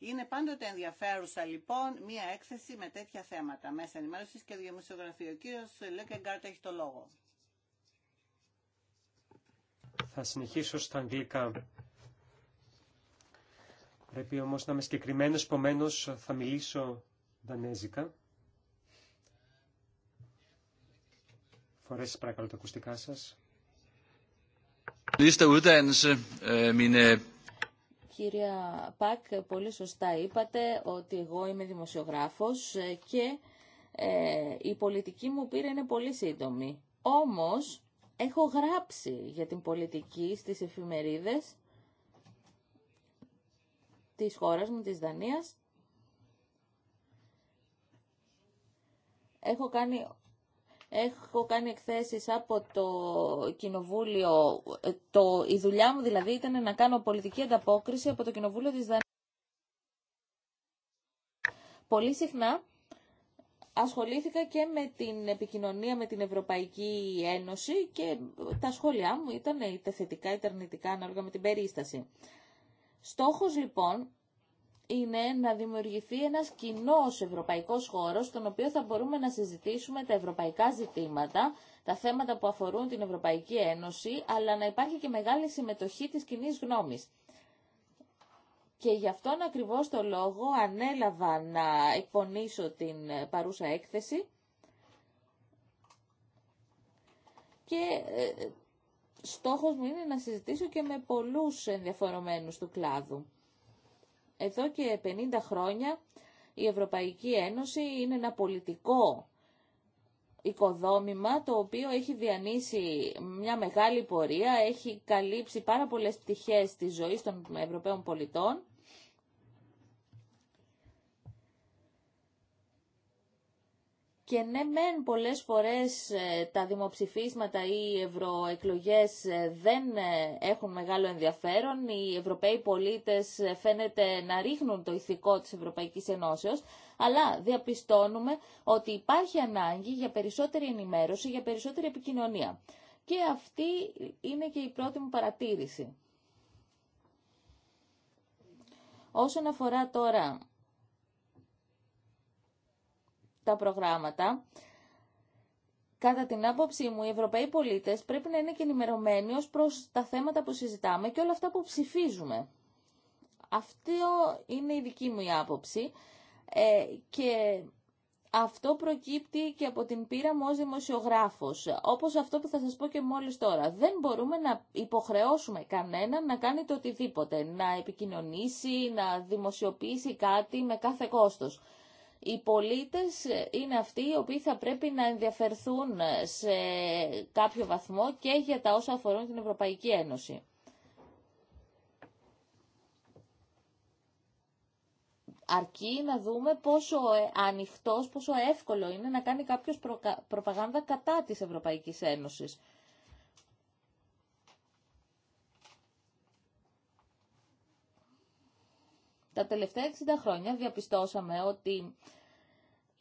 Είναι πάντοτε ενδιαφέρουσα λοιπόν μία έκθεση με τέτοια θέματα, μέσα ενημέρωση και δημοσιογραφία. Ο κύριο Λέκεγκάρτ έχει το λόγο. Θα συνεχίσω στα αγγλικά. Πρέπει όμω να είμαι συγκεκριμένο, επομένω θα μιλήσω δανέζικα. Φορέστε παρακαλώ τα ακουστικά σας. Minister uddannelse. Øh, mine Κύρια Πακ, πολύ σωστά είπατε ότι εγώ είμαι δημοσιογράφος και ε, η πολιτική μου πείρα είναι πολύ σύντομη. Όμως, έχω γράψει για την πολιτική στις εφημερίδες της χώρας μου, της Δανίας. Έχω κάνει Έχω κάνει εκθέσεις από το Κοινοβούλιο. Ε, το, η δουλειά μου δηλαδή ήταν να κάνω πολιτική ανταπόκριση από το Κοινοβούλιο της Δανίας. Πολύ συχνά ασχολήθηκα και με την επικοινωνία με την Ευρωπαϊκή Ένωση και τα σχόλιά μου ήταν είτε θετικά είτε αρνητικά ανάλογα με την περίσταση. Στόχος λοιπόν είναι να δημιουργηθεί ένας κοινός ευρωπαϊκός χώρος στον οποίο θα μπορούμε να συζητήσουμε τα ευρωπαϊκά ζητήματα, τα θέματα που αφορούν την Ευρωπαϊκή Ένωση, αλλά να υπάρχει και μεγάλη συμμετοχή της κοινή γνώμης. Και γι' αυτόν ακριβώς το λόγο ανέλαβα να εκπονήσω την παρούσα έκθεση και ε, στόχος μου είναι να συζητήσω και με πολλούς ενδιαφορομένους του κλάδου. Εδώ και 50 χρόνια η Ευρωπαϊκή Ένωση είναι ένα πολιτικό οικοδόμημα το οποίο έχει διανύσει μια μεγάλη πορεία, έχει καλύψει πάρα πολλές πτυχές της ζωής των Ευρωπαίων πολιτών Και ναι, μεν πολλές φορές ε, τα δημοψηφίσματα ή οι ευρωεκλογές ε, δεν ε, έχουν μεγάλο ενδιαφέρον. Οι Ευρωπαίοι πολίτες φαίνεται να ρίχνουν το ηθικό της Ευρωπαϊκής Ενώσεως, αλλά διαπιστώνουμε ότι υπάρχει ανάγκη για περισσότερη ενημέρωση, για περισσότερη επικοινωνία. Και αυτή είναι και η πρώτη μου παρατήρηση. Όσον αφορά τώρα τα προγράμματα. Κατά την άποψή μου, οι Ευρωπαίοι πολίτες πρέπει να είναι και ενημερωμένοι ως προς τα θέματα που συζητάμε και όλα αυτά που ψηφίζουμε. Αυτή είναι η δική μου άποψη ε, και αυτό προκύπτει και από την πείρα μου ως δημοσιογράφος. Όπως αυτό που θα σας πω και μόλις τώρα. Δεν μπορούμε να υποχρεώσουμε κανέναν να κάνει το οτιδήποτε, να επικοινωνήσει, να δημοσιοποιήσει κάτι με κάθε κόστος οι πολίτες ε, είναι αυτοί οι οποίοι θα πρέπει να ενδιαφερθούν ε, σε κάποιο βαθμό και για τα όσα αφορούν την Ευρωπαϊκή Ένωση. Αρκεί να δούμε πόσο ε, ανοιχτός, πόσο εύκολο είναι να κάνει κάποιος προπαγάνδα κατά της Ευρωπαϊκής Ένωσης. Τα τελευταία 60 χρόνια διαπιστώσαμε ότι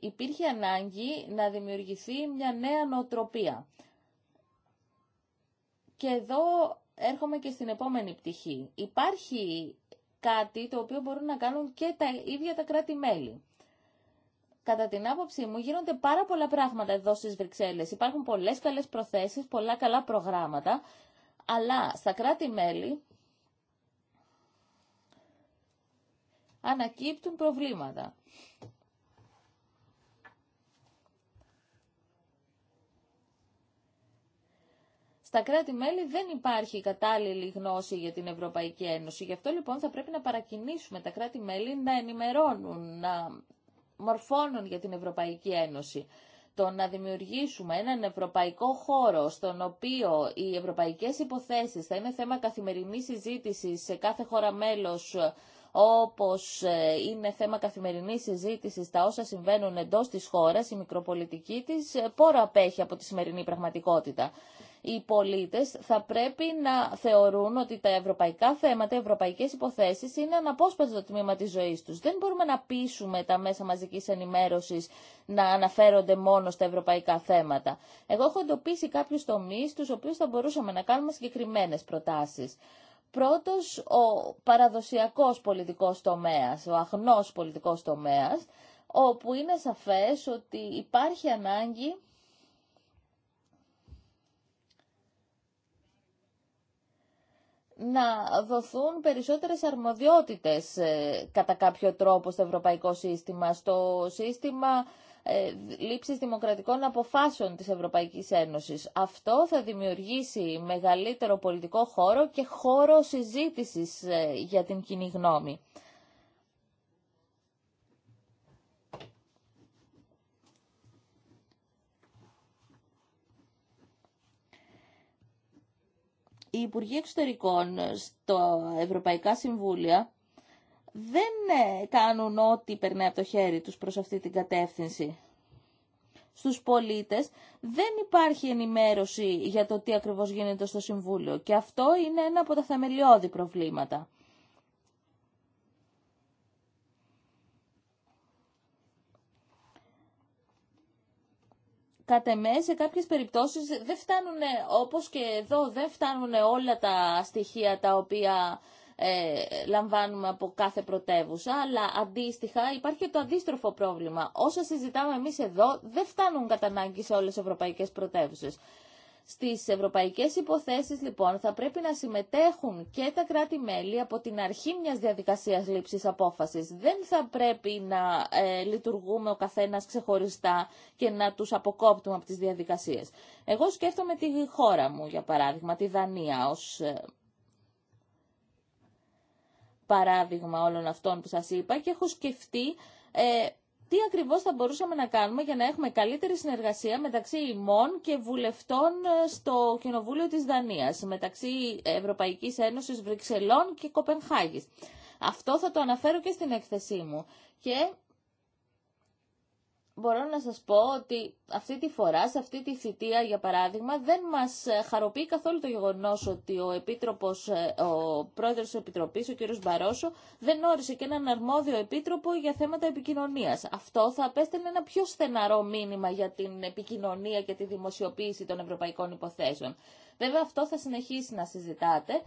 υπήρχε ανάγκη να δημιουργηθεί μια νέα νοοτροπία. Και εδώ έρχομαι και στην επόμενη πτυχή. Υπάρχει κάτι το οποίο μπορούν να κάνουν και τα ίδια τα κράτη-μέλη. Κατά την άποψή μου γίνονται πάρα πολλά πράγματα εδώ στις Βρυξέλλες. Υπάρχουν πολλές καλές προθέσεις, πολλά καλά προγράμματα, αλλά στα κράτη-μέλη ανακύπτουν προβλήματα. Στα κράτη-μέλη δεν υπάρχει κατάλληλη γνώση για την Ευρωπαϊκή Ένωση. Γι' αυτό λοιπόν θα πρέπει να παρακινήσουμε τα κράτη-μέλη να ενημερώνουν, να μορφώνουν για την Ευρωπαϊκή Ένωση. Το να δημιουργήσουμε έναν ευρωπαϊκό χώρο στον οποίο οι ευρωπαϊκές υποθέσεις θα είναι θέμα καθημερινής συζήτησης σε κάθε χώρα μέλος όπως ε, είναι θέμα καθημερινής συζήτησης τα όσα συμβαίνουν εντός της χώρας, η μικροπολιτική της ε, πόρο απέχει από τη σημερινή πραγματικότητα. Οι πολίτες θα πρέπει να θεωρούν ότι τα ευρωπαϊκά θέματα, οι ευρωπαϊκές υποθέσεις είναι αναπόσπαστο τμήμα της ζωής τους. Δεν μπορούμε να πείσουμε τα μέσα μαζικής ενημέρωσης να αναφέρονται μόνο στα ευρωπαϊκά θέματα. Εγώ έχω εντοπίσει κάποιους τομείς, τους οποίους θα μπορούσαμε να κάνουμε συγκεκριμένες προτάσεις πρώτος ο παραδοσιακός πολιτικός τομέας, ο αγνός πολιτικός τομέας, όπου είναι σαφές ότι υπάρχει ανάγκη να δοθούν περισσότερες αρμοδιότητες ε, κατά κάποιο τρόπο στο ευρωπαϊκό σύστημα, στο σύστημα ε, λήψης δημοκρατικών αποφάσεων της Ευρωπαϊκής Ένωσης. Αυτό θα δημιουργήσει μεγαλύτερο πολιτικό χώρο και χώρο συζήτησης ε, για την κοινή γνώμη. Οι Υπουργοί Εξωτερικών ε, στο Ευρωπαϊκά Συμβούλια δεν ναι, κάνουν ό,τι περνάει από το χέρι τους προς αυτή την κατεύθυνση. Στους πολίτες δεν υπάρχει ενημέρωση για το τι ακριβώς γίνεται στο Συμβούλιο και αυτό είναι ένα από τα θεμελιώδη προβλήματα. κατ' εμέ σε κάποιες περιπτώσεις δεν φτάνουν, όπως και εδώ, δεν φτάνουν όλα τα στοιχεία τα οποία ε, λαμβάνουμε από κάθε πρωτεύουσα, αλλά αντίστοιχα υπάρχει το αντίστροφο πρόβλημα. Όσα συζητάμε εμείς εδώ δεν φτάνουν κατά ανάγκη σε όλες τις ευρωπαϊκές πρωτεύουσες. Στις ευρωπαϊκές υποθέσεις λοιπόν θα πρέπει να συμμετέχουν και τα κράτη-μέλη από την αρχή μιας διαδικασίας λήψης απόφασης. Δεν θα πρέπει να ε, λειτουργούμε ο καθένας ξεχωριστά και να τους αποκόπτουμε από τις διαδικασίες. Εγώ σκέφτομαι τη χώρα μου για παράδειγμα, τη Δανία ως ε, παράδειγμα όλων αυτών που σας είπα και έχω σκεφτεί ε, τι ακριβώς θα μπορούσαμε να κάνουμε για να έχουμε καλύτερη συνεργασία μεταξύ ημών και βουλευτών ε, στο Κοινοβούλιο της Δανίας, μεταξύ Ευρωπαϊκής Ένωσης Βρυξελών και Κοπενχάγης. Αυτό θα το αναφέρω και στην έκθεσή μου. Και μπορώ να σας πω ότι αυτή τη φορά, σε αυτή τη θητεία για παράδειγμα, δεν μας ε, χαροποιεί καθόλου το γεγονός ότι ο, επίτροπος, ε, ο πρόεδρος της Επιτροπής, ο κύριος Μπαρόσο, δεν όρισε και έναν αρμόδιο επίτροπο για θέματα επικοινωνίας. Αυτό θα απέστελνε ένα πιο στεναρό μήνυμα για την επικοινωνία και τη δημοσιοποίηση των ευρωπαϊκών υποθέσεων. Βέβαια αυτό θα συνεχίσει να συζητάτε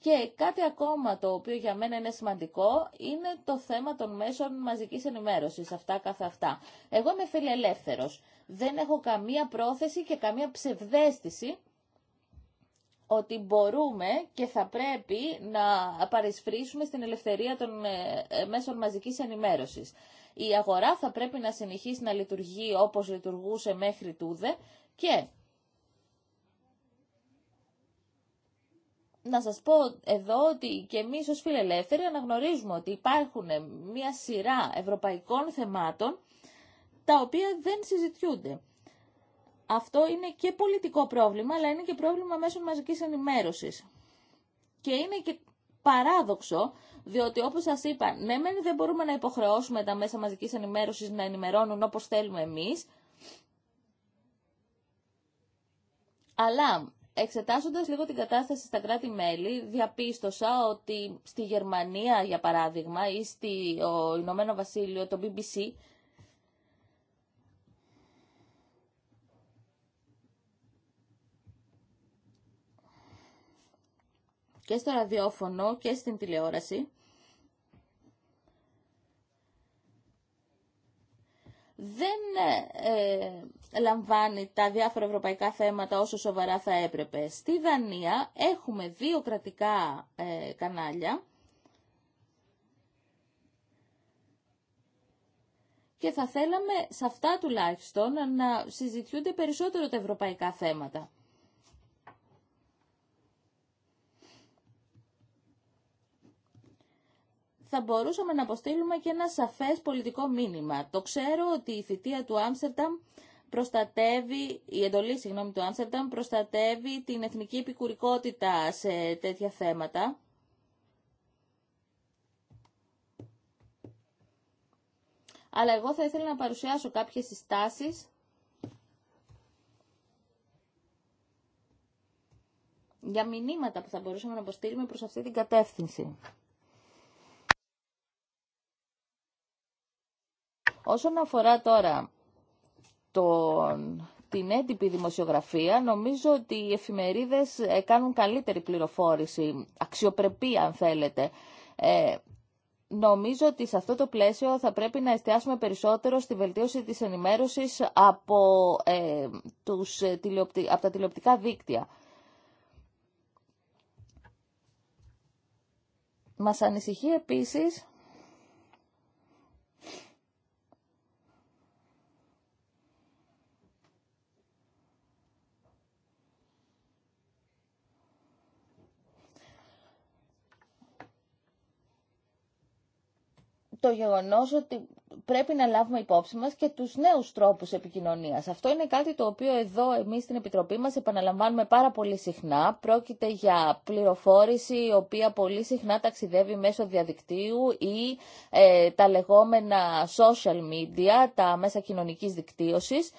και κάτι ακόμα το οποίο για μένα είναι σημαντικό είναι το θέμα των μέσων μαζικής ενημέρωσης, αυτά καθ' αυτά. Εγώ είμαι φιλελεύθερος. Δεν έχω καμία πρόθεση και καμία ψευδέστηση ότι μπορούμε και θα πρέπει να παρισφρήσουμε στην ελευθερία των ε, ε, μέσων μαζικής ενημέρωσης. Η αγορά θα πρέπει να συνεχίσει να λειτουργεί όπως λειτουργούσε μέχρι τούδε και να σας πω εδώ ότι και εμείς ως φιλελεύθεροι αναγνωρίζουμε ότι υπάρχουν μια σειρά ευρωπαϊκών θεμάτων τα οποία δεν συζητιούνται. Αυτό είναι και πολιτικό πρόβλημα, αλλά είναι και πρόβλημα μέσω μαζικής ενημέρωσης. Και είναι και παράδοξο, διότι όπως σας είπα, ναι δεν μπορούμε να υποχρεώσουμε τα μέσα μαζικής ενημέρωσης να ενημερώνουν όπως θέλουμε εμείς, αλλά Εξετάζοντας λίγο την κατάσταση στα κράτη-μέλη, διαπίστωσα ότι στη Γερμανία, για παράδειγμα, ή στο Ηνωμένο Βασίλειο, το BBC, και στο ραδιόφωνο και στην τηλεόραση, δεν ε, ε, λαμβάνει τα διάφορα ευρωπαϊκά θέματα όσο σοβαρά θα έπρεπε. Στη Δανία έχουμε δύο κρατικά ε, κανάλια και θα θέλαμε σε αυτά τουλάχιστον να συζητιούνται περισσότερο τα ευρωπαϊκά θέματα. θα μπορούσαμε να αποστείλουμε και ένα σαφές πολιτικό μήνυμα. Το ξέρω ότι η θητεία του Άμστερνταμ προστατεύει, η εντολή συγγνώμη, του Άμστερνταμ προστατεύει την εθνική επικουρικότητα σε τέτοια θέματα. Αλλά εγώ θα ήθελα να παρουσιάσω κάποιες συστάσεις για μηνύματα που θα μπορούσαμε να αποστείλουμε προς αυτή την κατεύθυνση. Όσον αφορά τώρα τον, την έντυπη δημοσιογραφία, νομίζω ότι οι εφημερίδες ε, κάνουν καλύτερη πληροφόρηση, αξιοπρεπή αν θέλετε. Ε, νομίζω ότι σε αυτό το πλαίσιο θα πρέπει να εστιάσουμε περισσότερο στη βελτίωση της ενημέρωσης από, ε, τους, ε, από τα τηλεοπτικά δίκτυα. Μας ανησυχεί επίσης το γεγονός ότι πρέπει να λάβουμε υπόψη μας και τους νέους τρόπους επικοινωνίας. Αυτό είναι κάτι το οποίο εδώ εμείς στην Επιτροπή μας επαναλαμβάνουμε πάρα πολύ συχνά. Πρόκειται για πληροφόρηση η οποία πολύ συχνά ταξιδεύει μέσω διαδικτύου ή ε, τα λεγόμενα social media, τα μέσα κοινωνικής δικτύωσης.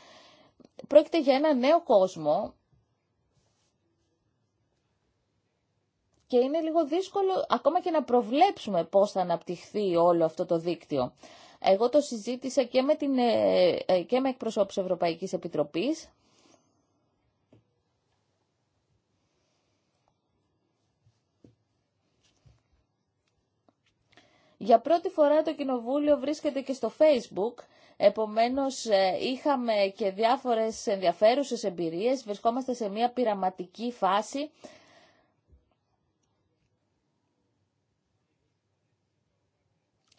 Πρόκειται για ένα νέο κόσμο και είναι λίγο δύσκολο ακόμα και να προβλέψουμε πώς θα αναπτυχθεί όλο αυτό το δίκτυο. Εγώ το συζήτησα και με, την, ε, ε, και με εκπροσώπους Ευρωπαϊκής Επιτροπής Για πρώτη φορά το Κοινοβούλιο βρίσκεται και στο Facebook, επομένως ε, είχαμε και διάφορες ενδιαφέρουσες εμπειρίες, βρισκόμαστε σε μια πειραματική φάση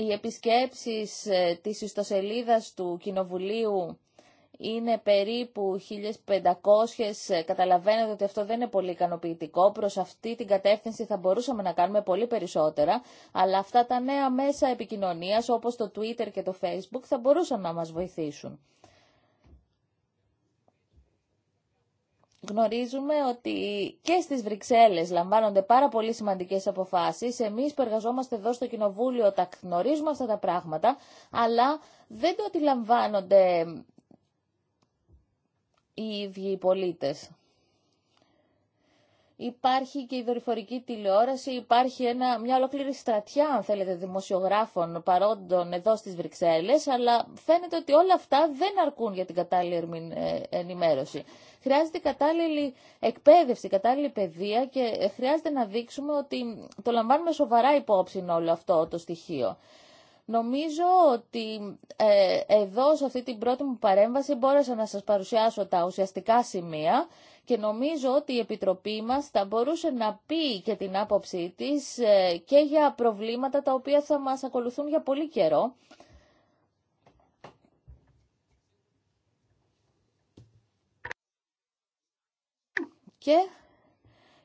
Οι επισκέψεις ε, της ιστοσελίδας του Κοινοβουλίου είναι περίπου 1.500. Ε, καταλαβαίνετε ότι αυτό δεν είναι πολύ ικανοποιητικό. Προς αυτή την κατεύθυνση θα μπορούσαμε να κάνουμε πολύ περισσότερα. Αλλά αυτά τα νέα μέσα επικοινωνίας όπως το Twitter και το Facebook θα μπορούσαν να μας βοηθήσουν. γνωρίζουμε ότι και στις Βρυξέλλες λαμβάνονται πάρα πολύ σημαντικές αποφάσεις. Εμείς που εργαζόμαστε εδώ στο Κοινοβούλιο τα γνωρίζουμε αυτά τα πράγματα, αλλά δεν το αντιλαμβάνονται οι ίδιοι οι πολίτες. Υπάρχει και η δορυφορική τηλεόραση, υπάρχει ένα, μια ολόκληρη στρατιά, αν θέλετε, δημοσιογράφων παρόντων εδώ στις Βρυξέλλες, αλλά φαίνεται ότι όλα αυτά δεν αρκούν για την κατάλληλη ε, ενημέρωση. Χρειάζεται κατάλληλη εκπαίδευση, κατάλληλη παιδεία και ε, χρειάζεται να δείξουμε ότι το λαμβάνουμε σοβαρά υπόψη όλο αυτό το στοιχείο. Νομίζω ότι ε, εδώ σε αυτή την πρώτη μου παρέμβαση μπόρεσα να σας παρουσιάσω τα ουσιαστικά σημεία και νομίζω ότι η Επιτροπή μας θα μπορούσε να πει και την άποψή της ε, και για προβλήματα τα οποία θα μας ακολουθούν για πολύ καιρό. Και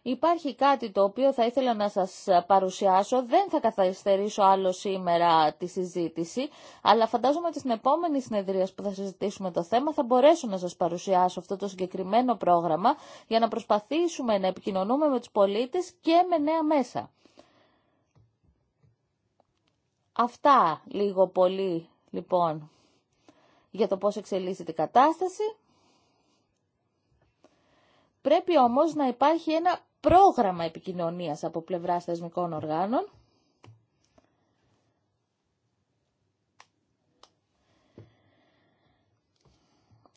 Υπάρχει κάτι το οποίο θα ήθελα να σας παρουσιάσω. Δεν θα καθαριστερήσω άλλο σήμερα τη συζήτηση, αλλά φαντάζομαι ότι στην επόμενη συνεδρία που θα συζητήσουμε το θέμα θα μπορέσω να σας παρουσιάσω αυτό το συγκεκριμένο πρόγραμμα για να προσπαθήσουμε να επικοινωνούμε με τους πολίτες και με νέα μέσα. Αυτά λίγο πολύ λοιπόν για το πώς εξελίσσεται η κατάσταση. Πρέπει όμως να υπάρχει ένα πρόγραμμα επικοινωνίας από πλευράς θεσμικών οργάνων.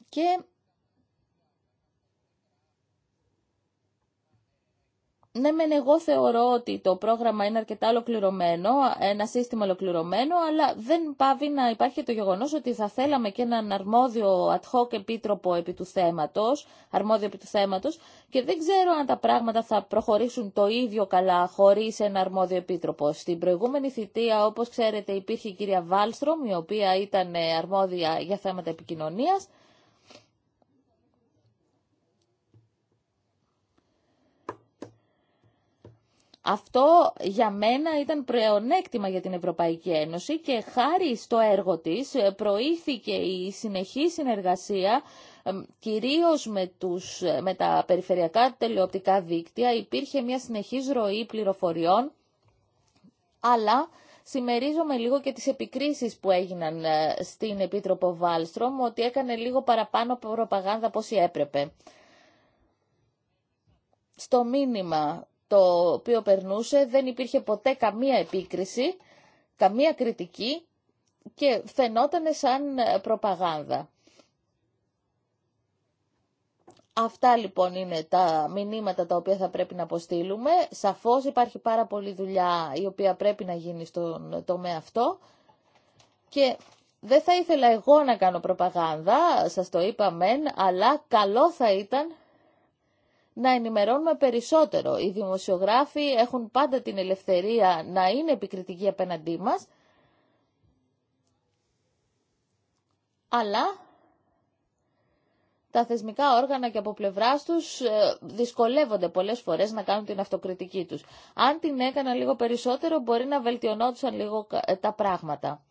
Και ναι μεν εγώ θεωρώ ότι το πρόγραμμα είναι αρκετά ολοκληρωμένο, ένα σύστημα ολοκληρωμένο, αλλά δεν πάβει να υπάρχει το γεγονός ότι θα θέλαμε και έναν αρμόδιο ad hoc επίτροπο επί του θέματο, αρμόδιο επί του θέματος και δεν ξέρω αν τα πράγματα θα προχωρήσουν το ίδιο καλά χωρίς ένα αρμόδιο επίτροπο. Στην προηγούμενη θητεία, όπω ξέρετε, υπήρχε η κυρία Βάλστρομ, η οποία ήταν αρμόδια για θέματα επικοινωνία. Αυτό για μένα ήταν προεονέκτημα για την Ευρωπαϊκή Ένωση και χάρη στο έργο της ε, προήθηκε η συνεχή συνεργασία ε, κυρίως με, τους, ε, με τα περιφερειακά τελεοπτικά δίκτυα υπήρχε μια συνεχής ροή πληροφοριών αλλά συμμερίζομαι λίγο και τις επικρίσεις που έγιναν στην Επίτροπο Βάλστρομ ότι έκανε λίγο παραπάνω προπαγάνδα πώς έπρεπε. Στο μήνυμα το οποίο περνούσε, δεν υπήρχε ποτέ καμία επίκριση, καμία κριτική και φαινόταν σαν ε, προπαγάνδα. Αυτά λοιπόν είναι τα μηνύματα τα οποία θα πρέπει να αποστείλουμε. Σαφώς υπάρχει πάρα πολλή δουλειά η οποία πρέπει να γίνει στον τομέα αυτό και δεν θα ήθελα εγώ να κάνω προπαγάνδα, σας το είπα αλλά καλό θα ήταν να ενημερώνουμε περισσότερο. Οι δημοσιογράφοι έχουν πάντα την ελευθερία να είναι επικριτικοί απέναντί μας, αλλά τα θεσμικά όργανα και από πλευρά του ε, δυσκολεύονται πολλέ φορέ να κάνουν την αυτοκριτική τους. Αν την έκαναν λίγο περισσότερο, μπορεί να βελτιωνόντουσαν λίγο ε, τα πράγματα.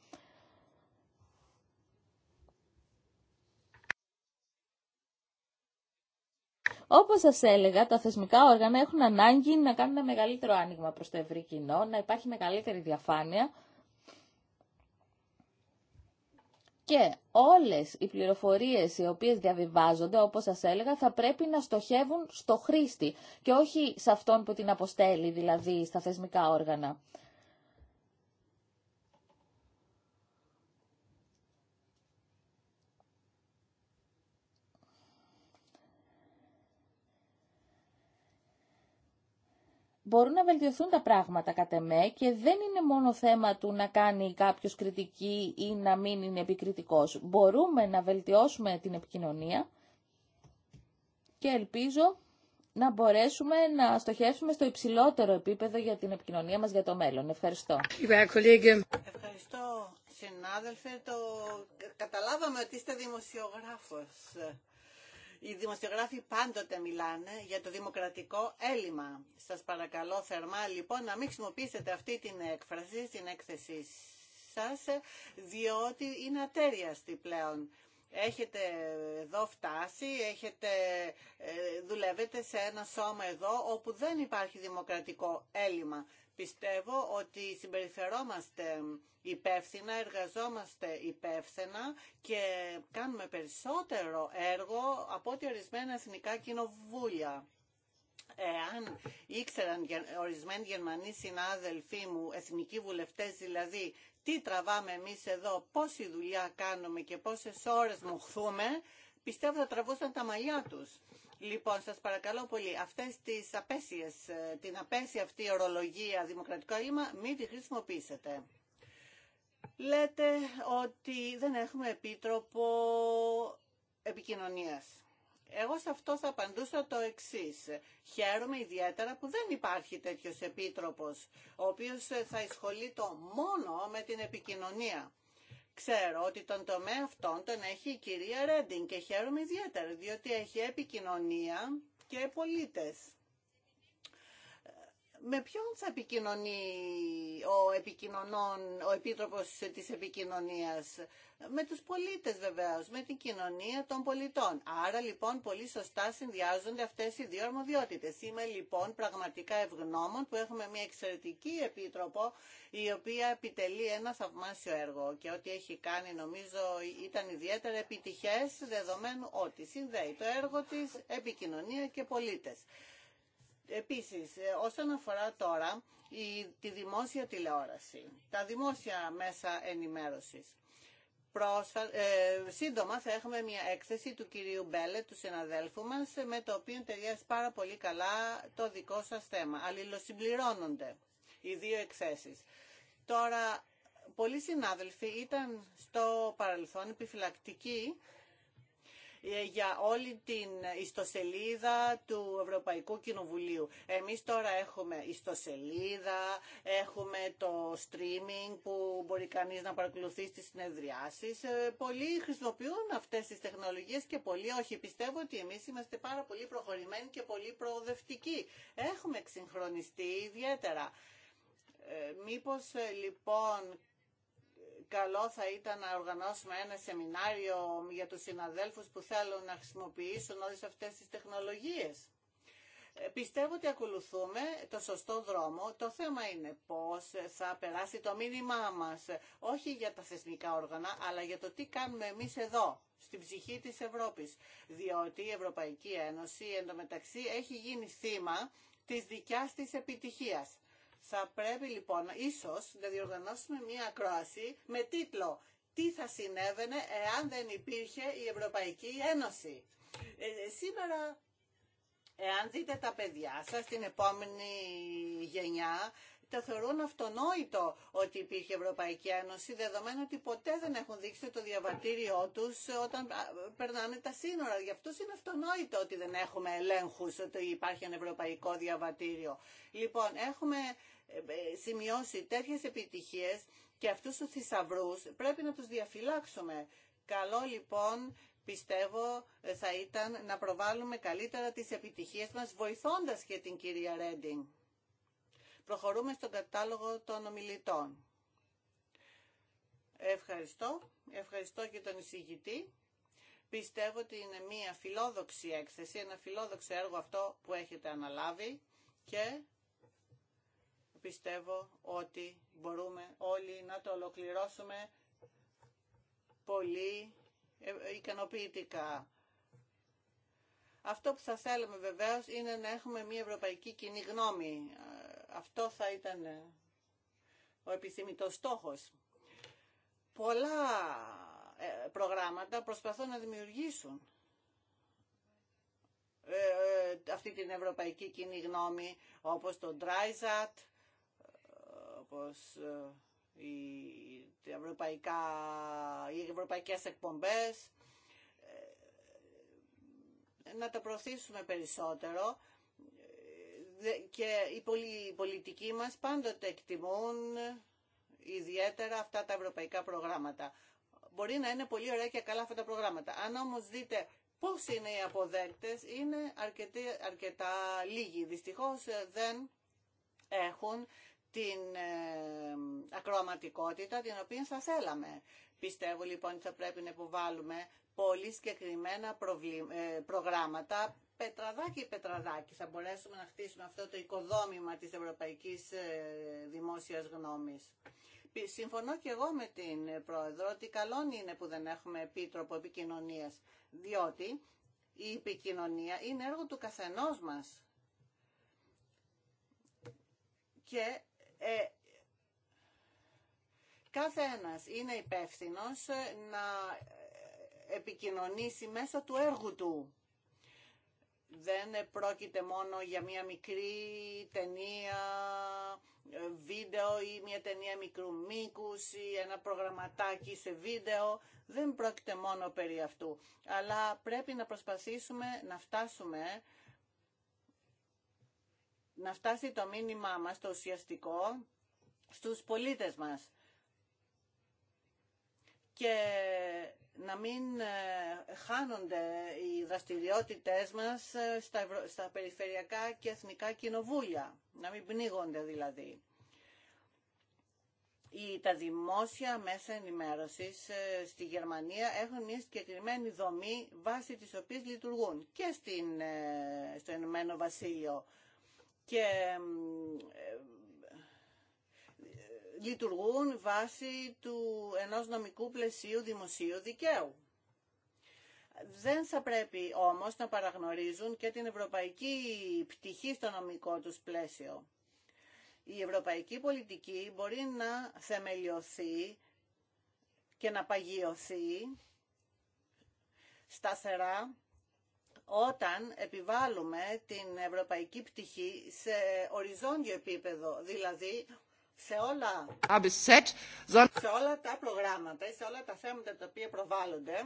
Όπως σα έλεγα, τα θεσμικά όργανα έχουν ανάγκη να κάνουν ένα μεγαλύτερο άνοιγμα προς το ευρύ κοινό, να υπάρχει μεγαλύτερη διαφάνεια και όλες οι πληροφορίες οι οποίες διαβιβάζονται, όπως σας έλεγα, θα πρέπει να στοχεύουν στο χρήστη και όχι σε αυτόν που την αποστέλει, δηλαδή στα θεσμικά όργανα. μπορούν να βελτιωθούν τα πράγματα κατ' εμέ και δεν είναι μόνο θέμα του να κάνει κάποιος κριτική ή να μην είναι επικριτικός. Μπορούμε να βελτιώσουμε την επικοινωνία και ελπίζω να μπορέσουμε να στοχεύσουμε στο υψηλότερο επίπεδο για την επικοινωνία μας για το μέλλον. Ευχαριστώ. Ευχαριστώ συνάδελφε. Το... Καταλάβαμε ότι είστε δημοσιογράφος. Οι δημοσιογράφοι πάντοτε μιλάνε για το δημοκρατικό έλλειμμα. Σας παρακαλώ θερμά λοιπόν να μην χρησιμοποιήσετε αυτή την έκφραση στην έκθεσή σας, διότι είναι ατέριαστη πλέον. Έχετε εδώ φτάσει, έχετε, ε, δουλεύετε σε ένα σώμα εδώ όπου δεν υπάρχει δημοκρατικό έλλειμμα. Πιστεύω ότι συμπεριφερόμαστε υπεύθυνα, εργαζόμαστε υπεύθυνα και κάνουμε περισσότερο έργο από ό,τι ορισμένα εθνικά κοινοβούλια. Εάν ήξεραν ορισμένοι Γερμανοί συνάδελφοί μου, εθνικοί βουλευτές δηλαδή, τι τραβάμε εμείς εδώ, πόση δουλειά κάνουμε και πόσες ώρες μουχθούμε, πιστεύω θα τραβούσαν τα μαλλιά τους. Λοιπόν, σας παρακαλώ πολύ, αυτές τις απέσιες, ε, την απέσια αυτή ορολογία δημοκρατικό έλλειμμα, μην τη χρησιμοποιήσετε. Λέτε ότι δεν έχουμε επίτροπο επικοινωνίας. Εγώ σε αυτό θα απαντούσα το εξή. Χαίρομαι ιδιαίτερα που δεν υπάρχει τέτοιος επίτροπος, ο οποίος θα εισχολεί το μόνο με την επικοινωνία. Ξέρω ότι τον τομέα αυτόν τον έχει η κυρία Ρέντιν και χαίρομαι ιδιαίτερα διότι έχει επικοινωνία και πολίτες με ποιον θα επικοινωνεί ο, επικοινωνών, ο Επίτροπος της Επικοινωνίας. Με τους πολίτες βεβαίως, με την κοινωνία των πολιτών. Άρα λοιπόν πολύ σωστά συνδυάζονται αυτές οι δύο αρμοδιότητες. Είμαι λοιπόν πραγματικά ευγνώμων που έχουμε μια εξαιρετική Επίτροπο η οποία επιτελεί ένα θαυμάσιο έργο και ό,τι έχει κάνει νομίζω ήταν ιδιαίτερα επιτυχές δεδομένου ότι συνδέει το έργο της επικοινωνία και πολίτες. Επίσης, ε, όσον αφορά τώρα η, τη δημόσια τηλεόραση, τα δημόσια μέσα ενημέρωσης, Πρόσφα... Ε, σύντομα θα έχουμε μια έκθεση του κυρίου Μπέλε, του συναδέλφου μας, με το οποίο ταιριάζει πάρα πολύ καλά το δικό σας θέμα. Αλληλοσυμπληρώνονται οι δύο εκθέσεις. Τώρα, πολλοί συνάδελφοι ήταν στο παρελθόν επιφυλακτικοί ε, για όλη την ιστοσελίδα του Ευρωπαϊκού Κοινοβουλίου. Εμείς τώρα έχουμε ιστοσελίδα, έχουμε το streaming που μπορεί κανείς να παρακολουθεί στις συνεδριάσεις. Ε, πολλοί χρησιμοποιούν αυτές τις τεχνολογίες και πολλοί όχι. Πιστεύω ότι εμείς είμαστε πάρα πολύ προχωρημένοι και πολύ προοδευτικοί. Έχουμε εξυγχρονιστεί ιδιαίτερα. Ε, μήπως λοιπόν καλό θα ήταν να οργανώσουμε ένα σεμινάριο για τους συναδέλφους που θέλουν να χρησιμοποιήσουν όλες αυτές τις τεχνολογίες. Ε, πιστεύω ότι ακολουθούμε το σωστό δρόμο. Το θέμα είναι πώς θα περάσει το μήνυμά μας, όχι για τα θεσμικά όργανα, αλλά για το τι κάνουμε εμείς εδώ, στην ψυχή της Ευρώπης. Διότι η Ευρωπαϊκή Ένωση εντωμεταξύ έχει γίνει θύμα της δικιάς της επιτυχίας. Θα πρέπει λοιπόν ίσως να διοργανώσουμε μία ακρόαση με τίτλο «Τι θα συνέβαινε εάν δεν υπήρχε η Ευρωπαϊκή Ένωση». Ε, ε σήμερα Εάν δείτε τα παιδιά σας, την επόμενη γενιά, τα θεωρούν αυτονόητο ότι υπήρχε Ευρωπαϊκή Ένωση, δεδομένου ότι ποτέ δεν έχουν δείξει το διαβατήριό του όταν περνάνε τα σύνορα. Για αυτού είναι αυτονόητο ότι δεν έχουμε ελέγχου ότι υπάρχει ένα ευρωπαϊκό διαβατήριο. Λοιπόν, έχουμε ε, ε, σημειώσει τέτοιες επιτυχίες και αυτούς τους θησαυρού πρέπει να τους διαφυλάξουμε. Καλό λοιπόν πιστεύω ε, θα ήταν να προβάλλουμε καλύτερα τις επιτυχίες μας βοηθώντας και την κυρία Ρέντινγκ. Προχωρούμε στον κατάλογο των ομιλητών. Ευχαριστώ. Ευχαριστώ και τον εισηγητή. Πιστεύω ότι είναι μια φιλόδοξη έκθεση, ένα φιλόδοξο έργο αυτό που έχετε αναλάβει και πιστεύω ότι μπορούμε όλοι να το ολοκληρώσουμε πολύ ε, ικανοποιητικά. Αυτό που θα θέλαμε βεβαίως είναι να έχουμε μια ευρωπαϊκή κοινή γνώμη αυτό θα ήταν ε, ο επιθυμητός στόχος. Πολλά ε, προγράμματα προσπαθούν να δημιουργήσουν ε, αυτή την ευρωπαϊκή κοινή γνώμη, όπως το DrySat, όπως οι, ευρωπαϊκά, οι ευρωπαϊκές εκπομπές, να τα προωθήσουμε περισσότερο, και οι πολιτικοί μας πάντοτε εκτιμούν ιδιαίτερα αυτά τα ευρωπαϊκά προγράμματα. Μπορεί να είναι πολύ ωραία και καλά αυτά τα προγράμματα. Αν όμως δείτε πώς είναι οι αποδέκτες, είναι αρκετά λίγοι. Δυστυχώς ε, δεν έχουν την ε, ακροαματικότητα την οποία θα θέλαμε. Πιστεύω λοιπόν ότι θα πρέπει να υποβάλουμε πολύ συγκεκριμένα ε, προγράμματα πετραδάκι πετραδάκι θα μπορέσουμε να χτίσουμε αυτό το οικοδόμημα της ευρωπαϊκής ε, δημόσιας γνώμης. Συμφωνώ και εγώ με την ε, Πρόεδρο ότι καλό είναι που δεν έχουμε επίτροπο επικοινωνίας, διότι η επικοινωνία είναι έργο του καθενός μας. Και ε, κάθε ένας είναι υπεύθυνος να επικοινωνήσει μέσω του έργου του δεν πρόκειται μόνο για μια μικρή ταινία, ε, βίντεο ή μια ταινία μικρού μήκους ή ένα προγραμματάκι σε βίντεο. Δεν πρόκειται μόνο περί αυτού. Αλλά πρέπει να προσπαθήσουμε να φτάσουμε, να φτάσει το μήνυμά μας, το ουσιαστικό, στους πολίτες μας και να μην ε, χάνονται οι δραστηριότητες μας ε, στα περιφερειακά και εθνικά κοινοβούλια, να μην πνίγονται δηλαδή. Τα δημόσια μέσα ενημέρωσης ε, στη Γερμανία έχουν μια συγκεκριμένη δομή βάσει της οποίας λειτουργούν και στην, στο Ενωμένο Βασίλειο. Και λειτουργούν βάσει του ενός νομικού πλαισίου δημοσίου δικαίου. Δεν θα πρέπει όμως να παραγνωρίζουν και την ευρωπαϊκή πτυχή στο νομικό τους πλαίσιο. Η ευρωπαϊκή πολιτική μπορεί να θεμελιωθεί και να παγιωθεί σταθερά όταν επιβάλλουμε την ευρωπαϊκή πτυχή σε οριζόντιο επίπεδο, δηλαδή σε όλα, σε όλα τα προγράμματα ή σε όλα τα θέματα τα οποία προβάλλονται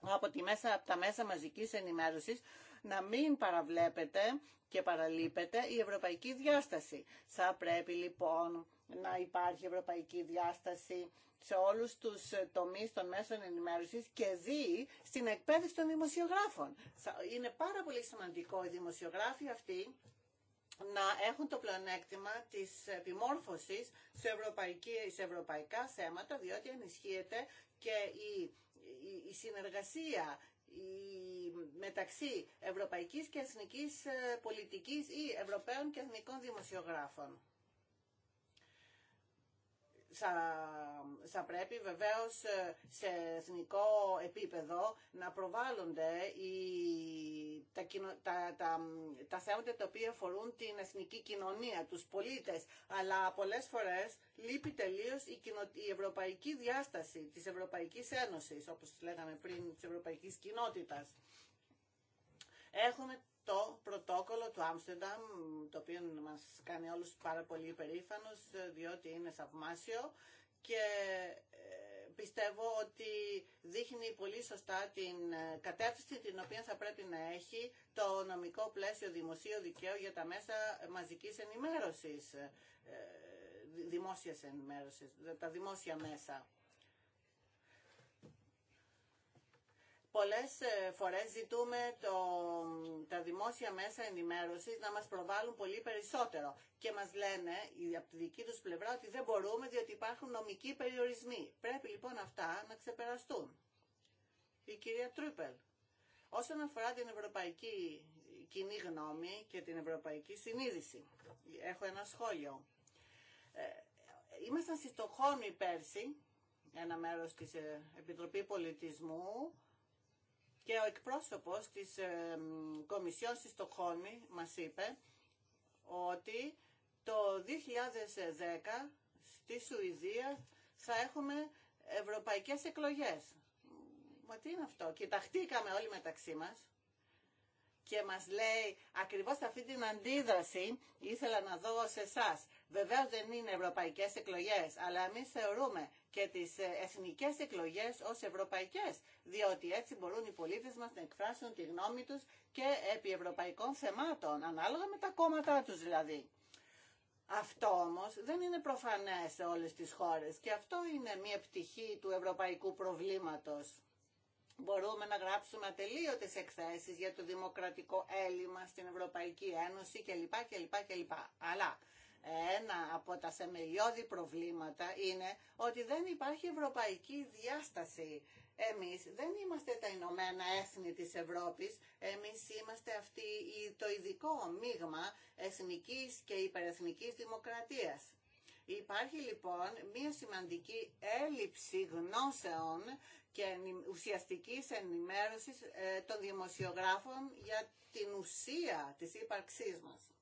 από, τη μέσα, από τα μέσα μαζικής ενημέρωσης να μην παραβλέπετε και παραλείπετε η ευρωπαϊκή διάσταση. Θα πρέπει λοιπόν να υπάρχει ευρωπαϊκή διάσταση σε όλους τους τομείς των μέσων ενημέρωσης και δι στην εκπαίδευση των δημοσιογράφων. Είναι πάρα πολύ σημαντικό οι δημοσιογράφοι αυτοί να έχουν το πλεονέκτημα της επιμόρφωσης σε, ευρωπαϊκή, σε ευρωπαϊκά θέματα, διότι ενισχύεται και η, η, συνεργασία η, μεταξύ ευρωπαϊκής και εθνικής ε, πολιτικής ή ευρωπαίων και εθνικών δημοσιογράφων. Θα, θα πρέπει βεβαίως ε, σε εθνικό επίπεδο να προβάλλονται οι τα, τα, τα, θέματα τα οποία αφορούν την εθνική κοινωνία, τους πολίτες, αλλά πολλές φορές λείπει τελείω η, ευρωπαϊκή διάσταση της Ευρωπαϊκής Ένωσης, όπως λέγαμε πριν, της Ευρωπαϊκής Κοινότητας. Έχουμε το πρωτόκολλο του Άμστερνταμ, το οποίο μας κάνει όλους πάρα πολύ υπερήφανος, διότι είναι θαυμάσιο και πιστεύω ότι δείχνει πολύ σωστά την ε, κατεύθυνση την οποία θα πρέπει να έχει το νομικό πλαίσιο δημοσίου δικαίου για τα μέσα μαζικής ενημέρωσης, ε, δημόσιας ενημέρωσης, τα δημόσια μέσα. Πολλές ε, φορές ζητούμε το, τα δημόσια μέσα ενημέρωσης να μας προβάλλουν πολύ περισσότερο και μας λένε από τη δική τους πλευρά ότι δεν μπορούμε διότι υπάρχουν νομικοί περιορισμοί. Πρέπει λοιπόν αυτά να ξεπεραστούν. Η κυρία Τρούπελ. Όσον αφορά την ευρωπαϊκή κοινή γνώμη και την ευρωπαϊκή συνείδηση, έχω ένα σχόλιο. Ε, ήμασταν στη οι πέρσι, ένα μέρος της ε, Επιτροπή Πολιτισμού, και ο εκπρόσωπος της Κομισιόν στη Στοχόλμη μας είπε ότι το 2010 στη Σουηδία θα έχουμε ευρωπαϊκές εκλογές. Μα τι είναι αυτό. Κοιταχτήκαμε όλοι μεταξύ μας και μας λέει ακριβώς αυτή την αντίδραση ήθελα να δω σε εσά. Βεβαίως δεν είναι ευρωπαϊκές εκλογές, αλλά εμείς θεωρούμε και τις ε, εθνικές εκλογές ως ευρωπαϊκές, διότι έτσι μπορούν οι πολίτες μας να εκφράσουν τη γνώμη τους και επί ευρωπαϊκών θεμάτων, ανάλογα με τα κόμματά τους δηλαδή. Αυτό όμως δεν είναι προφανές σε όλες τις χώρες και αυτό είναι μια πτυχή του ευρωπαϊκού προβλήματος. Μπορούμε να γράψουμε ατελείωτες εκθέσεις για το δημοκρατικό έλλειμμα στην Ευρωπαϊκή Ένωση κλπ. κλπ. Αλλά ένα από τα θεμελιώδη προβλήματα είναι ότι δεν υπάρχει ευρωπαϊκή διάσταση. Εμείς δεν είμαστε τα Ηνωμένα Έθνη της Ευρώπης, εμείς είμαστε αυτή, το ειδικό μείγμα εθνικής και υπερεθνικής δημοκρατίας. Υπάρχει λοιπόν μια σημαντική έλλειψη γνώσεων και ουσιαστικής ενημέρωσης ε, των δημοσιογράφων για την ουσία της ύπαρξής μας.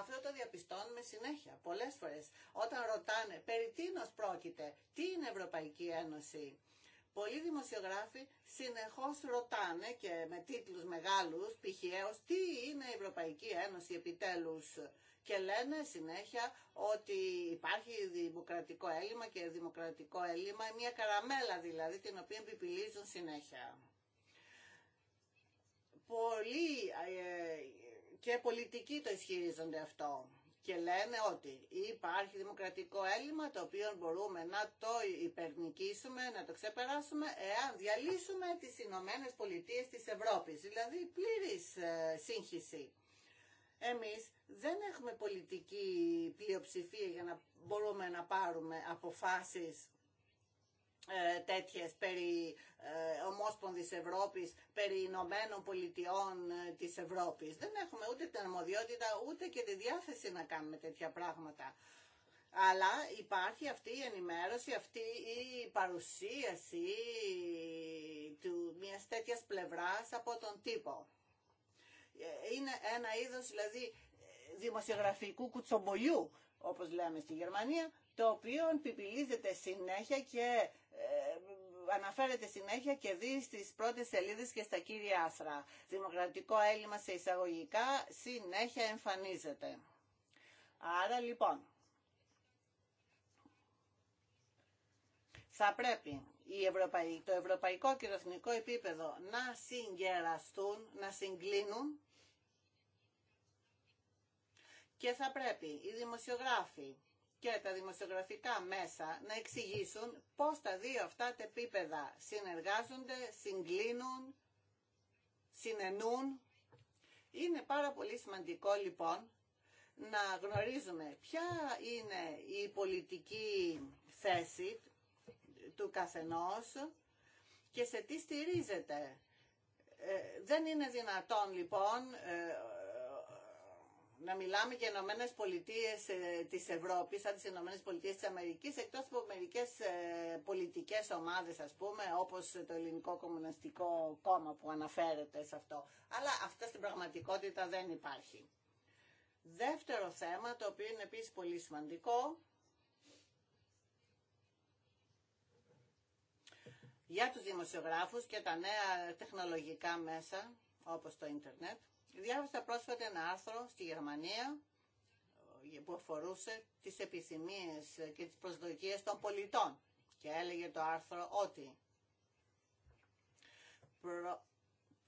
Αυτό το διαπιστώνουμε συνέχεια, πολλές φορές. Όταν ρωτάνε περί τίνος πρόκειται, τι είναι Ευρωπαϊκή Ένωση. Πολλοί δημοσιογράφοι συνεχώς ρωτάνε και με τίτλους μεγάλους, π.χ. τι είναι η Ευρωπαϊκή Ένωση επιτέλους. Και λένε συνέχεια ότι υπάρχει δημοκρατικό έλλειμμα και δημοκρατικό έλλειμμα, μια καραμέλα δηλαδή την οποία επιπηλίζουν συνέχεια. Πολλοί ε, και πολιτικοί το ισχυρίζονται αυτό και λένε ότι υπάρχει δημοκρατικό έλλειμμα το οποίο μπορούμε να το υπερνικήσουμε, να το ξεπεράσουμε εάν διαλύσουμε τις Ηνωμένε Πολιτείε της Ευρώπης, δηλαδή πλήρης ε, σύγχυση. Εμείς δεν έχουμε πολιτική πλειοψηφία για να μπορούμε να πάρουμε αποφάσεις ε, τέτοιες περί ε, ομόσπονδης Ευρώπης, περί Ηνωμένων Πολιτειών ε, της Ευρώπης. Δεν έχουμε ούτε την αρμοδιότητα ούτε και τη διάθεση να κάνουμε τέτοια πράγματα. Αλλά υπάρχει αυτή η ενημέρωση, αυτή η παρουσίαση του μιας τέτοιας πλευράς από τον τύπο. Είναι ένα είδος δηλαδή δημοσιογραφικού κουτσομπολιού, όπως λέμε στη Γερμανία, το οποίο πιπιλίζεται συνέχεια και ε, αναφέρεται συνέχεια και δει στις πρώτες σελίδες και στα κύρια άθρα. Δημοκρατικό έλλειμμα σε εισαγωγικά συνέχεια εμφανίζεται. Άρα λοιπόν, θα πρέπει η το ευρωπαϊκό και το εθνικό επίπεδο να συγκεραστούν, να συγκλίνουν και θα πρέπει οι δημοσιογράφοι, και τα δημοσιογραφικά μέσα να εξηγήσουν πώς τα δύο αυτά τα επίπεδα συνεργάζονται, συγκλίνουν, συνενούν. Είναι πάρα πολύ σημαντικό λοιπόν να γνωρίζουμε ποια είναι η πολιτική θέση του καθενός και σε τι στηρίζεται. Ε, δεν είναι δυνατόν λοιπόν ε, να μιλάμε για Ηνωμένε Πολιτείε ε, τη Ευρώπη, σαν τις Ηνωμένε Πολιτείε της Αμερικής, εκτός από μερικέ ε, πολιτικές ομάδες, ας πούμε, όπως το Ελληνικό Κομμουνιστικό Κόμμα που αναφέρεται σε αυτό. Αλλά αυτά στην πραγματικότητα δεν υπάρχει. Δεύτερο θέμα, το οποίο είναι επίσης πολύ σημαντικό, για τους δημοσιογράφους και τα νέα τεχνολογικά μέσα, όπως το ίντερνετ, Διάβασα πρόσφατα ένα άρθρο στη Γερμανία ε, που αφορούσε τις επιθυμίες και τις προσδοκίες των πολιτών και έλεγε το άρθρο ότι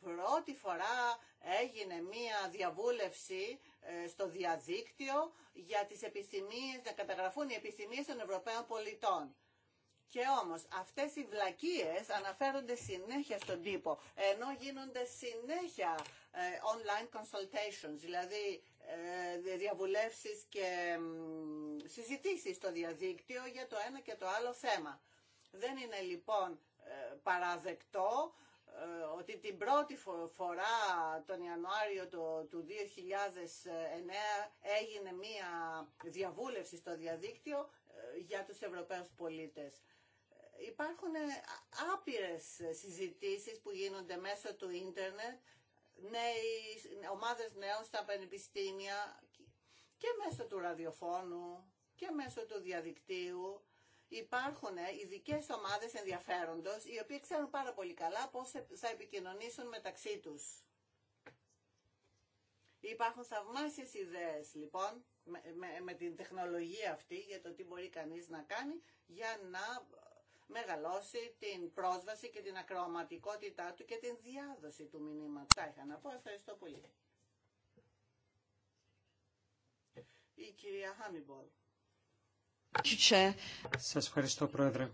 πρώτη φορά έγινε μία διαβούλευση ε, στο διαδίκτυο για τις επιθυμίες, να καταγραφούν οι επιθυμίες των Ευρωπαίων πολιτών. Και όμως αυτές οι βλακίες αναφέρονται συνέχεια στον τύπο, ενώ γίνονται συνέχεια ε, online consultations, δηλαδή ε, διαβουλεύσεις και συζητήσεις στο διαδίκτυο για το ένα και το άλλο θέμα. Δεν είναι λοιπόν ε, παραδεκτό ότι την πρώτη φορά τον Ιανουάριο του 2009 έγινε μία διαβούλευση στο διαδίκτυο για τους Ευρωπαίους πολίτες. Υπάρχουν άπειρες συζητήσεις που γίνονται μέσω του ίντερνετ νέοι, ομάδες νέων στα πανεπιστήμια και μέσω του ραδιοφώνου και μέσω του διαδικτύου υπάρχουν ε, ειδικέ ομάδες ενδιαφέροντος οι οποίοι ξέρουν πάρα πολύ καλά πώς θα επικοινωνήσουν μεταξύ τους. Υπάρχουν θαυμάσιες ιδέες λοιπόν με, με την τεχνολογία αυτή για το τι μπορεί κανείς να κάνει για να μεγαλώσει την πρόσβαση και την ακροαματικότητά του και την διάδοση του μηνύματος. Τα είχα να πω. Ευχαριστώ πολύ. Η κυρία Χάμιμπολ. Σας ευχαριστώ, Πρόεδρε.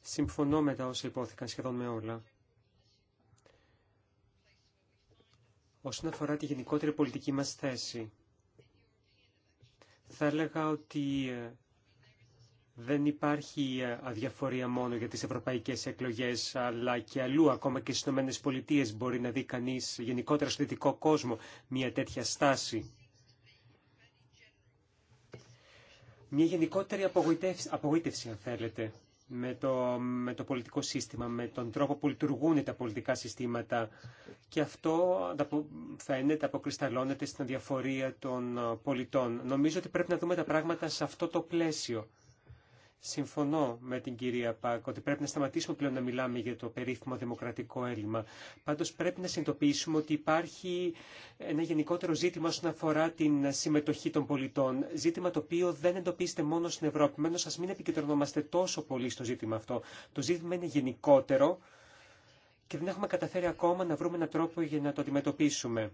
Συμφωνώ με τα όσα υπόθηκαν σχεδόν με όλα. Όσον αφορά τη γενικότερη πολιτική μας θέση, θα έλεγα ότι δεν υπάρχει ε, αδιαφορία μόνο για τις ευρωπαϊκές εκλογές, αλλά και αλλού, ακόμα και στις Ηνωμένες Πολιτείες μπορεί να δει κανείς γενικότερα στο δυτικό κόσμο μια τέτοια στάση. Μια γενικότερη απογοήτευση, απογοήτευση αν θέλετε, με το, με το πολιτικό σύστημα, με τον τρόπο που λειτουργούν τα πολιτικά συστήματα. Και αυτό φαίνεται, αποκρισταλώνεται στην αδιαφορία των ε, πολιτών. Νομίζω ότι πρέπει να δούμε τα πράγματα σε αυτό το πλαίσιο. Συμφωνώ με την κυρία Πάκ ότι πρέπει να σταματήσουμε πλέον να μιλάμε για το περίφημο δημοκρατικό έλλειμμα. Πάντως πρέπει να συνειδητοποιήσουμε ότι υπάρχει ένα γενικότερο ζήτημα όσον αφορά την συμμετοχή των πολιτών. Ζήτημα το οποίο δεν εντοπίζεται μόνο στην Ευρώπη. μένω σας μην επικεντρωνόμαστε τόσο πολύ στο ζήτημα αυτό. Το ζήτημα είναι γενικότερο και δεν έχουμε καταφέρει ακόμα να βρούμε έναν τρόπο για να το αντιμετωπίσουμε.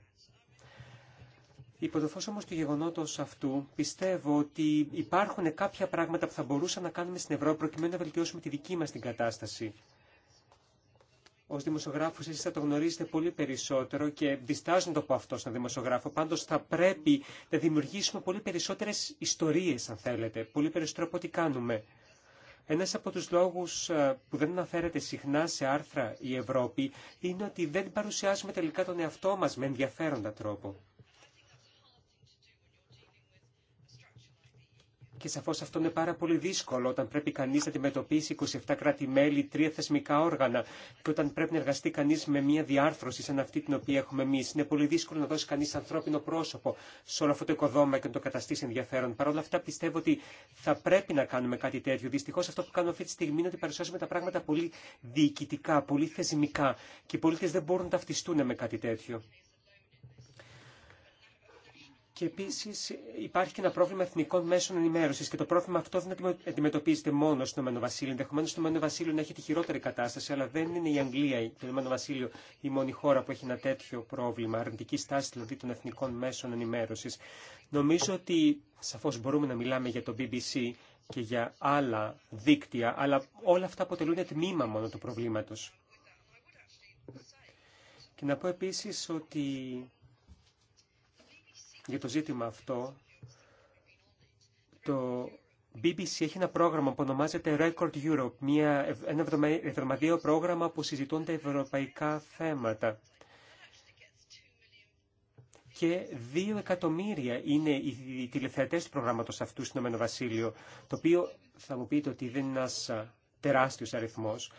Υπό το φως όμως του γεγονότος αυτού, πιστεύω ότι υπάρχουν κάποια πράγματα που θα μπορούσαμε να κάνουμε στην Ευρώπη προκειμένου να βελτιώσουμε τη δική μας την κατάσταση. Ω δημοσιογράφο, εσεί θα το γνωρίζετε πολύ περισσότερο και διστάζω να το πω αυτό σαν δημοσιογράφο. Πάντω, θα πρέπει να δημιουργήσουμε πολύ περισσότερε ιστορίε, αν θέλετε, πολύ περισσότερο από ό,τι κάνουμε. Ένα από του λόγου ε, που δεν αναφέρεται συχνά σε άρθρα η Ευρώπη είναι ότι δεν παρουσιάζουμε τελικά τον εαυτό μα με ενδιαφέροντα τρόπο. Και σαφώ αυτό είναι πάρα πολύ δύσκολο όταν πρέπει κανεί να αντιμετωπίσει 27 κράτη-μέλη, τρία θεσμικά όργανα και όταν πρέπει να εργαστεί κανεί με μια διάρθρωση σαν αυτή την οποία έχουμε εμεί. Είναι πολύ δύσκολο να δώσει κανεί ανθρώπινο πρόσωπο σε όλο αυτό το οικοδόμα και να το καταστήσει ενδιαφέρον. Παρ' όλα αυτά πιστεύω ότι θα πρέπει να κάνουμε κάτι τέτοιο. Δυστυχώ αυτό που κάνουμε αυτή τη στιγμή είναι ότι παρουσιάζουμε τα πράγματα πολύ διοικητικά, πολύ θεσμικά και οι πολίτε δεν μπορούν να ταυτιστούν με κάτι τέτοιο. Και επίση υπάρχει και ένα πρόβλημα εθνικών μέσων ενημέρωση. Και το πρόβλημα αυτό δεν αντιμετωπίζεται μόνο στο Ηνωμένο Βασίλειο. Ενδεχομένω το Ηνωμένο Βασίλειο να έχει τη χειρότερη κατάσταση, αλλά δεν είναι η Αγγλία, το Ηνωμένο Βασίλειο, η μόνη χώρα που έχει ένα τέτοιο πρόβλημα, αρνητική στάση δηλαδή των εθνικών μέσων ενημέρωση. Νομίζω ότι σαφώ μπορούμε να μιλάμε για το BBC και για άλλα δίκτυα, αλλά όλα αυτά αποτελούν τμήμα μόνο του προβλήματο. Και να πω επίση ότι για το ζήτημα αυτό. Το BBC έχει ένα πρόγραμμα που ονομάζεται Record Europe, μια, ένα εβδομαδιαίο πρόγραμμα που συζητούν τα ευρωπαϊκά θέματα. Και δύο εκατομμύρια είναι οι τηλεθεατές του προγράμματος αυτού στην Ομένο Βασίλειο, το οποίο θα μου πείτε ότι δεν είναι ένας τεράστιος αριθμός.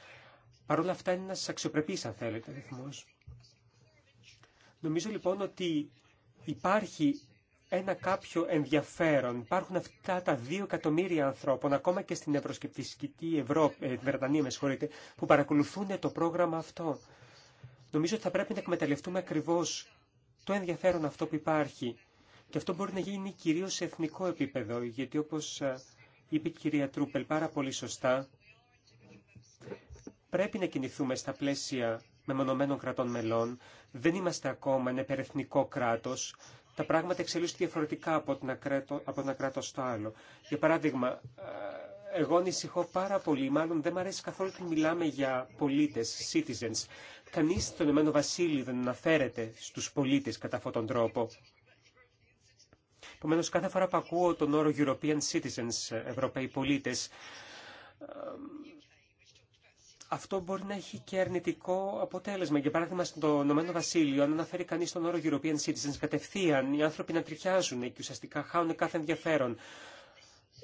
Παρ' όλα αυτά είναι ένας αξιοπρεπής, αν θέλετε, αριθμός. Νομίζω λοιπόν ότι υπάρχει ένα κάποιο ενδιαφέρον. Υπάρχουν αυτά τα δύο εκατομμύρια ανθρώπων, ακόμα και στην Ευρωσκεπτική, Ευρώπη, ε, Βρετανία, με συγχωρείτε, που παρακολουθούν το πρόγραμμα αυτό. Νομίζω ότι θα πρέπει να εκμεταλλευτούμε ακριβώ το ενδιαφέρον αυτό που υπάρχει. Και αυτό μπορεί να γίνει κυρίω σε εθνικό επίπεδο, γιατί όπω ε, είπε η κυρία Τρούπελ πάρα πολύ σωστά, πρέπει να κινηθούμε στα πλαίσια μεμονωμένων κρατών μελών. Δεν είμαστε ακόμα ένα υπερεθνικό κράτος. Τα πράγματα εξελίσσονται διαφορετικά από ένα κράτο στο άλλο. Για παράδειγμα, ε, εγώ ανησυχώ πάρα πολύ, μάλλον δεν μου αρέσει καθόλου ότι μιλάμε για πολίτες, citizens. Κανείς στον Ηνωμένο Βασίλειο δεν αναφέρεται στους πολίτες κατά αυτόν τον τρόπο. Επομένω, κάθε φορά που ακούω τον όρο European citizens, ε, Ευρωπαίοι πολίτες, αυτό μπορεί να έχει και αρνητικό αποτέλεσμα. Για παράδειγμα, στο Ηνωμένο Βασίλειο, αν αναφέρει κανεί τον όρο European Citizens, κατευθείαν οι άνθρωποι να τριχιάζουν και ουσιαστικά χάνουν κάθε ενδιαφέρον.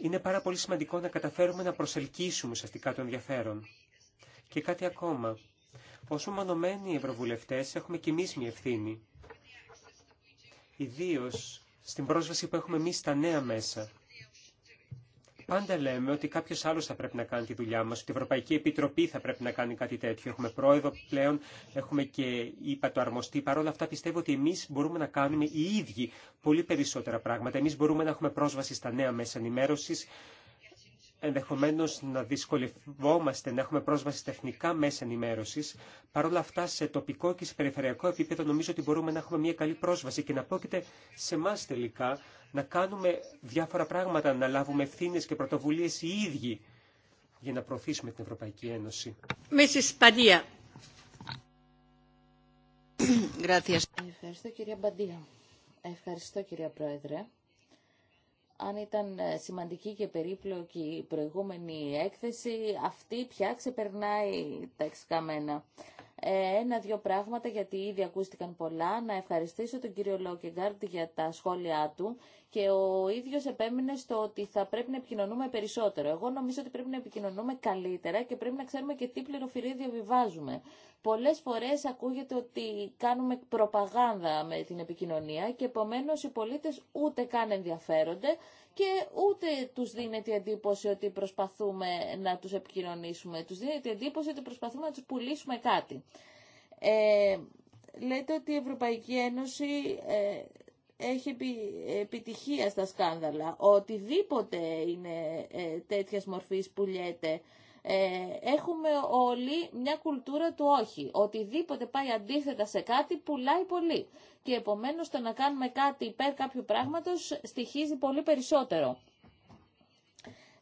Είναι πάρα πολύ σημαντικό να καταφέρουμε να προσελκύσουμε ουσιαστικά το ενδιαφέρον. Και κάτι ακόμα. Όσο μονομένοι ευρωβουλευτέ, έχουμε κι εμεί μια ευθύνη. Ιδίω στην πρόσβαση που έχουμε εμεί στα νέα μέσα. Πάντα λέμε ότι κάποιο άλλο θα πρέπει να κάνει τη δουλειά μα, ότι η Ευρωπαϊκή Επιτροπή θα πρέπει να κάνει κάτι τέτοιο. Έχουμε πρόεδρο πλέον, έχουμε και είπα το αρμοστή. Παρ' όλα αυτά πιστεύω ότι εμεί μπορούμε να κάνουμε οι ίδιοι πολύ περισσότερα πράγματα. Εμεί μπορούμε να έχουμε πρόσβαση στα νέα μέσα ενημέρωση, ενδεχομένως να δυσκολευόμαστε να έχουμε πρόσβαση τεχνικά τεχνικά μέσα ενημέρωσης, παρόλα αυτά σε τοπικό και σε περιφερειακό επίπεδο νομίζω ότι μπορούμε να έχουμε μια καλή πρόσβαση και να πρόκειται σε εμά τελικά να κάνουμε διάφορα πράγματα, να λάβουμε ευθύνε και πρωτοβουλίες οι ίδιοι για να προωθήσουμε την Ευρωπαϊκή Ένωση. Ευχαριστώ κυρία Μπαντία. Ευχαριστώ κυρία Πρόεδρε αν ήταν ε, σημαντική και περίπλοκη η προηγούμενη έκθεση, αυτή πια ξεπερνάει τα εξκαμένα. Ε, ένα-δυο πράγματα, γιατί ήδη ακούστηκαν πολλά. Να ευχαριστήσω τον κύριο Λόκεγκάρντ για τα σχόλιά του και ο ίδιος επέμεινε στο ότι θα πρέπει να επικοινωνούμε περισσότερο. Εγώ νομίζω ότι πρέπει να επικοινωνούμε καλύτερα και πρέπει να ξέρουμε και τι πληροφορίε διαβιβάζουμε πολλές φορές ακούγεται ότι κάνουμε προπαγάνδα με την επικοινωνία και επομένως οι πολίτες ούτε καν ενδιαφέρονται και ούτε τους δίνεται εντύπωση ότι προσπαθούμε να τους επικοινωνήσουμε. Τους δίνεται εντύπωση ότι προσπαθούμε να τους πουλήσουμε κάτι. Ε, λέτε ότι η Ευρωπαϊκή Ένωση ε, έχει επιτυχία στα σκάνδαλα. Οτιδήποτε είναι ε, τέτοιας μορφής που λέτε ε, έχουμε όλοι μια κουλτούρα του όχι. Οτιδήποτε πάει αντίθετα σε κάτι πουλάει πολύ. Και επομένως το να κάνουμε κάτι υπέρ κάποιου πράγματος στοιχίζει πολύ περισσότερο.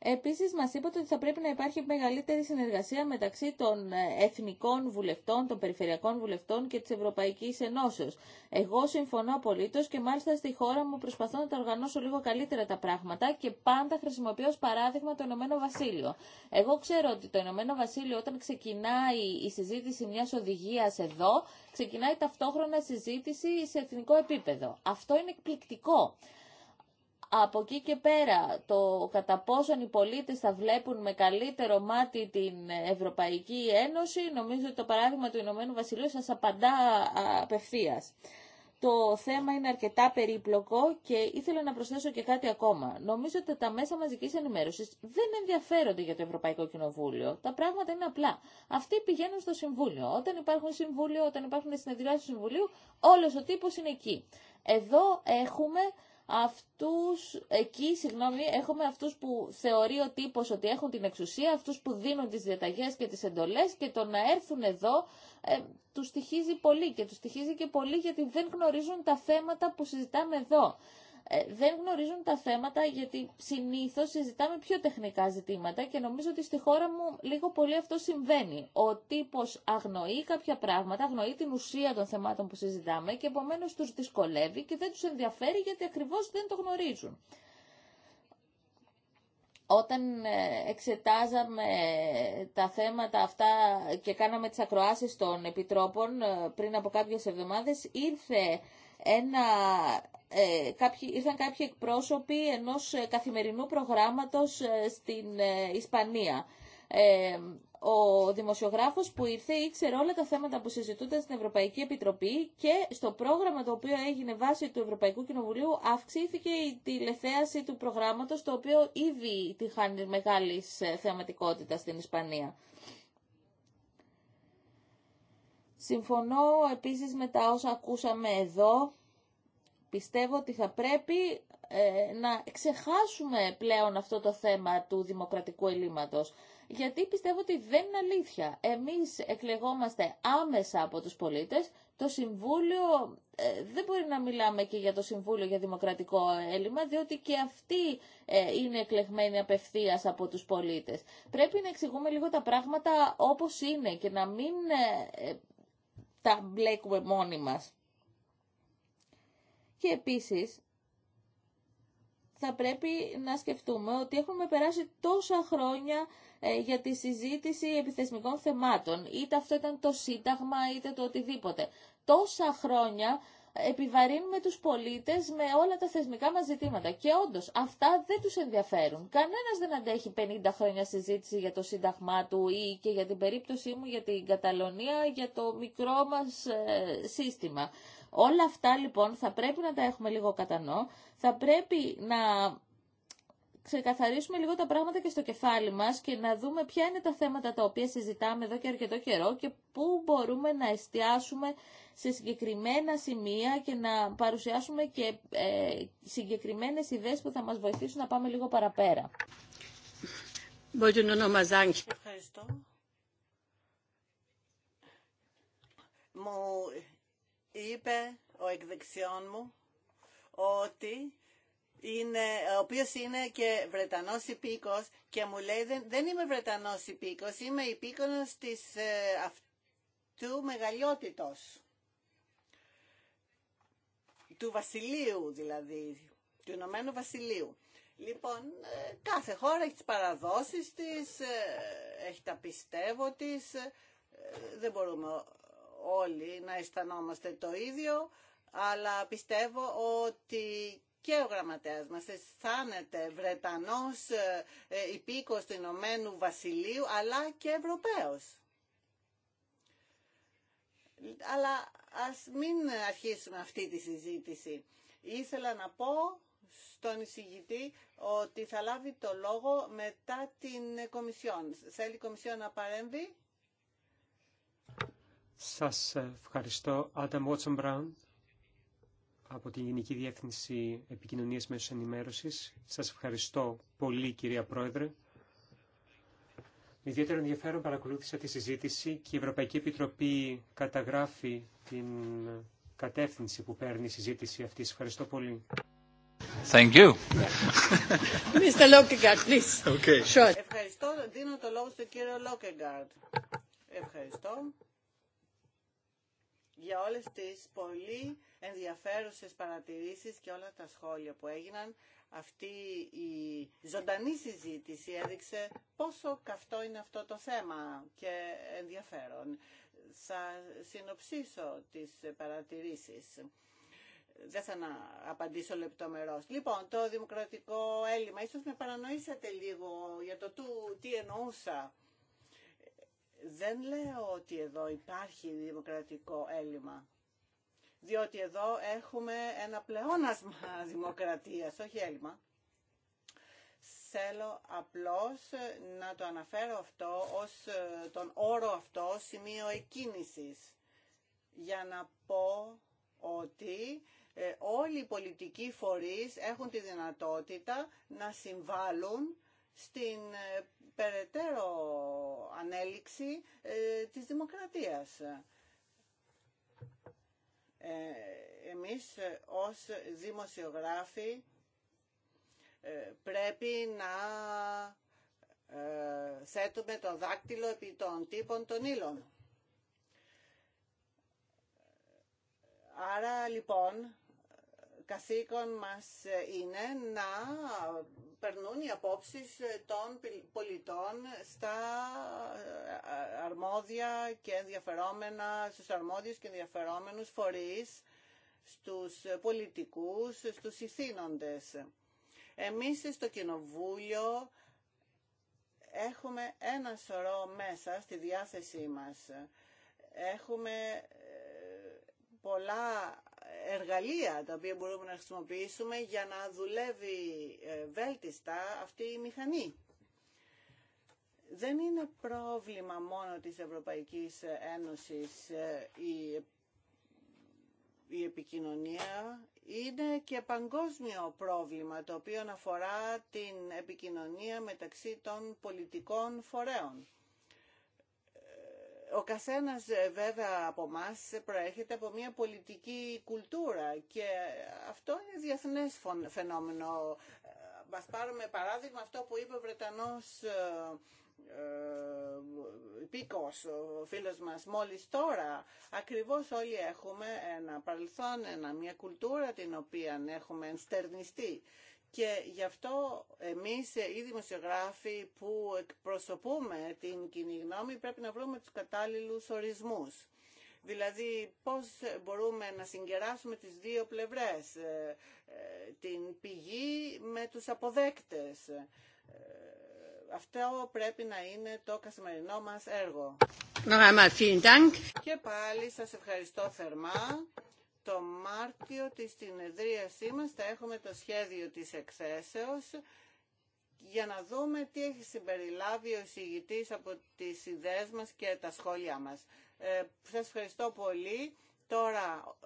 Επίσης μας είπατε ότι θα πρέπει να υπάρχει μεγαλύτερη συνεργασία μεταξύ των ε, εθνικών βουλευτών, των περιφερειακών βουλευτών και της Ευρωπαϊκής Ενώσεως. Εγώ συμφωνώ απολύτως και μάλιστα στη χώρα μου προσπαθώ να τα οργανώσω λίγο καλύτερα τα πράγματα και πάντα χρησιμοποιώ ως παράδειγμα το Ηνωμένο Βασίλειο. Εγώ ξέρω ότι το Ηνωμένο Βασίλειο όταν ξεκινάει η συζήτηση μιας οδηγίας εδώ, ξεκινάει ταυτόχρονα συζήτηση σε εθνικό επίπεδο. Αυτό είναι εκπληκτικό. Από εκεί και πέρα, το κατά πόσον οι πολίτες θα βλέπουν με καλύτερο μάτι την Ευρωπαϊκή Ένωση, νομίζω ότι το παράδειγμα του Ηνωμένου Βασιλείου σας απαντά απευθεία. Το θέμα είναι αρκετά περίπλοκο και ήθελα να προσθέσω και κάτι ακόμα. Νομίζω ότι τα μέσα μαζικής ενημέρωσης δεν ενδιαφέρονται για το Ευρωπαϊκό Κοινοβούλιο. Τα πράγματα είναι απλά. Αυτοί πηγαίνουν στο Συμβούλιο. Όταν υπάρχουν Συμβούλιο, όταν υπάρχουν συνεδριάσει του Συμβουλίου, όλο ο τύπο είναι εκεί. Εδώ έχουμε αυτούς, εκεί συγγνώμη, έχουμε αυτούς που θεωρεί ο τύπος ότι έχουν την εξουσία, αυτούς που δίνουν τις διαταγές και τις εντολές και το να έρθουν εδώ ε, τους στοιχίζει πολύ και τους στοιχίζει και πολύ γιατί δεν γνωρίζουν τα θέματα που συζητάμε εδώ. Ε, δεν γνωρίζουν τα θέματα γιατί συνήθως συζητάμε πιο τεχνικά ζητήματα και νομίζω ότι στη χώρα μου λίγο πολύ αυτό συμβαίνει. Ο τύπος αγνοεί κάποια πράγματα, αγνοεί την ουσία των θεμάτων που συζητάμε και επομένως τους δυσκολεύει και δεν τους ενδιαφέρει γιατί ακριβώς δεν το γνωρίζουν. Όταν ε, εξετάζαμε τα θέματα αυτά και κάναμε τις ακροάσεις των επιτρόπων ε, πριν από κάποιες εβδομάδες, ήρθε ένα ε, κάποιοι, ήρθαν κάποιοι εκπρόσωποι ενός ε, καθημερινού προγράμματος ε, στην ε, Ισπανία. Ε, ο δημοσιογράφος που ήρθε ήξερε όλα τα θέματα που συζητούνταν στην Ευρωπαϊκή Επιτροπή και στο πρόγραμμα το οποίο έγινε βάση του Ευρωπαϊκού Κοινοβουλίου αυξήθηκε η τηλεθέαση του προγράμματος το οποίο ήδη τη μεγάλη μεγάλης θεαματικότητα στην Ισπανία. Συμφωνώ επίσης με τα όσα ακούσαμε εδώ. Πιστεύω ότι θα πρέπει ε, να ξεχάσουμε πλέον αυτό το θέμα του δημοκρατικού ελλείμματος. Γιατί πιστεύω ότι δεν είναι αλήθεια. Εμείς εκλεγόμαστε άμεσα από τους πολίτες. Το Συμβούλιο, ε, δεν μπορεί να μιλάμε και για το Συμβούλιο για Δημοκρατικό Έλλειμμα, διότι και αυτοί ε, είναι εκλεγμένοι απευθεία από τους πολίτες. Πρέπει να εξηγούμε λίγο τα πράγματα όπως είναι και να μην τα μπλέκουμε μόνοι μας. Και επίσης, θα πρέπει να σκεφτούμε ότι έχουμε περάσει τόσα χρόνια ε, για τη συζήτηση επιθεσμικών θεμάτων. Είτε αυτό ήταν το Σύνταγμα, είτε το οτιδήποτε. Τόσα χρόνια επιβαρύνουμε τους πολίτες με όλα τα θεσμικά μας ζητήματα. Και όντως, αυτά δεν τους ενδιαφέρουν. Κανένας δεν αντέχει 50 χρόνια συζήτηση για το σύνταγμά του ή και για την περίπτωσή μου για την Καταλωνία, για το μικρό μας ε, σύστημα. Όλα αυτά λοιπόν θα πρέπει να τα έχουμε λίγο κατανό θα πρέπει να ξεκαθαρίσουμε λίγο τα πράγματα και στο κεφάλι μας και να δούμε ποια είναι τα θέματα τα οποία συζητάμε εδώ και αρκετό καιρό και πού μπορούμε να εστιάσουμε σε συγκεκριμένα σημεία και να παρουσιάσουμε και ε, συγκεκριμένες ιδέες που θα μας βοηθήσουν να πάμε λίγο παραπέρα. Ευχαριστώ. Μου είπε ο μου ότι είναι, ο οποίος είναι και Βρετανός υπήκος και μου λέει δεν, δεν είμαι Βρετανός υπήκος, είμαι υπήκονος της ε, αυτού μεγαλειότητος. Του βασιλείου δηλαδή, του Ηνωμένου Βασιλείου. Λοιπόν, ε, κάθε χώρα έχει τις παραδόσεις της, ε, έχει τα πιστεύω της, ε, δεν μπορούμε όλοι να αισθανόμαστε το ίδιο, αλλά πιστεύω ότι και ο γραμματέας μας αισθάνεται Βρετανός ε, ε, υπήκος του Ηνωμένου Βασιλείου αλλά και Ευρωπαίος. Αλλά ας μην αρχίσουμε αυτή τη συζήτηση. Ήθελα να πω στον εισηγητή ότι θα λάβει το λόγο μετά την Κομισιόν. Θέλει η Κομισιόν να παρέμβει. Σας ευχαριστώ, Adam Watson από την Γενική Διεύθυνση Επικοινωνίας Μέσους Ενημέρωσης. Σας ευχαριστώ πολύ κυρία Πρόεδρε. Με ιδιαίτερο ενδιαφέρον παρακολούθησα τη συζήτηση και η Ευρωπαϊκή Επιτροπή καταγράφει την κατεύθυνση που παίρνει η συζήτηση αυτή. Σας ευχαριστώ πολύ. Thank you. Mr. Lockegaard, please. Okay. Sure. Ευχαριστώ. Δίνω το λόγο στον κύριο Lockegaard. Ευχαριστώ για όλες τις πολύ ενδιαφέρουσες παρατηρήσεις και όλα τα σχόλια που έγιναν. Αυτή η ζωντανή συζήτηση έδειξε πόσο καυτό είναι αυτό το θέμα και ενδιαφέρον. Θα συνοψίσω τις παρατηρήσεις. Δεν θα να απαντήσω λεπτομερώς. Λοιπόν, το δημοκρατικό έλλειμμα. Ίσως με παρανοήσατε λίγο για το τι εννοούσα δεν λέω ότι εδώ υπάρχει δημοκρατικό έλλειμμα, διότι εδώ έχουμε ένα πλεόνασμα δημοκρατίας, όχι έλλειμμα. Θέλω απλώς να το αναφέρω αυτό ως ε, τον όρο αυτό σημείο εκκίνησης για να πω ότι ε, όλοι οι πολιτικοί φορείς έχουν τη δυνατότητα να συμβάλλουν στην ε, περαιτέρω ανέλυξη ε, της δημοκρατίας. Ε, εμείς ως δημοσιογράφοι ε, πρέπει να θέτουμε το δάκτυλο επί των τύπων των ύλων. Άρα λοιπόν καθήκον μας είναι να περνούν οι απόψεις ε, των πολιτών στα ε, αρμόδια και ενδιαφερόμενα, στους αρμόδιους και ενδιαφερόμενους φορείς, στους πολιτικούς, στους ηθήνοντες. Εμείς στο Κοινοβούλιο έχουμε ένα σωρό μέσα στη διάθεσή μας. Έχουμε ε, πολλά εργαλεία τα οποία μπορούμε να χρησιμοποιήσουμε για να δουλεύει ε, βέλτιστα αυτή η μηχανή. Δεν είναι πρόβλημα μόνο της Ευρωπαϊκής Ένωσης ε, η, η επικοινωνία, είναι και παγκόσμιο πρόβλημα το οποίο αφορά την επικοινωνία μεταξύ των πολιτικών φορέων. Ο καθένας ε, βέβαια από εμά προέρχεται από μια πολιτική κουλτούρα και αυτό είναι διεθνές φαινόμενο. Μας ε, πάρουμε παράδειγμα αυτό που είπε ο Βρετανός ε, πίκος, ο φίλος μας μόλις τώρα. Ακριβώς όλοι έχουμε ένα παρελθόν, μια κουλτούρα την οποία έχουμε ενστερνιστεί. Και γι' αυτό εμείς ε, οι δημοσιογράφοι που εκπροσωπούμε την κοινή γνώμη πρέπει να βρούμε τους κατάλληλους ορισμούς. Δηλαδή πώς μπορούμε να συγκεράσουμε τις δύο πλευρές, ε, ε, την πηγή με τους αποδέκτες. Αυτό πρέπει να είναι το καθημερινό μας έργο. Και πάλι σας ευχαριστώ θερμά το Μάρτιο της συνεδρίασή μας θα έχουμε το σχέδιο της εκθέσεως για να δούμε τι έχει συμπεριλάβει ο εισηγητής από τις ιδέες μας και τα σχόλια μας. Ε, σας ευχαριστώ πολύ. Τώρα,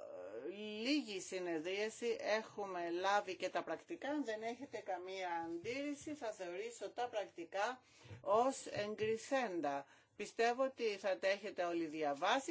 λίγη συνεδρίαση, έχουμε λάβει και τα πρακτικά. Αν δεν έχετε καμία αντίρρηση, θα θεωρήσω τα πρακτικά ως εγκρισέντα. Πιστεύω ότι θα τα έχετε όλοι διαβάσει.